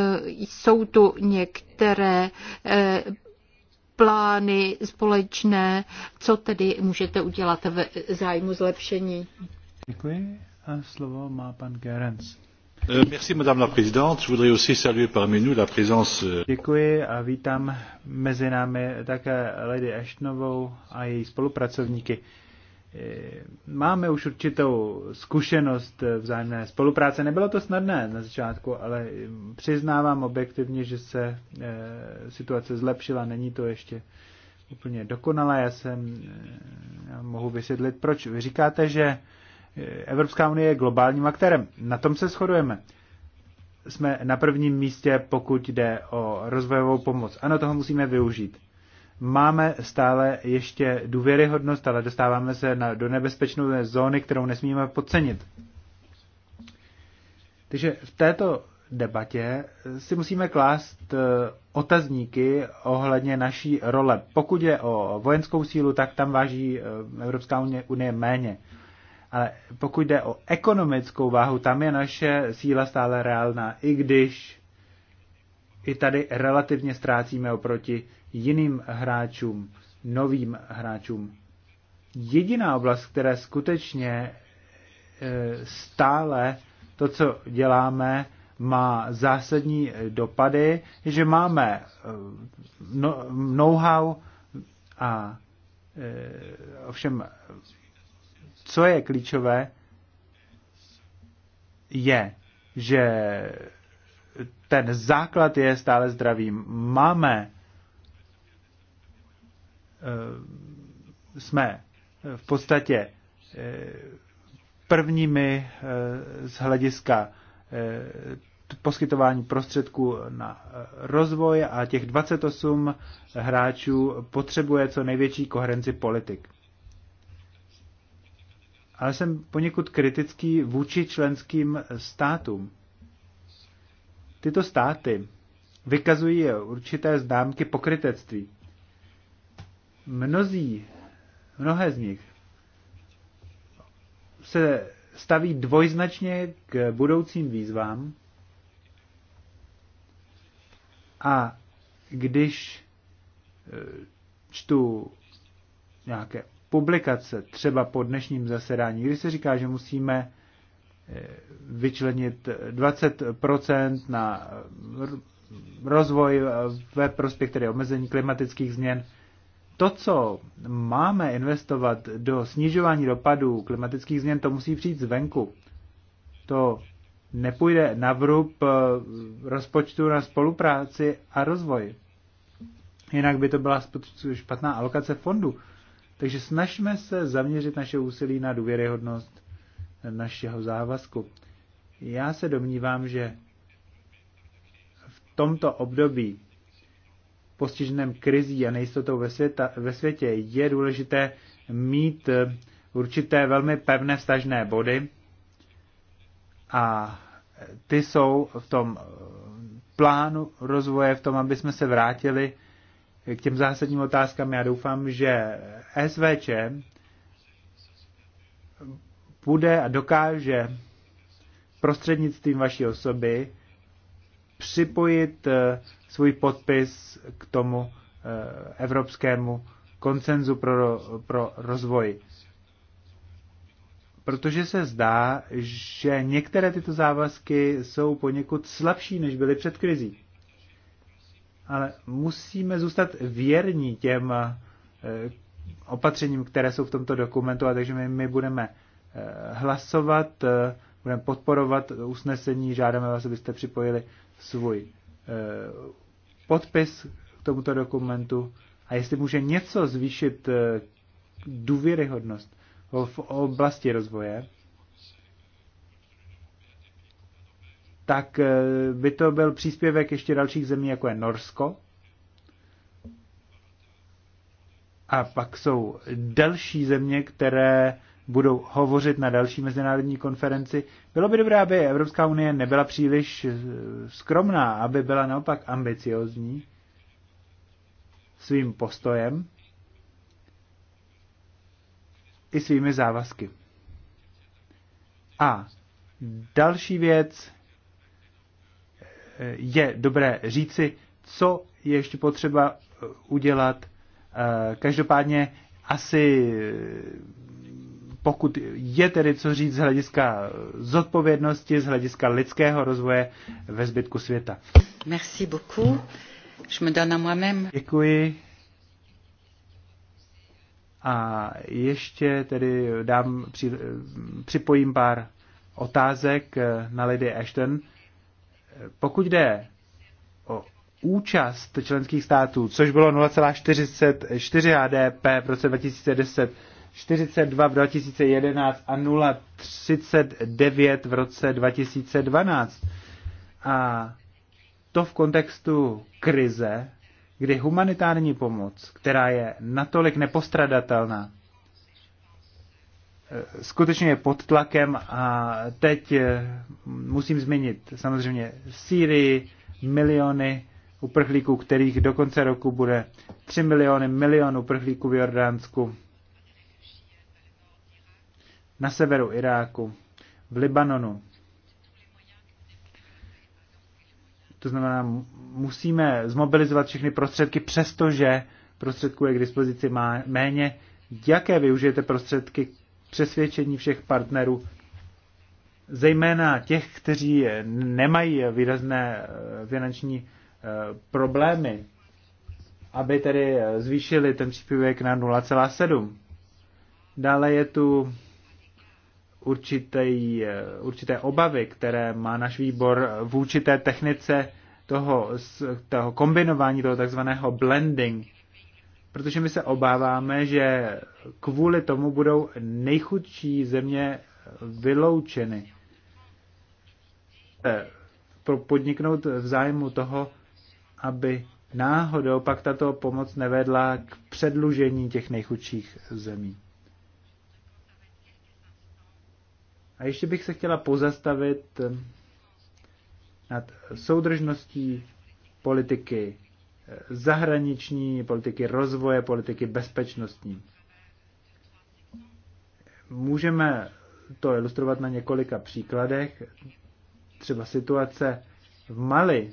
jsou tu některé eh, plány společné. Co tedy můžete udělat v zájmu zlepšení? Děkuji. A slovo má pan Gerens. Euh, merci, madame la présidente. Je voudrais aussi saluer parmi nous la présence... Euh, Děkuji a vítám mezi námi také Lady Ashtonovou a její spolupracovníky. Eh, máme už určitou zkušenost eh, vzájemné spolupráce. Nebylo to snadné na začátku, ale eh, přiznávám objektivně, že se situace zlepšila. Není to ještě úplně dokonalé. Já jsem já mohu vysvětlit, proč. Vy říkáte, že Evropská unie je globálním aktérem. Na tom se shodujeme. Jsme na prvním místě, pokud jde o rozvojovou pomoc. Ano, toho musíme využít máme stále ještě důvěryhodnost, ale dostáváme se na, do nebezpečné zóny, kterou nesmíme podcenit. Takže v této debatě si musíme klást eh, otazníky ohledně naší role. Pokud je o vojenskou sílu, tak tam váží eh, Evropská unie, unie méně. Ale pokud jde o ekonomickou váhu, tam je naše síla stále reálná, i když i tady relativně ztrácíme oproti jiným hráčům, novým hráčům. Jediná oblast, která skutečně e, stále to, co děláme, má zásadní dopady, že máme e, no, know-how a e, ovšem, co je klíčové, je, že ten základ je stále zdravý. Máme Eh, jsme eh, v podstatě eh, prvními z hlediska poskytování prostředků na rozvoj a těch 28 hráčů potřebuje co největší koherenci politik. Ale jsem poněkud kritický vůči členským státům. Tyto státy vykazují určité známky pokrytectví mnozí, mnohé z nich se staví dvojznačně k budoucím výzvám a když e, čtu nějaké publikace, třeba po dnešním zasedání, kdy se říká, že musíme e, vyčlenit 20% na rozvoj ve prospěch tedy omezení klimatických změn, to, co máme investovat do snižování dopadů klimatických změn, to musí přijít zvenku. To nepůjde na vrub eh, rozpočtu na spolupráci a rozvoj. Jinak by to byla špatná alokace fondu. Takže snažme se zaměřit naše úsilí na důvěryhodnost našeho závazku. Já se domnívám, že v tomto období postiženém krizí a nejistotou ve, světa, ve světě je důležité mít eh, určité velmi pevné vztažné body a eh, ty jsou v tom eh, plánu rozvoje, v tom, aby jsme se vrátili k těm zásadním otázkám. Já doufám, že SVČ bude a dokáže prostřednictvím vaší osoby připojit svůj podpis k tomu eh, evropskému koncenzu pro, pro rozvoj. Protože se zdá, že některé tyto závazky jsou poněkud slabší, než byly před krizí. Ale musíme zůstat věrní těm eh, opatřením, které jsou v tomto dokumentu, a takže my, my budeme eh, hlasovat, budeme podporovat usnesení, žádáme vás, abyste připojili svůj podpis k tomuto dokumentu a jestli může něco zvýšit eh, důvěryhodnost v oblasti rozvoje, tak eh, by to byl příspěvek ještě dalších zemí, jako je Norsko. A pak jsou další země, které budou hovořit na další mezinárodní konferenci. Bylo by dobré, aby Evropská unie nebyla příliš eh, skromná, aby byla naopak ambiciozní svým postojem i svými závazky. A další věc eh, je dobré říci, co je ještě potřeba eh, udělat. Každopádně asi pokud je tedy co říct z hlediska zodpovědnosti, z hlediska lidského rozvoje ve zbytku světa. Merci beaucoup. Je me donne à moi-même. Děkuji. A ještě tedy dám, při, připojím pár otázek eh, na Lady Ashton. Pokud jde o účast členských států, což bylo 0,44 HDP v roce 2010, 42 v 2011 a 0,39 v roce 2012. A to v kontextu krize, kdy humanitární pomoc, která je natolik nepostradatelná, eh, skutečně je pod tlakem a teď eh, musím změnit samozřejmě Sýrii, miliony uprchlíků, kterých do konce roku bude 3 miliony, milion uprchlíků v Jordánsku, na severu Iráku, v Libanonu. To znamená, musíme zmobilizovat všechny prostředky, přestože prostředků je k dispozici má méně. Jaké využijete prostředky přesvědčení všech partnerů, zejména těch, kteří nemají výrazné eh, finanční eh, problémy, aby tedy eh, zvýšili ten příspěvek na 0,7. Dále je tu určité, určité obavy, které má náš výbor v určité technice toho, toho kombinování, toho takzvaného blending, protože my se obáváme, že kvůli tomu budou nejchudší země vyloučeny. E, podniknout v zájmu toho, aby náhodou pak tato pomoc nevedla k předlužení těch nejchudších zemí. A ještě bych se chtěla pozastavit eh, nad soudržností politiky eh, zahraniční, politiky rozvoje, politiky bezpečnostní. Můžeme to ilustrovat na několika příkladech. Třeba situace v Mali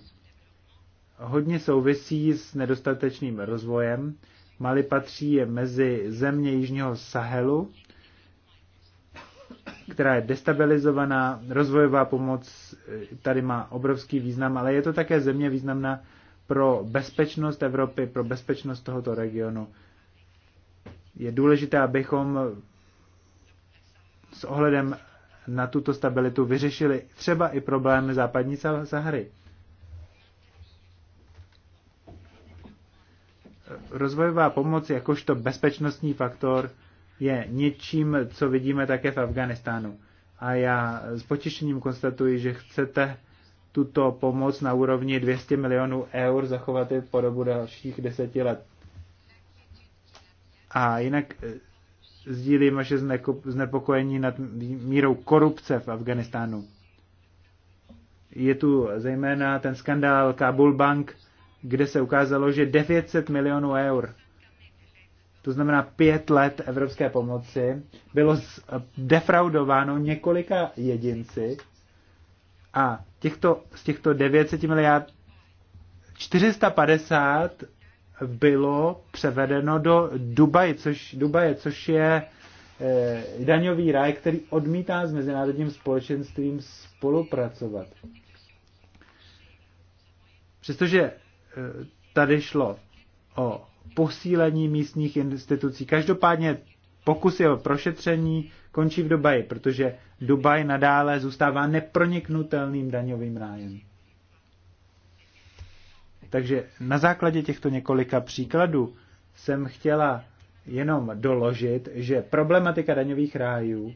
hodně souvisí s nedostatečným rozvojem. Mali patří mezi země Jižního Sahelu, která je destabilizovaná, rozvojová pomoc eh, tady má obrovský význam, ale je to také země významná pro bezpečnost Evropy, pro bezpečnost tohoto regionu. Je důležité, abychom s ohledem na tuto stabilitu vyřešili třeba i problémy západní Sahary. Rozvojová pomoc jakožto bezpečnostní faktor je něčím, co vidíme také v Afganistánu. A já s potěšením konstatuji, že chcete tuto pomoc na úrovni 200 milionů eur zachovat i po dobu dalších deseti let. A jinak eh, sdílím vaše znepokojení nad mírou korupce v Afganistánu. Je tu zejména ten skandál Kabul Bank, kde se ukázalo, že 900 milionů eur to znamená pět let evropské pomoci, bylo eh, defraudováno několika jedinci a těchto, z těchto 900 miliard 450 bylo převedeno do Dubaje, což, Dubaje, což je e, daňový ráj, který odmítá s mezinárodním společenstvím spolupracovat. Přestože e, tady šlo o posílení místních institucí. Každopádně pokusy o prošetření končí v Dubaji, protože Dubaj nadále zůstává neproniknutelným daňovým rájem. Takže na základě těchto několika příkladů jsem chtěla jenom doložit, že problematika daňových rájů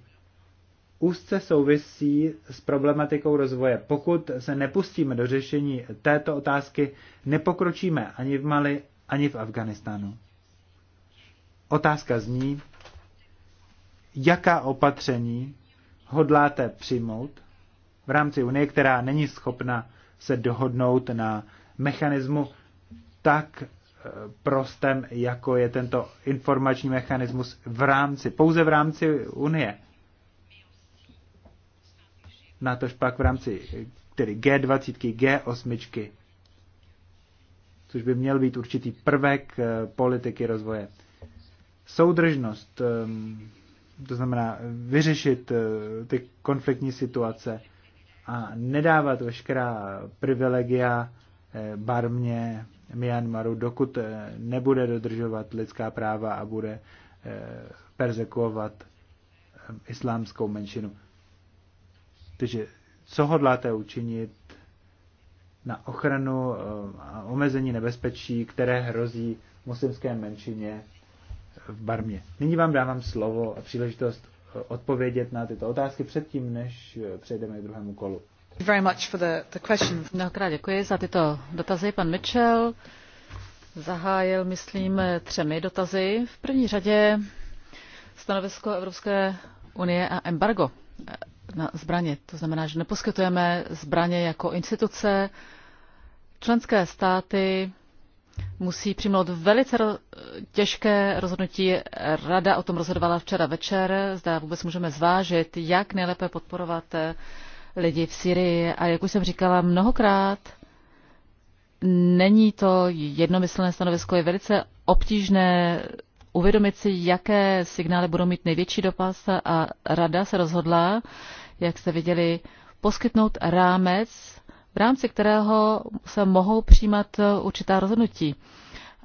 úzce souvisí s problematikou rozvoje. Pokud se nepustíme do řešení této otázky, nepokročíme ani v Mali, ani v Afganistánu. Otázka zní, jaká opatření hodláte přijmout v rámci Unie, která není schopna se dohodnout na mechanismu tak eh, prostém, jako je tento informační mechanismus v rámci, pouze v rámci Unie. Na tož pak v rámci eh, tedy G20, G8 což by měl být určitý prvek eh, politiky rozvoje. Soudržnost, ehm, to znamená vyřešit eh, ty konfliktní situace a nedávat veškerá privilegia eh, barmě Myanmaru, dokud nebude dodržovat lidská práva a bude perzekovat ehm, islámskou menšinu. Takže co hodláte učinit na ochranu eh, a omezení nebezpečí, které hrozí muslimské menšině v Barmě. Nyní vám dávám slovo a příležitost eh, odpovědět na tyto otázky předtím, než eh, přejdeme k druhému kolu. Very much for the, the questions. Mnohokrát děkuji za tyto dotazy. Pan Mitchell zahájil, myslím, třemi dotazy. V první řadě stanovisko Evropské unie a embargo na zbraně. To znamená, že neposkytujeme zbraně jako instituce, Členské státy musí přijmout velice těžké rozhodnutí. Rada o tom rozhodovala včera večer. Zda vůbec můžeme zvážit, jak nejlépe podporovat eh, lidi v Syrii. A jak už jsem říkala mnohokrát, není to jednomyslné stanovisko. Je velice obtížné uvědomit si, jaké signály budou mít největší dopas a rada se rozhodla, jak jste viděli, poskytnout rámec v rámci kterého se mohou přijímat eh, určitá rozhodnutí.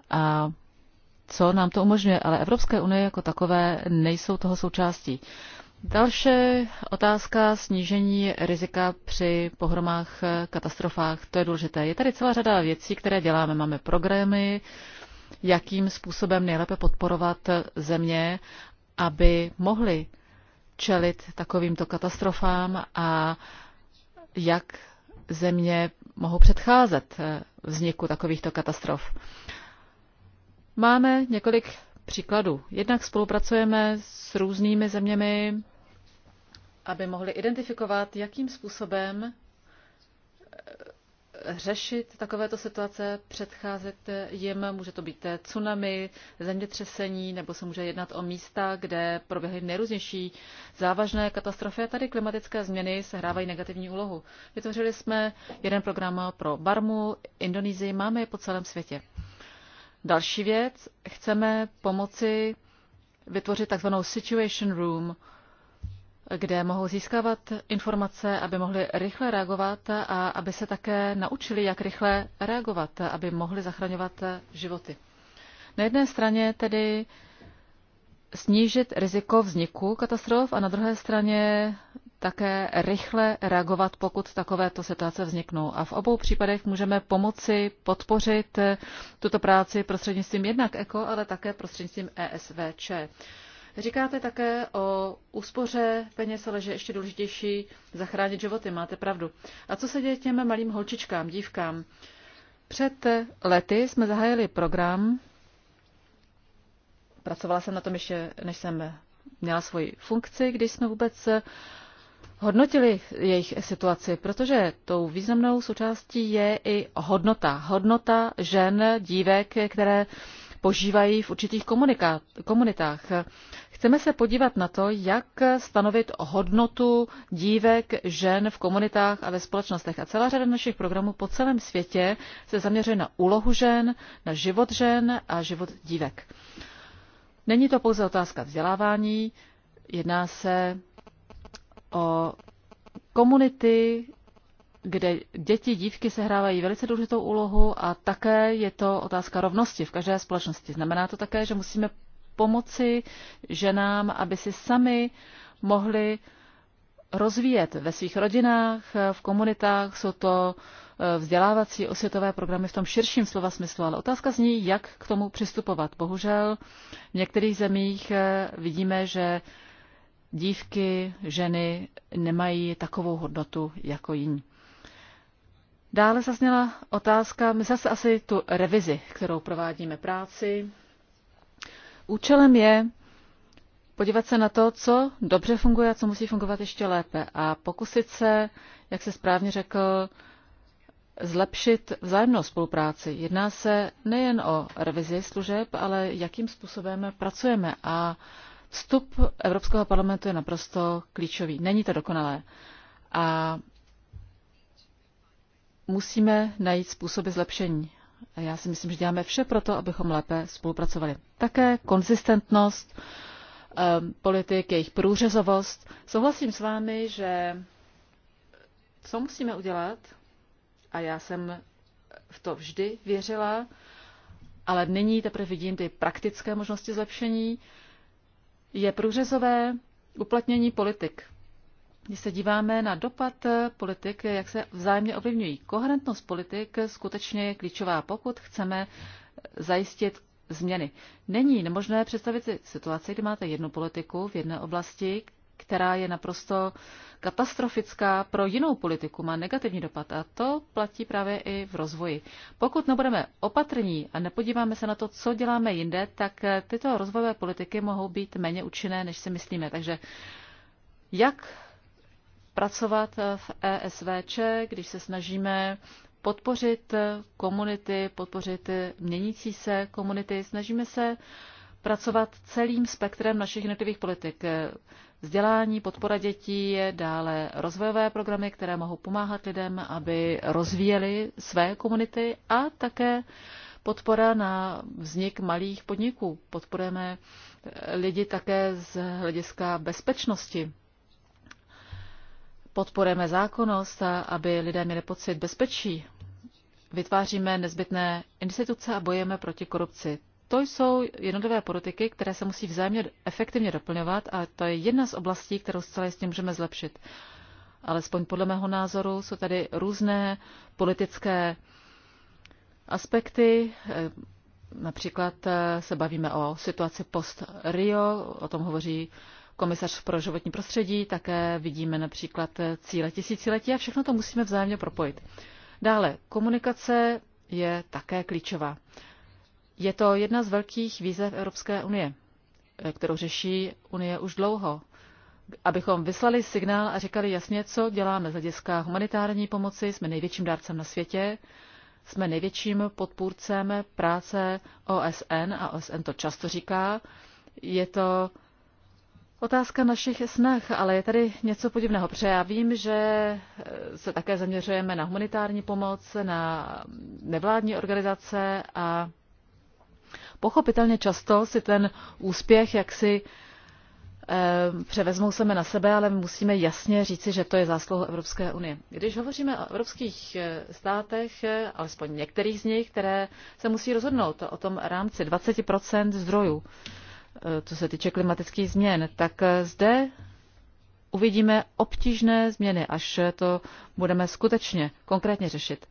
A co nám to umožňuje, ale Evropské unie jako takové nejsou toho součástí. Další otázka snížení rizika při pohromách, eh, katastrofách, to je důležité. Je tady celá řada věcí, které děláme. Máme programy, jakým způsobem nejlépe podporovat eh, země, aby mohly čelit takovýmto katastrofám a jak země mohou předcházet eh, vzniku takovýchto katastrof. Máme několik příkladů. Jednak spolupracujeme s různými zeměmi, aby mohli identifikovat, jakým způsobem eh, řešit takovéto situace, předcházet jim. Může to být tsunami, zemětřesení, nebo se může jednat o místa, kde proběhly nejrůznější závažné katastrofy tady klimatické změny sehrávají negativní úlohu. Vytvořili jsme jeden program pro Barmu, Indonésii, máme je po celém světě. Další věc, chceme pomoci vytvořit takzvanou Situation Room, kde mohou získávat informace, aby mohli rychle reagovat a aby se také naučili, jak rychle reagovat, aby mohli zachraňovat životy. Na jedné straně tedy snížit riziko vzniku katastrof a na druhé straně také rychle reagovat, pokud takovéto situace vzniknou. A v obou případech můžeme pomoci podpořit tuto práci prostřednictvím jednak ECO, ale také prostřednictvím ESVČ. Říkáte také o úspoře peněz, ale že ještě důležitější zachránit životy. Máte pravdu. A co se děje těm malým holčičkám, dívkám? Před lety jsme zahájili program. Pracovala jsem na tom ještě, než jsem měla svoji funkci, když jsme vůbec hodnotili jejich situaci, protože tou významnou součástí je i hodnota. Hodnota žen, dívek, které požívají v určitých komunitách. Chceme se podívat na to, jak stanovit hodnotu dívek, žen v komunitách a ve společnostech. A celá řada našich programů po celém světě se zaměřuje na úlohu žen, na život žen a život dívek. Není to pouze otázka vzdělávání, jedná se o komunity, kde děti, dívky sehrávají velice důležitou úlohu a také je to otázka rovnosti v každé společnosti. Znamená to také, že musíme pomoci ženám, aby si sami mohli rozvíjet ve svých rodinách, v komunitách. Jsou to eh, vzdělávací osvětové programy v tom širším slova smyslu, ale otázka zní, jak k tomu přistupovat. Bohužel v některých zemích eh, vidíme, že dívky, ženy nemají takovou hodnotu jako jiní. Dále zazněla otázka, my zase asi tu revizi, kterou provádíme práci. Účelem je podívat se na to, co dobře funguje a co musí fungovat ještě lépe a pokusit se, jak se správně řekl, zlepšit vzájemnou spolupráci. Jedná se nejen o revizi služeb, ale jakým způsobem pracujeme a vstup Evropského parlamentu je naprosto klíčový. Není to dokonalé. A musíme najít způsoby zlepšení. A já si myslím, že děláme vše pro to, abychom lépe spolupracovali. Také konzistentnost ehm, politik, jejich průřezovost. Souhlasím s vámi, že co musíme udělat, a já jsem v to vždy věřila, ale nyní teprve vidím ty praktické možnosti zlepšení, je průřezové uplatnění politik. Když se díváme na dopad politik, jak se vzájemně ovlivňují, koherentnost politik skutečně je klíčová, pokud chceme zajistit změny. Není nemožné představit si situaci, kdy máte jednu politiku v jedné oblasti, která je naprosto katastrofická pro jinou politiku, má negativní dopad a to platí právě i v rozvoji. Pokud nebudeme opatrní a nepodíváme se na to, co děláme jinde, tak tyto rozvojové politiky mohou být méně účinné, než si myslíme. Takže jak pracovat eh, v ESVČ, když se snažíme podpořit eh, komunity, podpořit eh, měnící se komunity. Snažíme se pracovat celým spektrem našich jednotlivých politik. Vzdělání, podpora dětí, dále rozvojové programy, které mohou pomáhat lidem, aby rozvíjeli své komunity a také podpora na vznik malých podniků. Podporujeme lidi také z hlediska bezpečnosti podporujeme zákonnost, aby lidé měli pocit bezpečí. Vytváříme nezbytné instituce a bojujeme proti korupci. To jsou jednotlivé politiky, které se musí vzájemně efektivně doplňovat a to je jedna z oblastí, kterou zcela jistě můžeme zlepšit. Alespoň podle mého názoru jsou tady různé politické aspekty. Například se bavíme o situaci post-Rio, o tom hovoří komisař pro životní prostředí, také vidíme například cíle tisíciletí a všechno to musíme vzájemně propojit. Dále, komunikace je také klíčová. Je to jedna z velkých výzev Evropské unie, kterou řeší Unie už dlouho. Abychom vyslali signál a říkali jasně, co děláme z hlediska humanitární pomoci, jsme největším dárcem na světě, jsme největším podpůrcem práce OSN a OSN to často říká. Je to otázka našich snah, ale je tady něco podivného, protože já vím, že eh, se také zaměřujeme na humanitární pomoc, na nevládní organizace a pochopitelně často si ten úspěch jaksi eh, převezmou sebe na sebe, ale musíme jasně říci, že to je zásluhou Evropské unie. Když hovoříme o evropských eh, státech, alespoň některých z nich, které se musí rozhodnout o tom rámci 20 zdrojů, Eh, co se týče klimatických změn, tak eh, zde uvidíme obtížné změny, až eh, to budeme skutečně konkrétně řešit.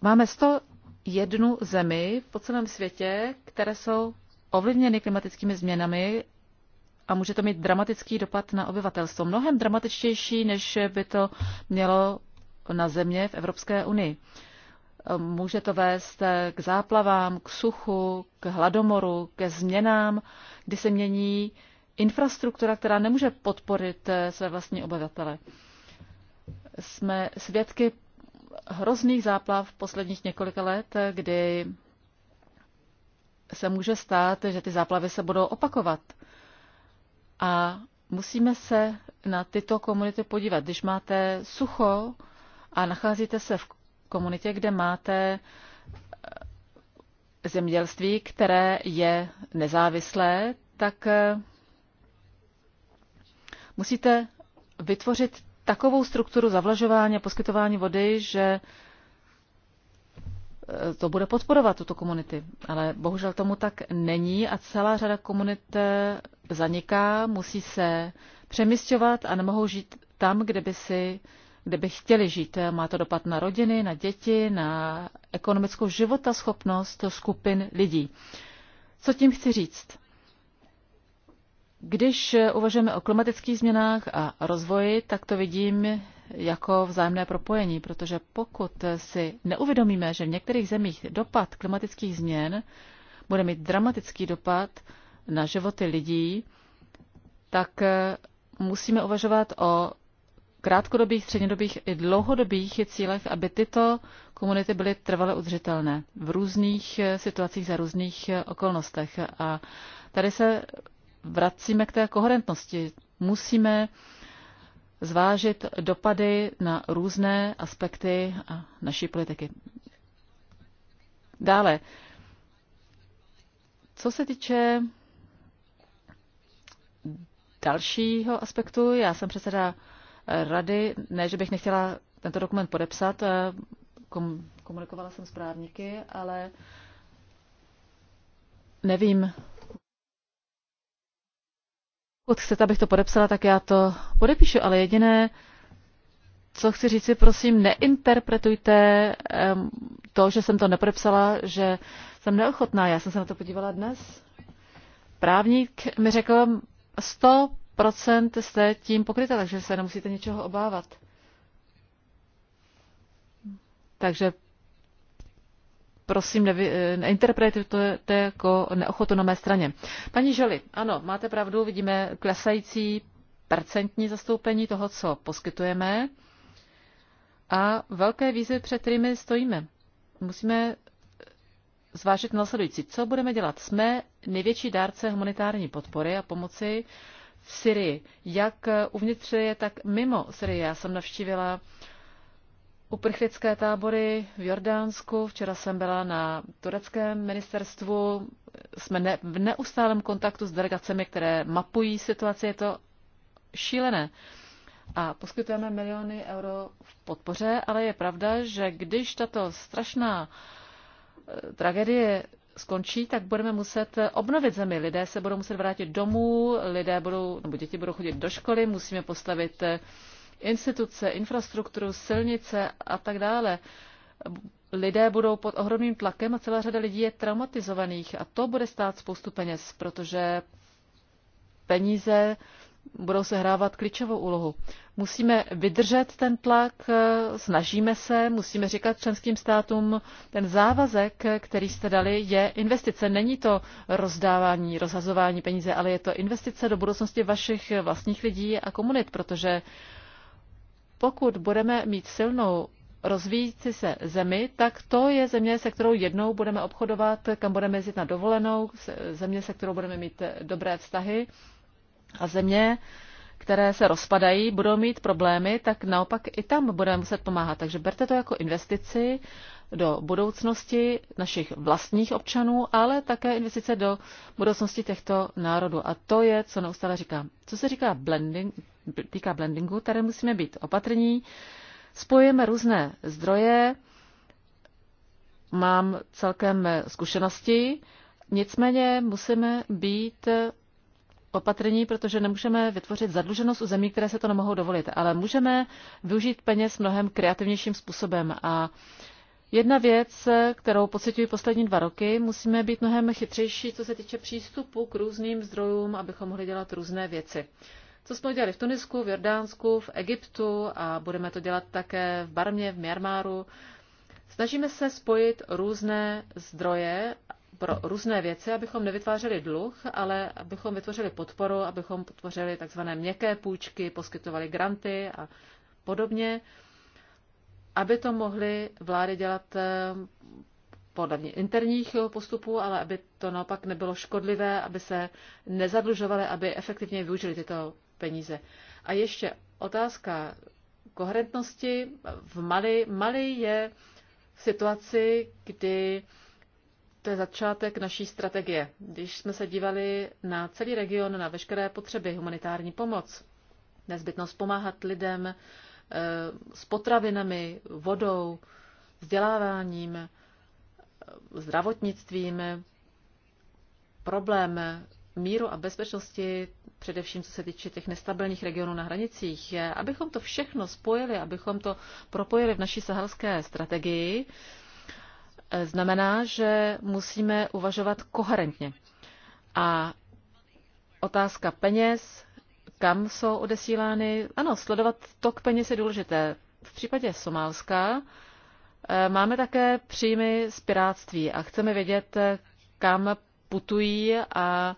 Máme 101 zemi po celém světě, které jsou ovlivněny klimatickými změnami a může to mít dramatický dopad na obyvatelstvo. Mnohem dramatičtější, než by to mělo na země v Evropské unii. Může to vést k záplavám, k suchu, k hladomoru, ke změnám, kdy se mění infrastruktura, která nemůže podporit eh, své vlastní obyvatele. Jsme svědky hrozných záplav v posledních několika let, eh, kdy se může stát, že ty záplavy se budou opakovat. A musíme se na tyto komunity podívat. Když máte sucho a nacházíte se v komunitě, kde máte eh, zemědělství, které je nezávislé, tak eh, musíte vytvořit takovou strukturu zavlažování a poskytování vody, že eh, to bude podporovat tuto komunity. Ale bohužel tomu tak není a celá řada komunit zaniká, musí se přemysťovat a nemohou žít tam, kde by si kde by chtěli žít. Má to dopad na rodiny, na děti, na ekonomickou schopnost skupin lidí. Co tím chci říct? Když uvažujeme o klimatických změnách a rozvoji, tak to vidím jako vzájemné propojení, protože pokud si neuvědomíme, že v některých zemích dopad klimatických změn bude mít dramatický dopad na životy lidí, tak musíme uvažovat o krátkodobých, střednědobých i dlouhodobých cílech, aby tyto komunity byly trvale udržitelné v různých eh, situacích za různých eh, okolnostech. A tady se vracíme k té koherentnosti. Musíme zvážit dopady na různé aspekty naší politiky. Dále, co se týče dalšího aspektu, já jsem předseda rady. Ne, že bych nechtěla tento dokument podepsat, eh, kom, komunikovala jsem s právníky, ale nevím. Pokud chcete, abych to podepsala, tak já to podepíšu, ale jediné, co chci říct, si prosím, neinterpretujte to, že jsem to nepodepsala, že jsem neochotná. Já jsem se na to podívala dnes. Právník mi řekl, 100 Procent jste tím pokryta, takže se nemusíte ničeho obávat. Takže prosím, nevy, neinterpretujte to jako neochotu na mé straně. Paní Želi, ano, máte pravdu, vidíme klesající percentní zastoupení toho, co poskytujeme a velké výzvy, před kterými stojíme. Musíme zvážit následující. Co budeme dělat? Jsme největší dárce humanitární podpory a pomoci Syrii, jak eh, uvnitř je, tak mimo Syrii. Já jsem navštívila uprchlické tábory v Jordánsku. Včera jsem byla na tureckém ministerstvu. Jsme ne, v neustálém kontaktu s delegacemi, které mapují situaci. Je to šílené. A poskytujeme miliony euro v podpoře, ale je pravda, že když tato strašná eh, tragédie skončí, tak budeme muset obnovit zemi. Lidé se budou muset vrátit domů, lidé budou, nebo děti budou chodit do školy, musíme postavit eh, instituce, infrastrukturu, silnice a tak dále. Lidé budou pod ohromným tlakem a celá řada lidí je traumatizovaných a to bude stát spoustu peněz, protože peníze budou sehrávat klíčovou úlohu. Musíme vydržet ten tlak, snažíme se, musíme říkat členským státům, ten závazek, který jste dali, je investice. Není to rozdávání, rozhazování peníze, ale je to investice do budoucnosti vašich vlastních lidí a komunit, protože pokud budeme mít silnou rozvíjící se zemi, tak to je země, se kterou jednou budeme obchodovat, kam budeme jezdit na dovolenou, země, se kterou budeme mít dobré vztahy a země, které se rozpadají, budou mít problémy, tak naopak i tam budeme muset pomáhat. Takže berte to jako investici do budoucnosti našich vlastních občanů, ale také investice do budoucnosti těchto národů. A to je, co neustále říkám. Co se říká blending, týká blendingu, tady musíme být opatrní. Spojujeme různé zdroje, mám celkem zkušenosti, nicméně musíme být opatrní, protože nemůžeme vytvořit zadluženost u zemí, které se to nemohou dovolit, ale můžeme využít peněz mnohem kreativnějším způsobem. A jedna věc, kterou pocituji poslední dva roky, musíme být mnohem chytřejší, co se týče přístupu k různým zdrojům, abychom mohli dělat různé věci. Co jsme udělali v Tunisku, v Jordánsku, v Egyptu a budeme to dělat také v Barmě, v Myanmaru. Snažíme se spojit různé zdroje pro různé věci, abychom nevytvářeli dluh, ale abychom vytvořili podporu, abychom podpořili takzvané měkké půjčky, poskytovali granty a podobně, aby to mohly vlády dělat eh, podle mě interních postupů, ale aby to naopak nebylo škodlivé, aby se nezadlužovaly, aby efektivně využili tyto peníze. A ještě otázka koherentnosti v Mali. Mali je v situaci, kdy to je začátek naší strategie. Když jsme se dívali na celý region, na veškeré potřeby, humanitární pomoc, nezbytnost pomáhat lidem eh, s potravinami, vodou, vzděláváním, eh, zdravotnictvím, problém míru a bezpečnosti, především co se týče těch nestabilních regionů na hranicích, je, abychom to všechno spojili, abychom to propojili v naší sahelské strategii, Eh, znamená, že musíme uvažovat koherentně. A otázka peněz, kam jsou odesílány. Ano, sledovat tok peněz je důležité. V případě Somálska eh, máme také příjmy z piráctví a chceme vědět, eh, kam putují a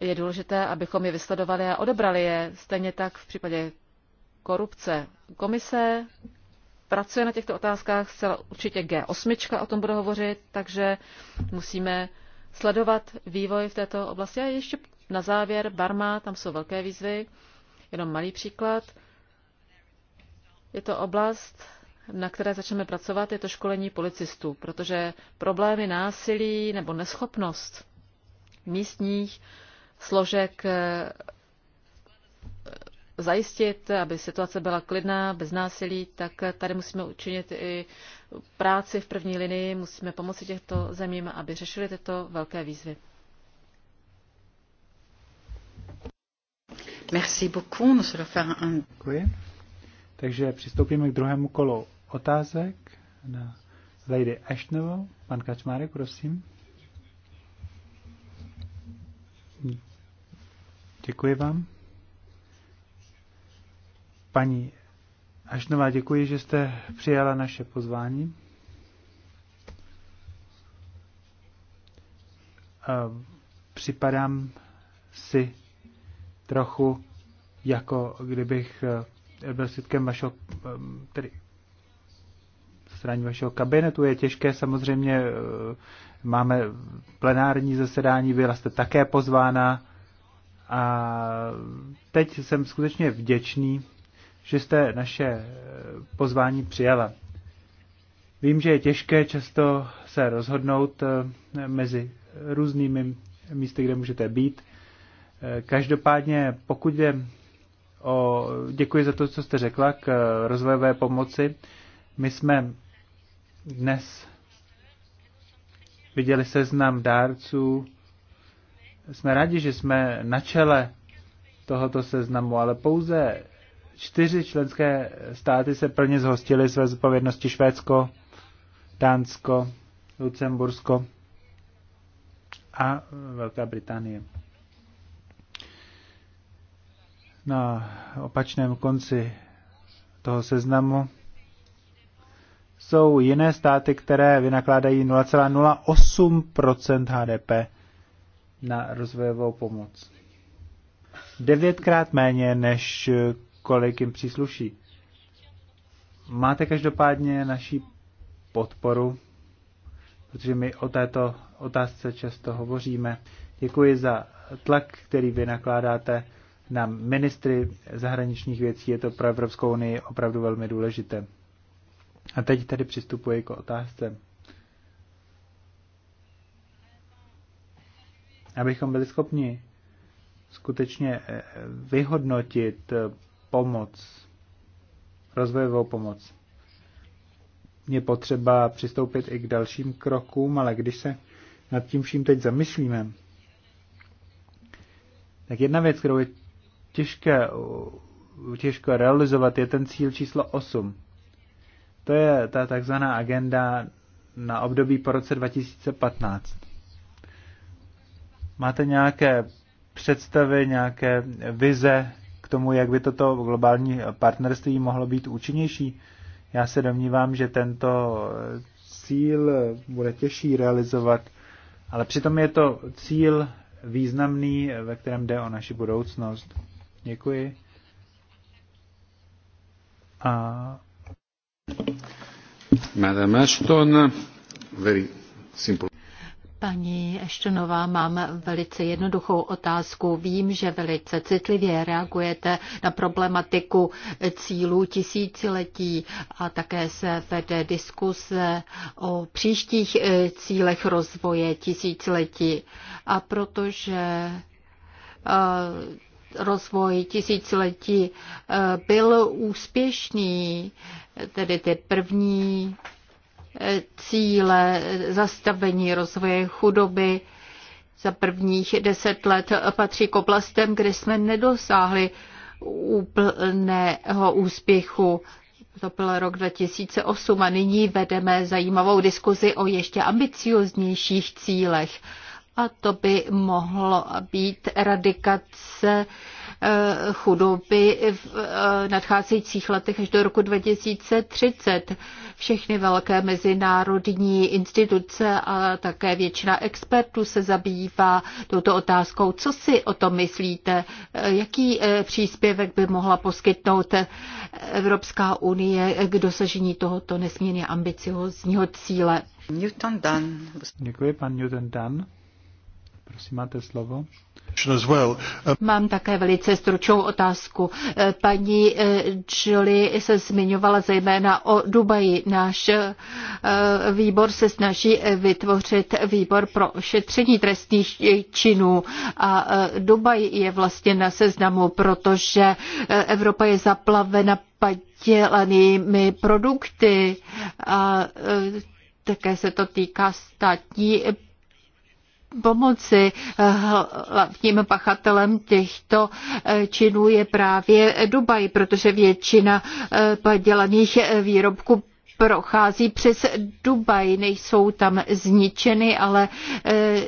je důležité, abychom je vysledovali a odebrali je. Stejně tak v případě korupce. Komise pracuje na těchto otázkách, zcela určitě G8 o tom bude hovořit, takže musíme sledovat vývoj v této oblasti. A ještě na závěr Barma, tam jsou velké výzvy, jenom malý příklad. Je to oblast, na které začneme pracovat, je to školení policistů, protože problémy násilí nebo neschopnost místních složek zajistit, aby situace byla klidná, bez násilí, tak tady musíme učinit i práci v první linii, musíme pomoci těchto zemím, aby řešili tyto velké výzvy. Merci beaucoup. Nous allons faire un... Děkuji. Takže přistoupíme k druhému kolu otázek na Lady Ashnovo. Pan Kačmárek, prosím. Děkuji vám. Paní Ašnová, děkuji, že jste přijala naše pozvání. Připadám si trochu jako kdybych e, byl svědkem vašeho, e, tedy straně vašeho kabinetu. Je těžké samozřejmě, e, máme plenární zasedání, byla jste také pozvána a teď jsem skutečně vděčný že jste naše eh, pozvání přijala. Vím, že je těžké často se rozhodnout eh, mezi různými místy, kde můžete být. Eh, každopádně, pokud je o, děkuji za to, co jste řekla k rozvojové pomoci. My jsme dnes viděli seznam dárců. Jsme rádi, že jsme na čele tohoto seznamu, ale pouze Čtyři členské státy se plně zhostily své zodpovědnosti Švédsko, Dánsko, Lucembursko a Velká Británie. Na opačném konci toho seznamu jsou jiné státy, které vynakládají 0,08 HDP na rozvojovou pomoc. Devětkrát méně než kolik jim přísluší. Máte každopádně naší podporu, protože my o této otázce často hovoříme. Děkuji za tlak, který vy nakládáte na ministry zahraničních věcí. Je to pro Evropskou unii opravdu velmi důležité. A teď tedy přistupuji k otázce. Abychom byli schopni skutečně eh, vyhodnotit eh, pomoc, rozvojovou pomoc, je potřeba přistoupit i k dalším krokům, ale když se nad tím vším teď zamyslíme, tak jedna věc, kterou je těžké, těžko realizovat, je ten cíl číslo 8. To je ta takzvaná agenda na období po roce 2015. Máte nějaké představy, nějaké vize, tomu, jak by toto globální partnerství mohlo být účinnější. Já se domnívám, že tento cíl bude těžší realizovat, ale přitom je to cíl významný, ve kterém jde o naši budoucnost. Děkuji. A... Madame Ashton, very simple. Paní Eštonová, mám velice jednoduchou otázku. Vím, že velice citlivě reagujete na problematiku cílů tisíciletí a také se vede diskuse o příštích eh, cílech rozvoje tisíciletí. A protože eh, rozvoj tisíciletí eh, byl úspěšný, tedy ty první cíle zastavení rozvoje chudoby za prvních deset let patří k oblastem, kde jsme nedosáhli úplného úspěchu. To byl rok 2008 a nyní vedeme zajímavou diskuzi o ještě ambicioznějších cílech. A to by mohlo být eradikace Eh, chudoby v eh, nadcházejících letech až do roku 2030. Všechny velké mezinárodní instituce a také většina expertů se zabývá touto otázkou. Co si o tom myslíte? Eh, jaký příspěvek by mohla poskytnout Evropská unie k dosažení tohoto nesmírně ambiciozního cíle? Newton Dunn. Děkuji, pan Newton Dunn. Prosím, máte slovo. Uh, Mám také velice stručnou otázku. Eh, paní eh, Julie se zmiňovala zejména o Dubaji. Náš eh, výbor se snaží vytvořit výbor pro šetření trestných činů a Dubaj je vlastně na seznamu, protože Evropa je zaplavena padělanými produkty a také se to týká státní pomoci. Hlavním pachatelem těchto činů je právě Dubaj, protože většina padělaných výrobků prochází přes Dubaj. Nejsou tam zničeny, ale eh,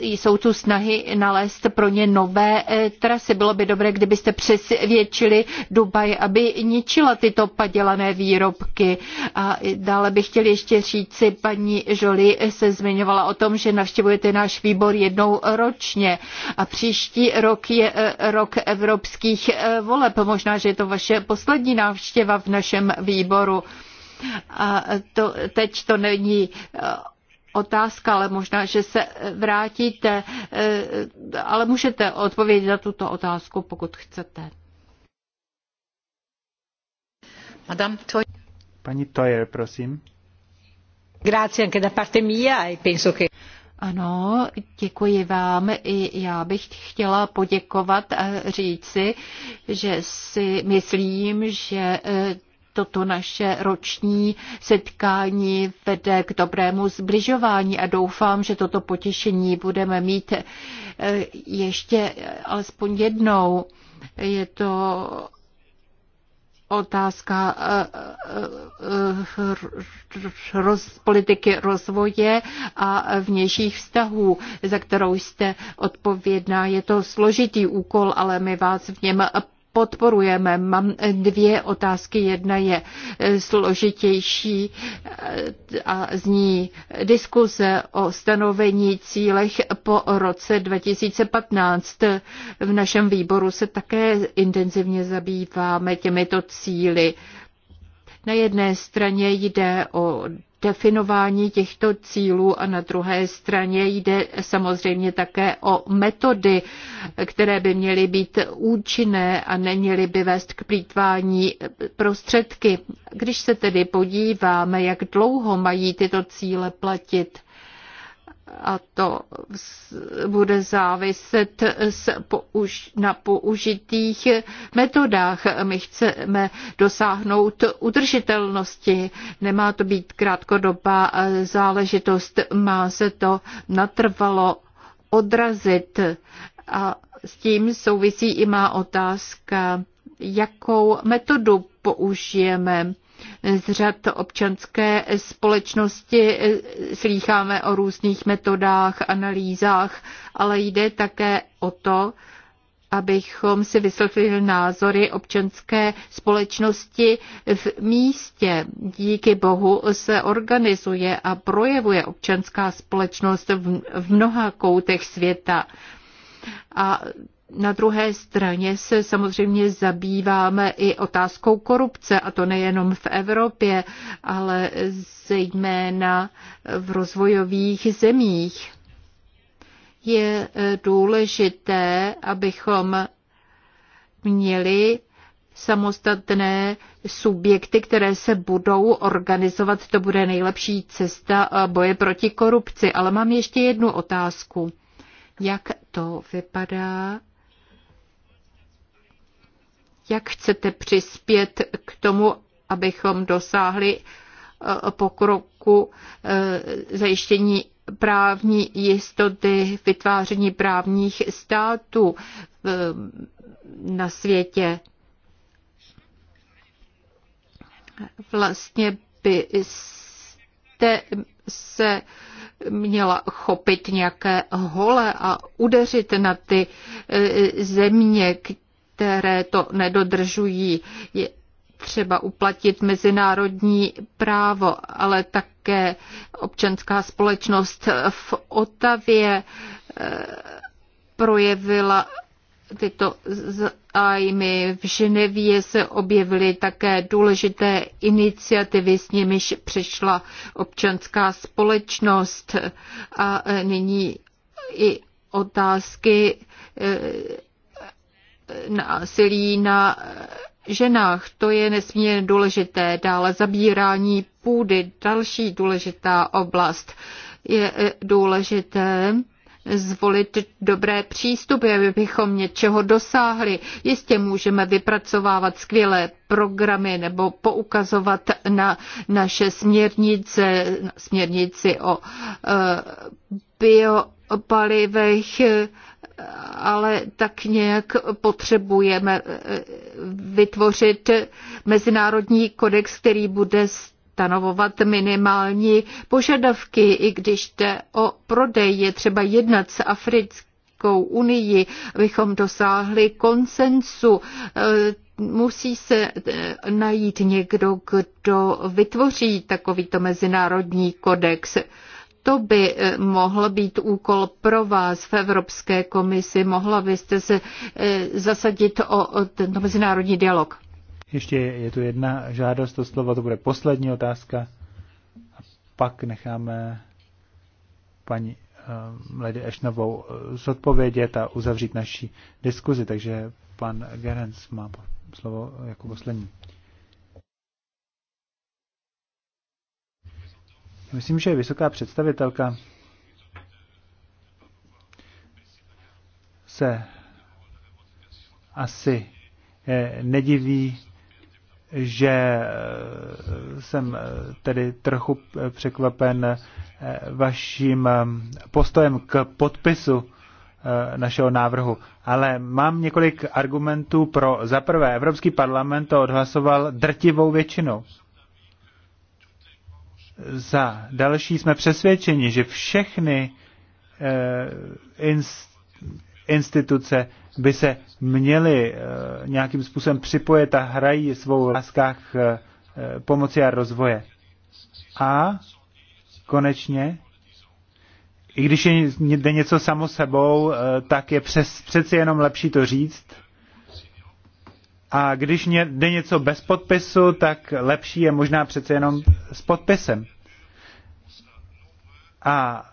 jsou tu snahy nalézt pro ně nové eh, trasy. Bylo by dobré, kdybyste přesvědčili Dubaj, aby ničila tyto padělané výrobky. A dále bych chtěl ještě říci, paní Žoli se zmiňovala o tom, že navštěvujete náš výbor jednou ročně a příští rok je eh, rok evropských voleb. Možná, že je to vaše poslední návštěva v našem výboru a to, teď to není e, otázka, ale možná, že se vrátíte, e, ale můžete odpovědět na tuto otázku, pokud chcete. Madame Toy. Paní Toyer, prosím. Grazie anche da parte mia e penso che... Ano, děkuji vám. I já bych chtěla poděkovat a e, říci, že si myslím, že toto naše roční setkání vede k dobrému zbližování a doufám, že toto potěšení budeme mít eh, ještě alespoň jednou. Je to otázka eh, eh, roz, politiky rozvoje a vnějších vztahů, za kterou jste odpovědná. Je to složitý úkol, ale my vás v něm podporujeme. Mám dvě otázky. Jedna je složitější a zní diskuze o stanovení cílech po roce 2015. V našem výboru se také intenzivně zabýváme těmito cíly. Na jedné straně jde o definování těchto cílů a na druhé straně jde samozřejmě také o metody, které by měly být účinné a neměly by vést k plítvání prostředky. Když se tedy podíváme, jak dlouho mají tyto cíle platit, a to bude záviset na použitých metodách. My chceme dosáhnout udržitelnosti. Nemá to být krátkodobá záležitost, má se to natrvalo odrazit. A s tím souvisí i má otázka, jakou metodu použijeme z řad občanské společnosti e, slýcháme o různých metodách, analýzách, ale jde také o to, abychom si vyslechli názory občanské společnosti v místě. Díky bohu se organizuje a projevuje občanská společnost v mnoha koutech světa. A na druhé straně se samozřejmě zabýváme i otázkou korupce, a to nejenom v Evropě, ale zejména v rozvojových zemích. Je eh, důležité, abychom měli samostatné subjekty, které se budou organizovat. To bude nejlepší cesta eh, boje proti korupci. Ale mám ještě jednu otázku. Jak to vypadá jak chcete přispět k tomu, abychom dosáhli eh, pokroku eh, zajištění právní jistoty, vytváření právních států eh, na světě? Vlastně byste se měla chopit nějaké hole a udeřit na ty země, které to nedodržují. Je třeba uplatit mezinárodní právo, ale také občanská společnost v Otavě eh, projevila tyto zájmy. V Ženevě se objevily také důležité iniciativy, s nimiž přišla občanská společnost a eh, nyní i otázky eh, násilí na ženách. To je nesmírně důležité. Dále zabírání půdy, další důležitá oblast. Je e, důležité zvolit dobré přístupy, abychom něčeho dosáhli. Jistě můžeme vypracovávat skvělé programy nebo poukazovat na naše směrnice, směrnici o e, biopalivech, ale tak nějak potřebujeme eh, vytvořit mezinárodní kodex, který bude stanovovat minimální požadavky, i když jde o prodej, je třeba jednat s Africkou unii, abychom dosáhli konsensu. Eh, musí se eh, najít někdo, kdo vytvoří takovýto mezinárodní kodex to by eh, mohl být úkol pro vás v Evropské komisi. Mohla byste se eh, zasadit o tento mezinárodní dialog. Ještě je tu jedna žádost o slovo, to bude poslední otázka. A pak necháme paní eh, Lady Ešnovou zodpovědět a uzavřít naší diskuzi. Takže pan Gerenc má slovo jako poslední. Myslím, že vysoká představitelka se asi eh, nediví, že eh, jsem eh, tedy trochu překvapen vaším postojem k podpisu našeho návrhu. Ale mám několik argumentů pro. Za prvé, Evropský parlament to odhlasoval drtivou většinou. Za další jsme přesvědčeni, že všechny eh, instituce by se měly eh, nějakým způsobem připojit a hrají svou v láskách eh, pomoci a rozvoje. A konečně, i když je něco samo sebou, tak je přes, přeci jenom lepší to říct, a když jde něco bez podpisu, tak lepší je možná přece jenom s podpisem. A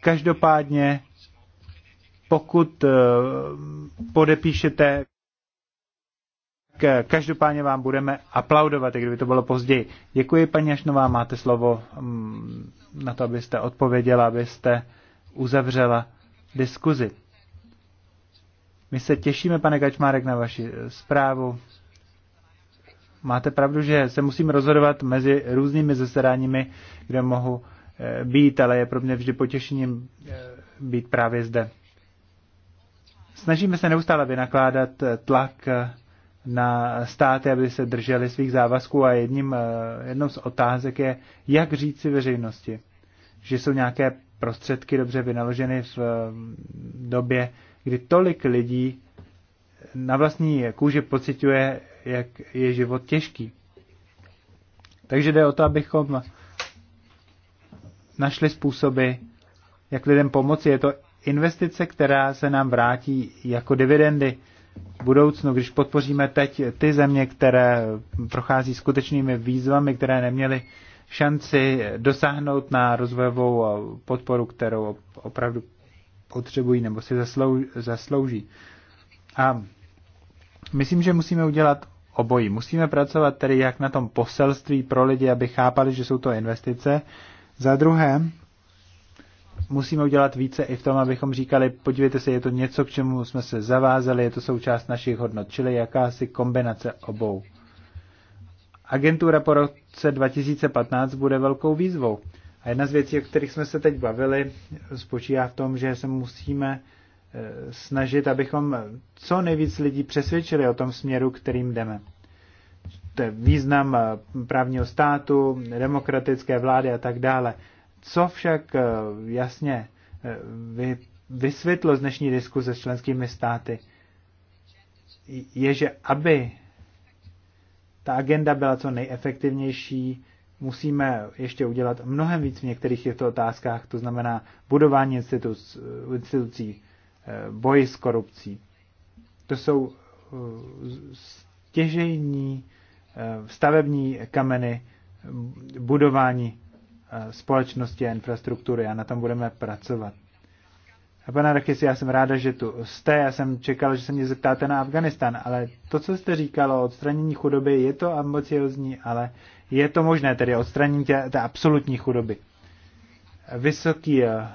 každopádně, pokud eh, podepíšete, eh, každopádně vám budeme aplaudovat, i kdyby to bylo později. Děkuji, paní Ašnová, máte slovo mm, na to, abyste odpověděla, abyste uzavřela diskuzi. My se těšíme, pane Kačmárek, na vaši eh, zprávu. Máte pravdu, že se musím rozhodovat mezi různými zasedáními, kde mohu eh, být, ale je pro mě vždy potěšením eh, být právě zde. Snažíme se neustále vynakládat tlak na státy, aby se drželi svých závazků a jedním, jednou z otázek je, jak říci veřejnosti, že jsou nějaké prostředky dobře vynaloženy v době kdy tolik lidí na vlastní kůži pociťuje, jak je život těžký. Takže jde o to, abychom našli způsoby, jak lidem pomoci. Je to investice, která se nám vrátí jako dividendy v budoucnu, když podpoříme teď ty země, které prochází skutečnými výzvami, které neměly šanci dosáhnout na rozvojovou podporu, kterou opravdu potřebují nebo si zaslou, zaslouží. A myslím, že musíme udělat obojí. Musíme pracovat tedy jak na tom poselství pro lidi, aby chápali, že jsou to investice. Za druhé, musíme udělat více i v tom, abychom říkali, podívejte se, je to něco, k čemu jsme se zavázali, je to součást našich hodnot, čili jakási kombinace obou. Agentura po roce 2015 bude velkou výzvou. A jedna z věcí, o kterých jsme se teď bavili, spočívá v tom, že se musíme eh, snažit, abychom co nejvíc lidí přesvědčili o tom směru, kterým jdeme. To je význam eh, právního státu, demokratické vlády a tak dále. Co však eh, jasně vysvětlo z dnešní diskuze s členskými státy, je, že aby ta agenda byla co nejefektivnější, musíme ještě udělat mnohem víc v některých těchto otázkách, to znamená budování instituc, institucí, eh, boji s korupcí. To jsou eh, stěžejní eh, stavební kameny budování společnosti a infrastruktury a na tom budeme pracovat. A pane Rakesi, já jsem ráda, že tu jste, já jsem čekal, že se mě zeptáte na Afganistan, ale to, co jste říkalo o odstranění chudoby, je to ambiciozní, ale je to možné, tedy odstranění té, té absolutní chudoby. Vysoký eh,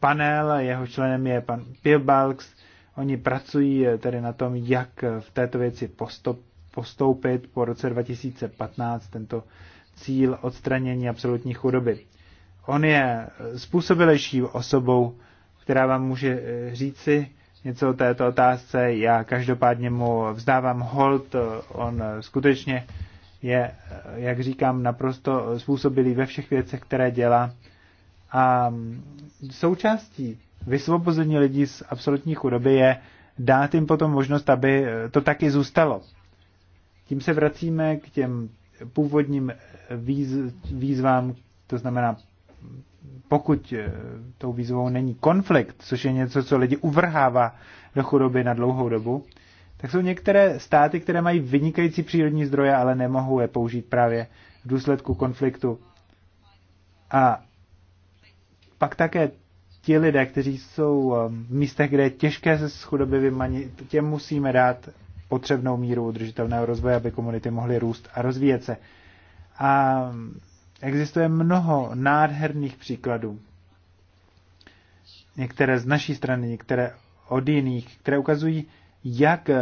panel, jeho členem je pan Pilbalks, oni pracují eh, tedy na tom, jak eh, v této věci postup, postoupit po roce 2015 tento cíl odstranění absolutní chudoby. On je způsobilejší osobou, která vám může říci něco o této otázce. Já každopádně mu vzdávám hold, on skutečně je, jak říkám, naprosto způsobilý ve všech věcech, které dělá. A součástí vysvobození lidí z absolutní chudoby je dát jim potom možnost, aby to taky zůstalo. Tím se vracíme k těm původním výz, výzvám, to znamená, pokud eh, tou výzvou není konflikt, což je něco, co lidi uvrhává do chudoby na dlouhou dobu, tak jsou některé státy, které mají vynikající přírodní zdroje, ale nemohou je použít právě v důsledku konfliktu. A pak také ti lidé, kteří jsou um, v místech, kde je těžké se z chudoby vymanit, těm musíme dát potřebnou míru udržitelného rozvoje, aby komunity mohly růst a rozvíjet se. A um, existuje mnoho nádherných příkladů. Některé z naší strany, některé od jiných, které ukazují, jak eh,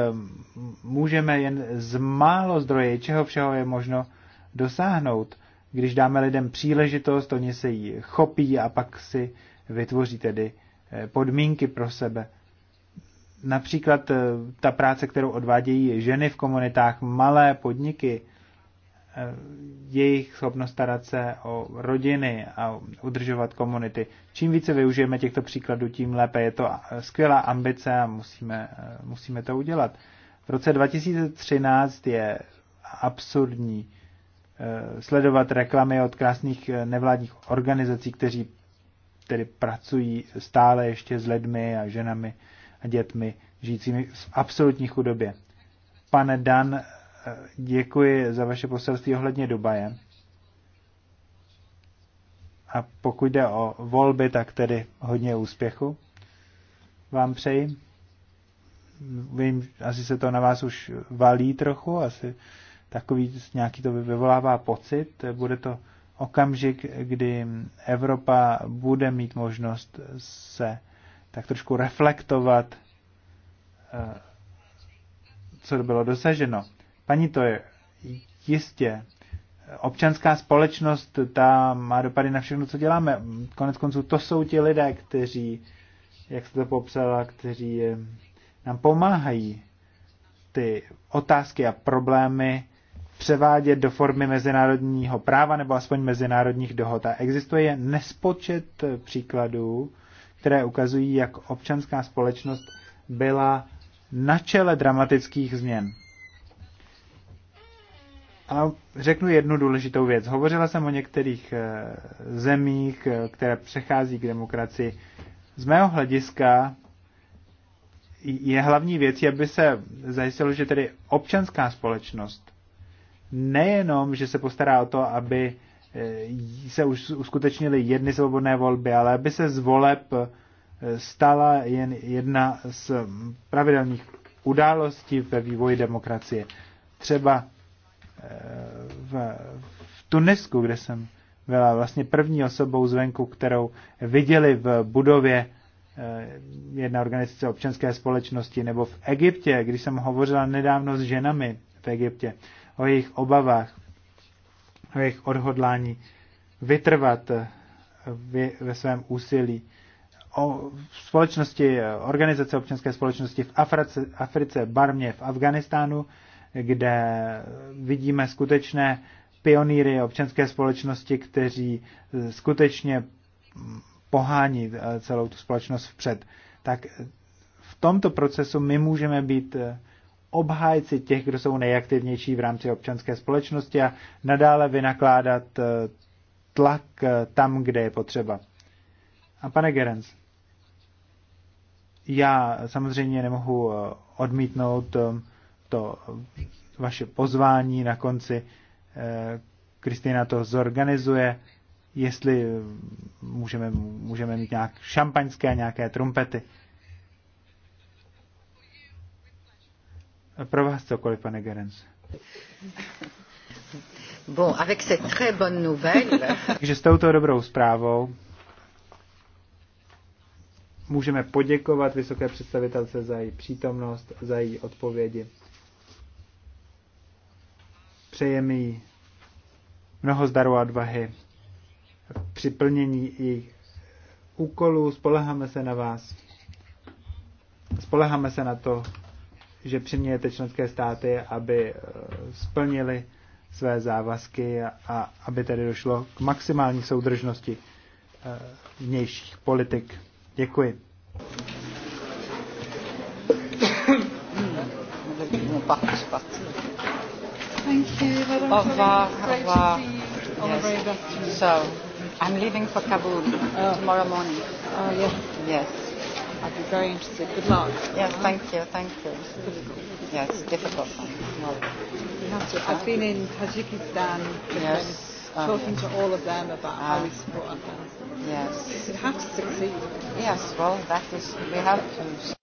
můžeme jen z málo zdroje, čeho všeho je možno dosáhnout. Když dáme lidem příležitost, oni se ji chopí a pak si vytvoří tedy eh, podmínky pro sebe. Například eh, ta práce, kterou odvádějí ženy v komunitách, malé podniky, Eh, jejich schopnost starat se o rodiny a udržovat komunity. Čím více využijeme těchto příkladů, tím lépe. Je to skvělá ambice a musíme, eh, musíme to udělat. V roce 2013 je absurdní eh, sledovat reklamy od krásných nevládních organizací, kteří tedy pracují stále ještě s lidmi a ženami a dětmi žijícími v absolutní chudobě. Pane Dan, děkuji za vaše poselství ohledně Dubaje. A pokud jde o volby, tak tedy hodně úspěchu vám přeji. Vím, asi se to na vás už valí trochu, asi takový nějaký to vyvolává pocit. Bude to okamžik, kdy Evropa bude mít možnost se tak trošku reflektovat, eh, co bylo dosaženo. Paní to je jistě. Eh, občanská společnost, ta má dopady na všechno, co děláme. Konec konců to jsou ti lidé, kteří, jak jste to popsala, kteří eh, nám pomáhají ty otázky a problémy převádět do formy mezinárodního práva nebo aspoň mezinárodních dohod. A existuje nespočet eh, příkladů, které ukazují, jak občanská společnost byla na čele dramatických změn. A řeknu jednu důležitou věc. Hovořila jsem o některých eh, zemích, eh, které přechází k demokracii. Z mého hlediska je hlavní věc, aby se zajistilo, že tedy občanská společnost nejenom, že se postará o to, aby eh, se už uskutečnily jedny svobodné volby, ale aby se z voleb stala jen jedna z pravidelných událostí ve vývoji demokracie. Třeba v, v Tunisku, kde jsem byla vlastně první osobou zvenku, kterou viděli v budově eh, jedna organizace občanské společnosti, nebo v Egyptě, když jsem hovořila nedávno s ženami v Egyptě o jejich obavách, o jejich odhodlání vytrvat eh, ve svém úsilí. O společnosti, eh, organizace občanské společnosti v Africe, Africe Barmě, v Afganistánu, kde vidíme skutečné pionýry občanské společnosti, kteří skutečně pohání eh, celou tu společnost vpřed. Tak eh, v tomto procesu my můžeme být eh, obhájci těch, kdo jsou nejaktivnější v rámci občanské společnosti a nadále vynakládat tlak tam, kde je potřeba. A pane Gerenc, já samozřejmě nemohu odmítnout to vaše pozvání na konci. Eh, Kristýna to zorganizuje, jestli můžeme, můžeme mít nějak šampaňské a nějaké trumpety. Pro vás cokoliv, pane Gerenc. Bon, avec cette très bonne nouvelle. Takže s touto dobrou zprávou můžeme poděkovat vysoké představitelce za její přítomnost, za její odpovědi přejeme jí mnoho zdaru a odvahy při plnění jejich úkolů. Spoleháme se na vás. Spoleháme se na to, že přimějete členské státy, aby eh, splnili své závazky a aby tedy došlo k maximální soudržnosti eh, vnějších politik. Děkuji. Parti, Thank you. au revoir. Au revoir. Yes. So, I'm leaving for Kabul oh. tomorrow morning. Oh, yes. Yes. I'd be very interested. Good luck. Yes, thank you, thank you. It's difficult. Yes, difficult. Well, I've been in Tajikistan. Yes. Um, talking to all of them about uh, how we support Afghanistan. Yes. You have to succeed. Yes, well, that is, we have to.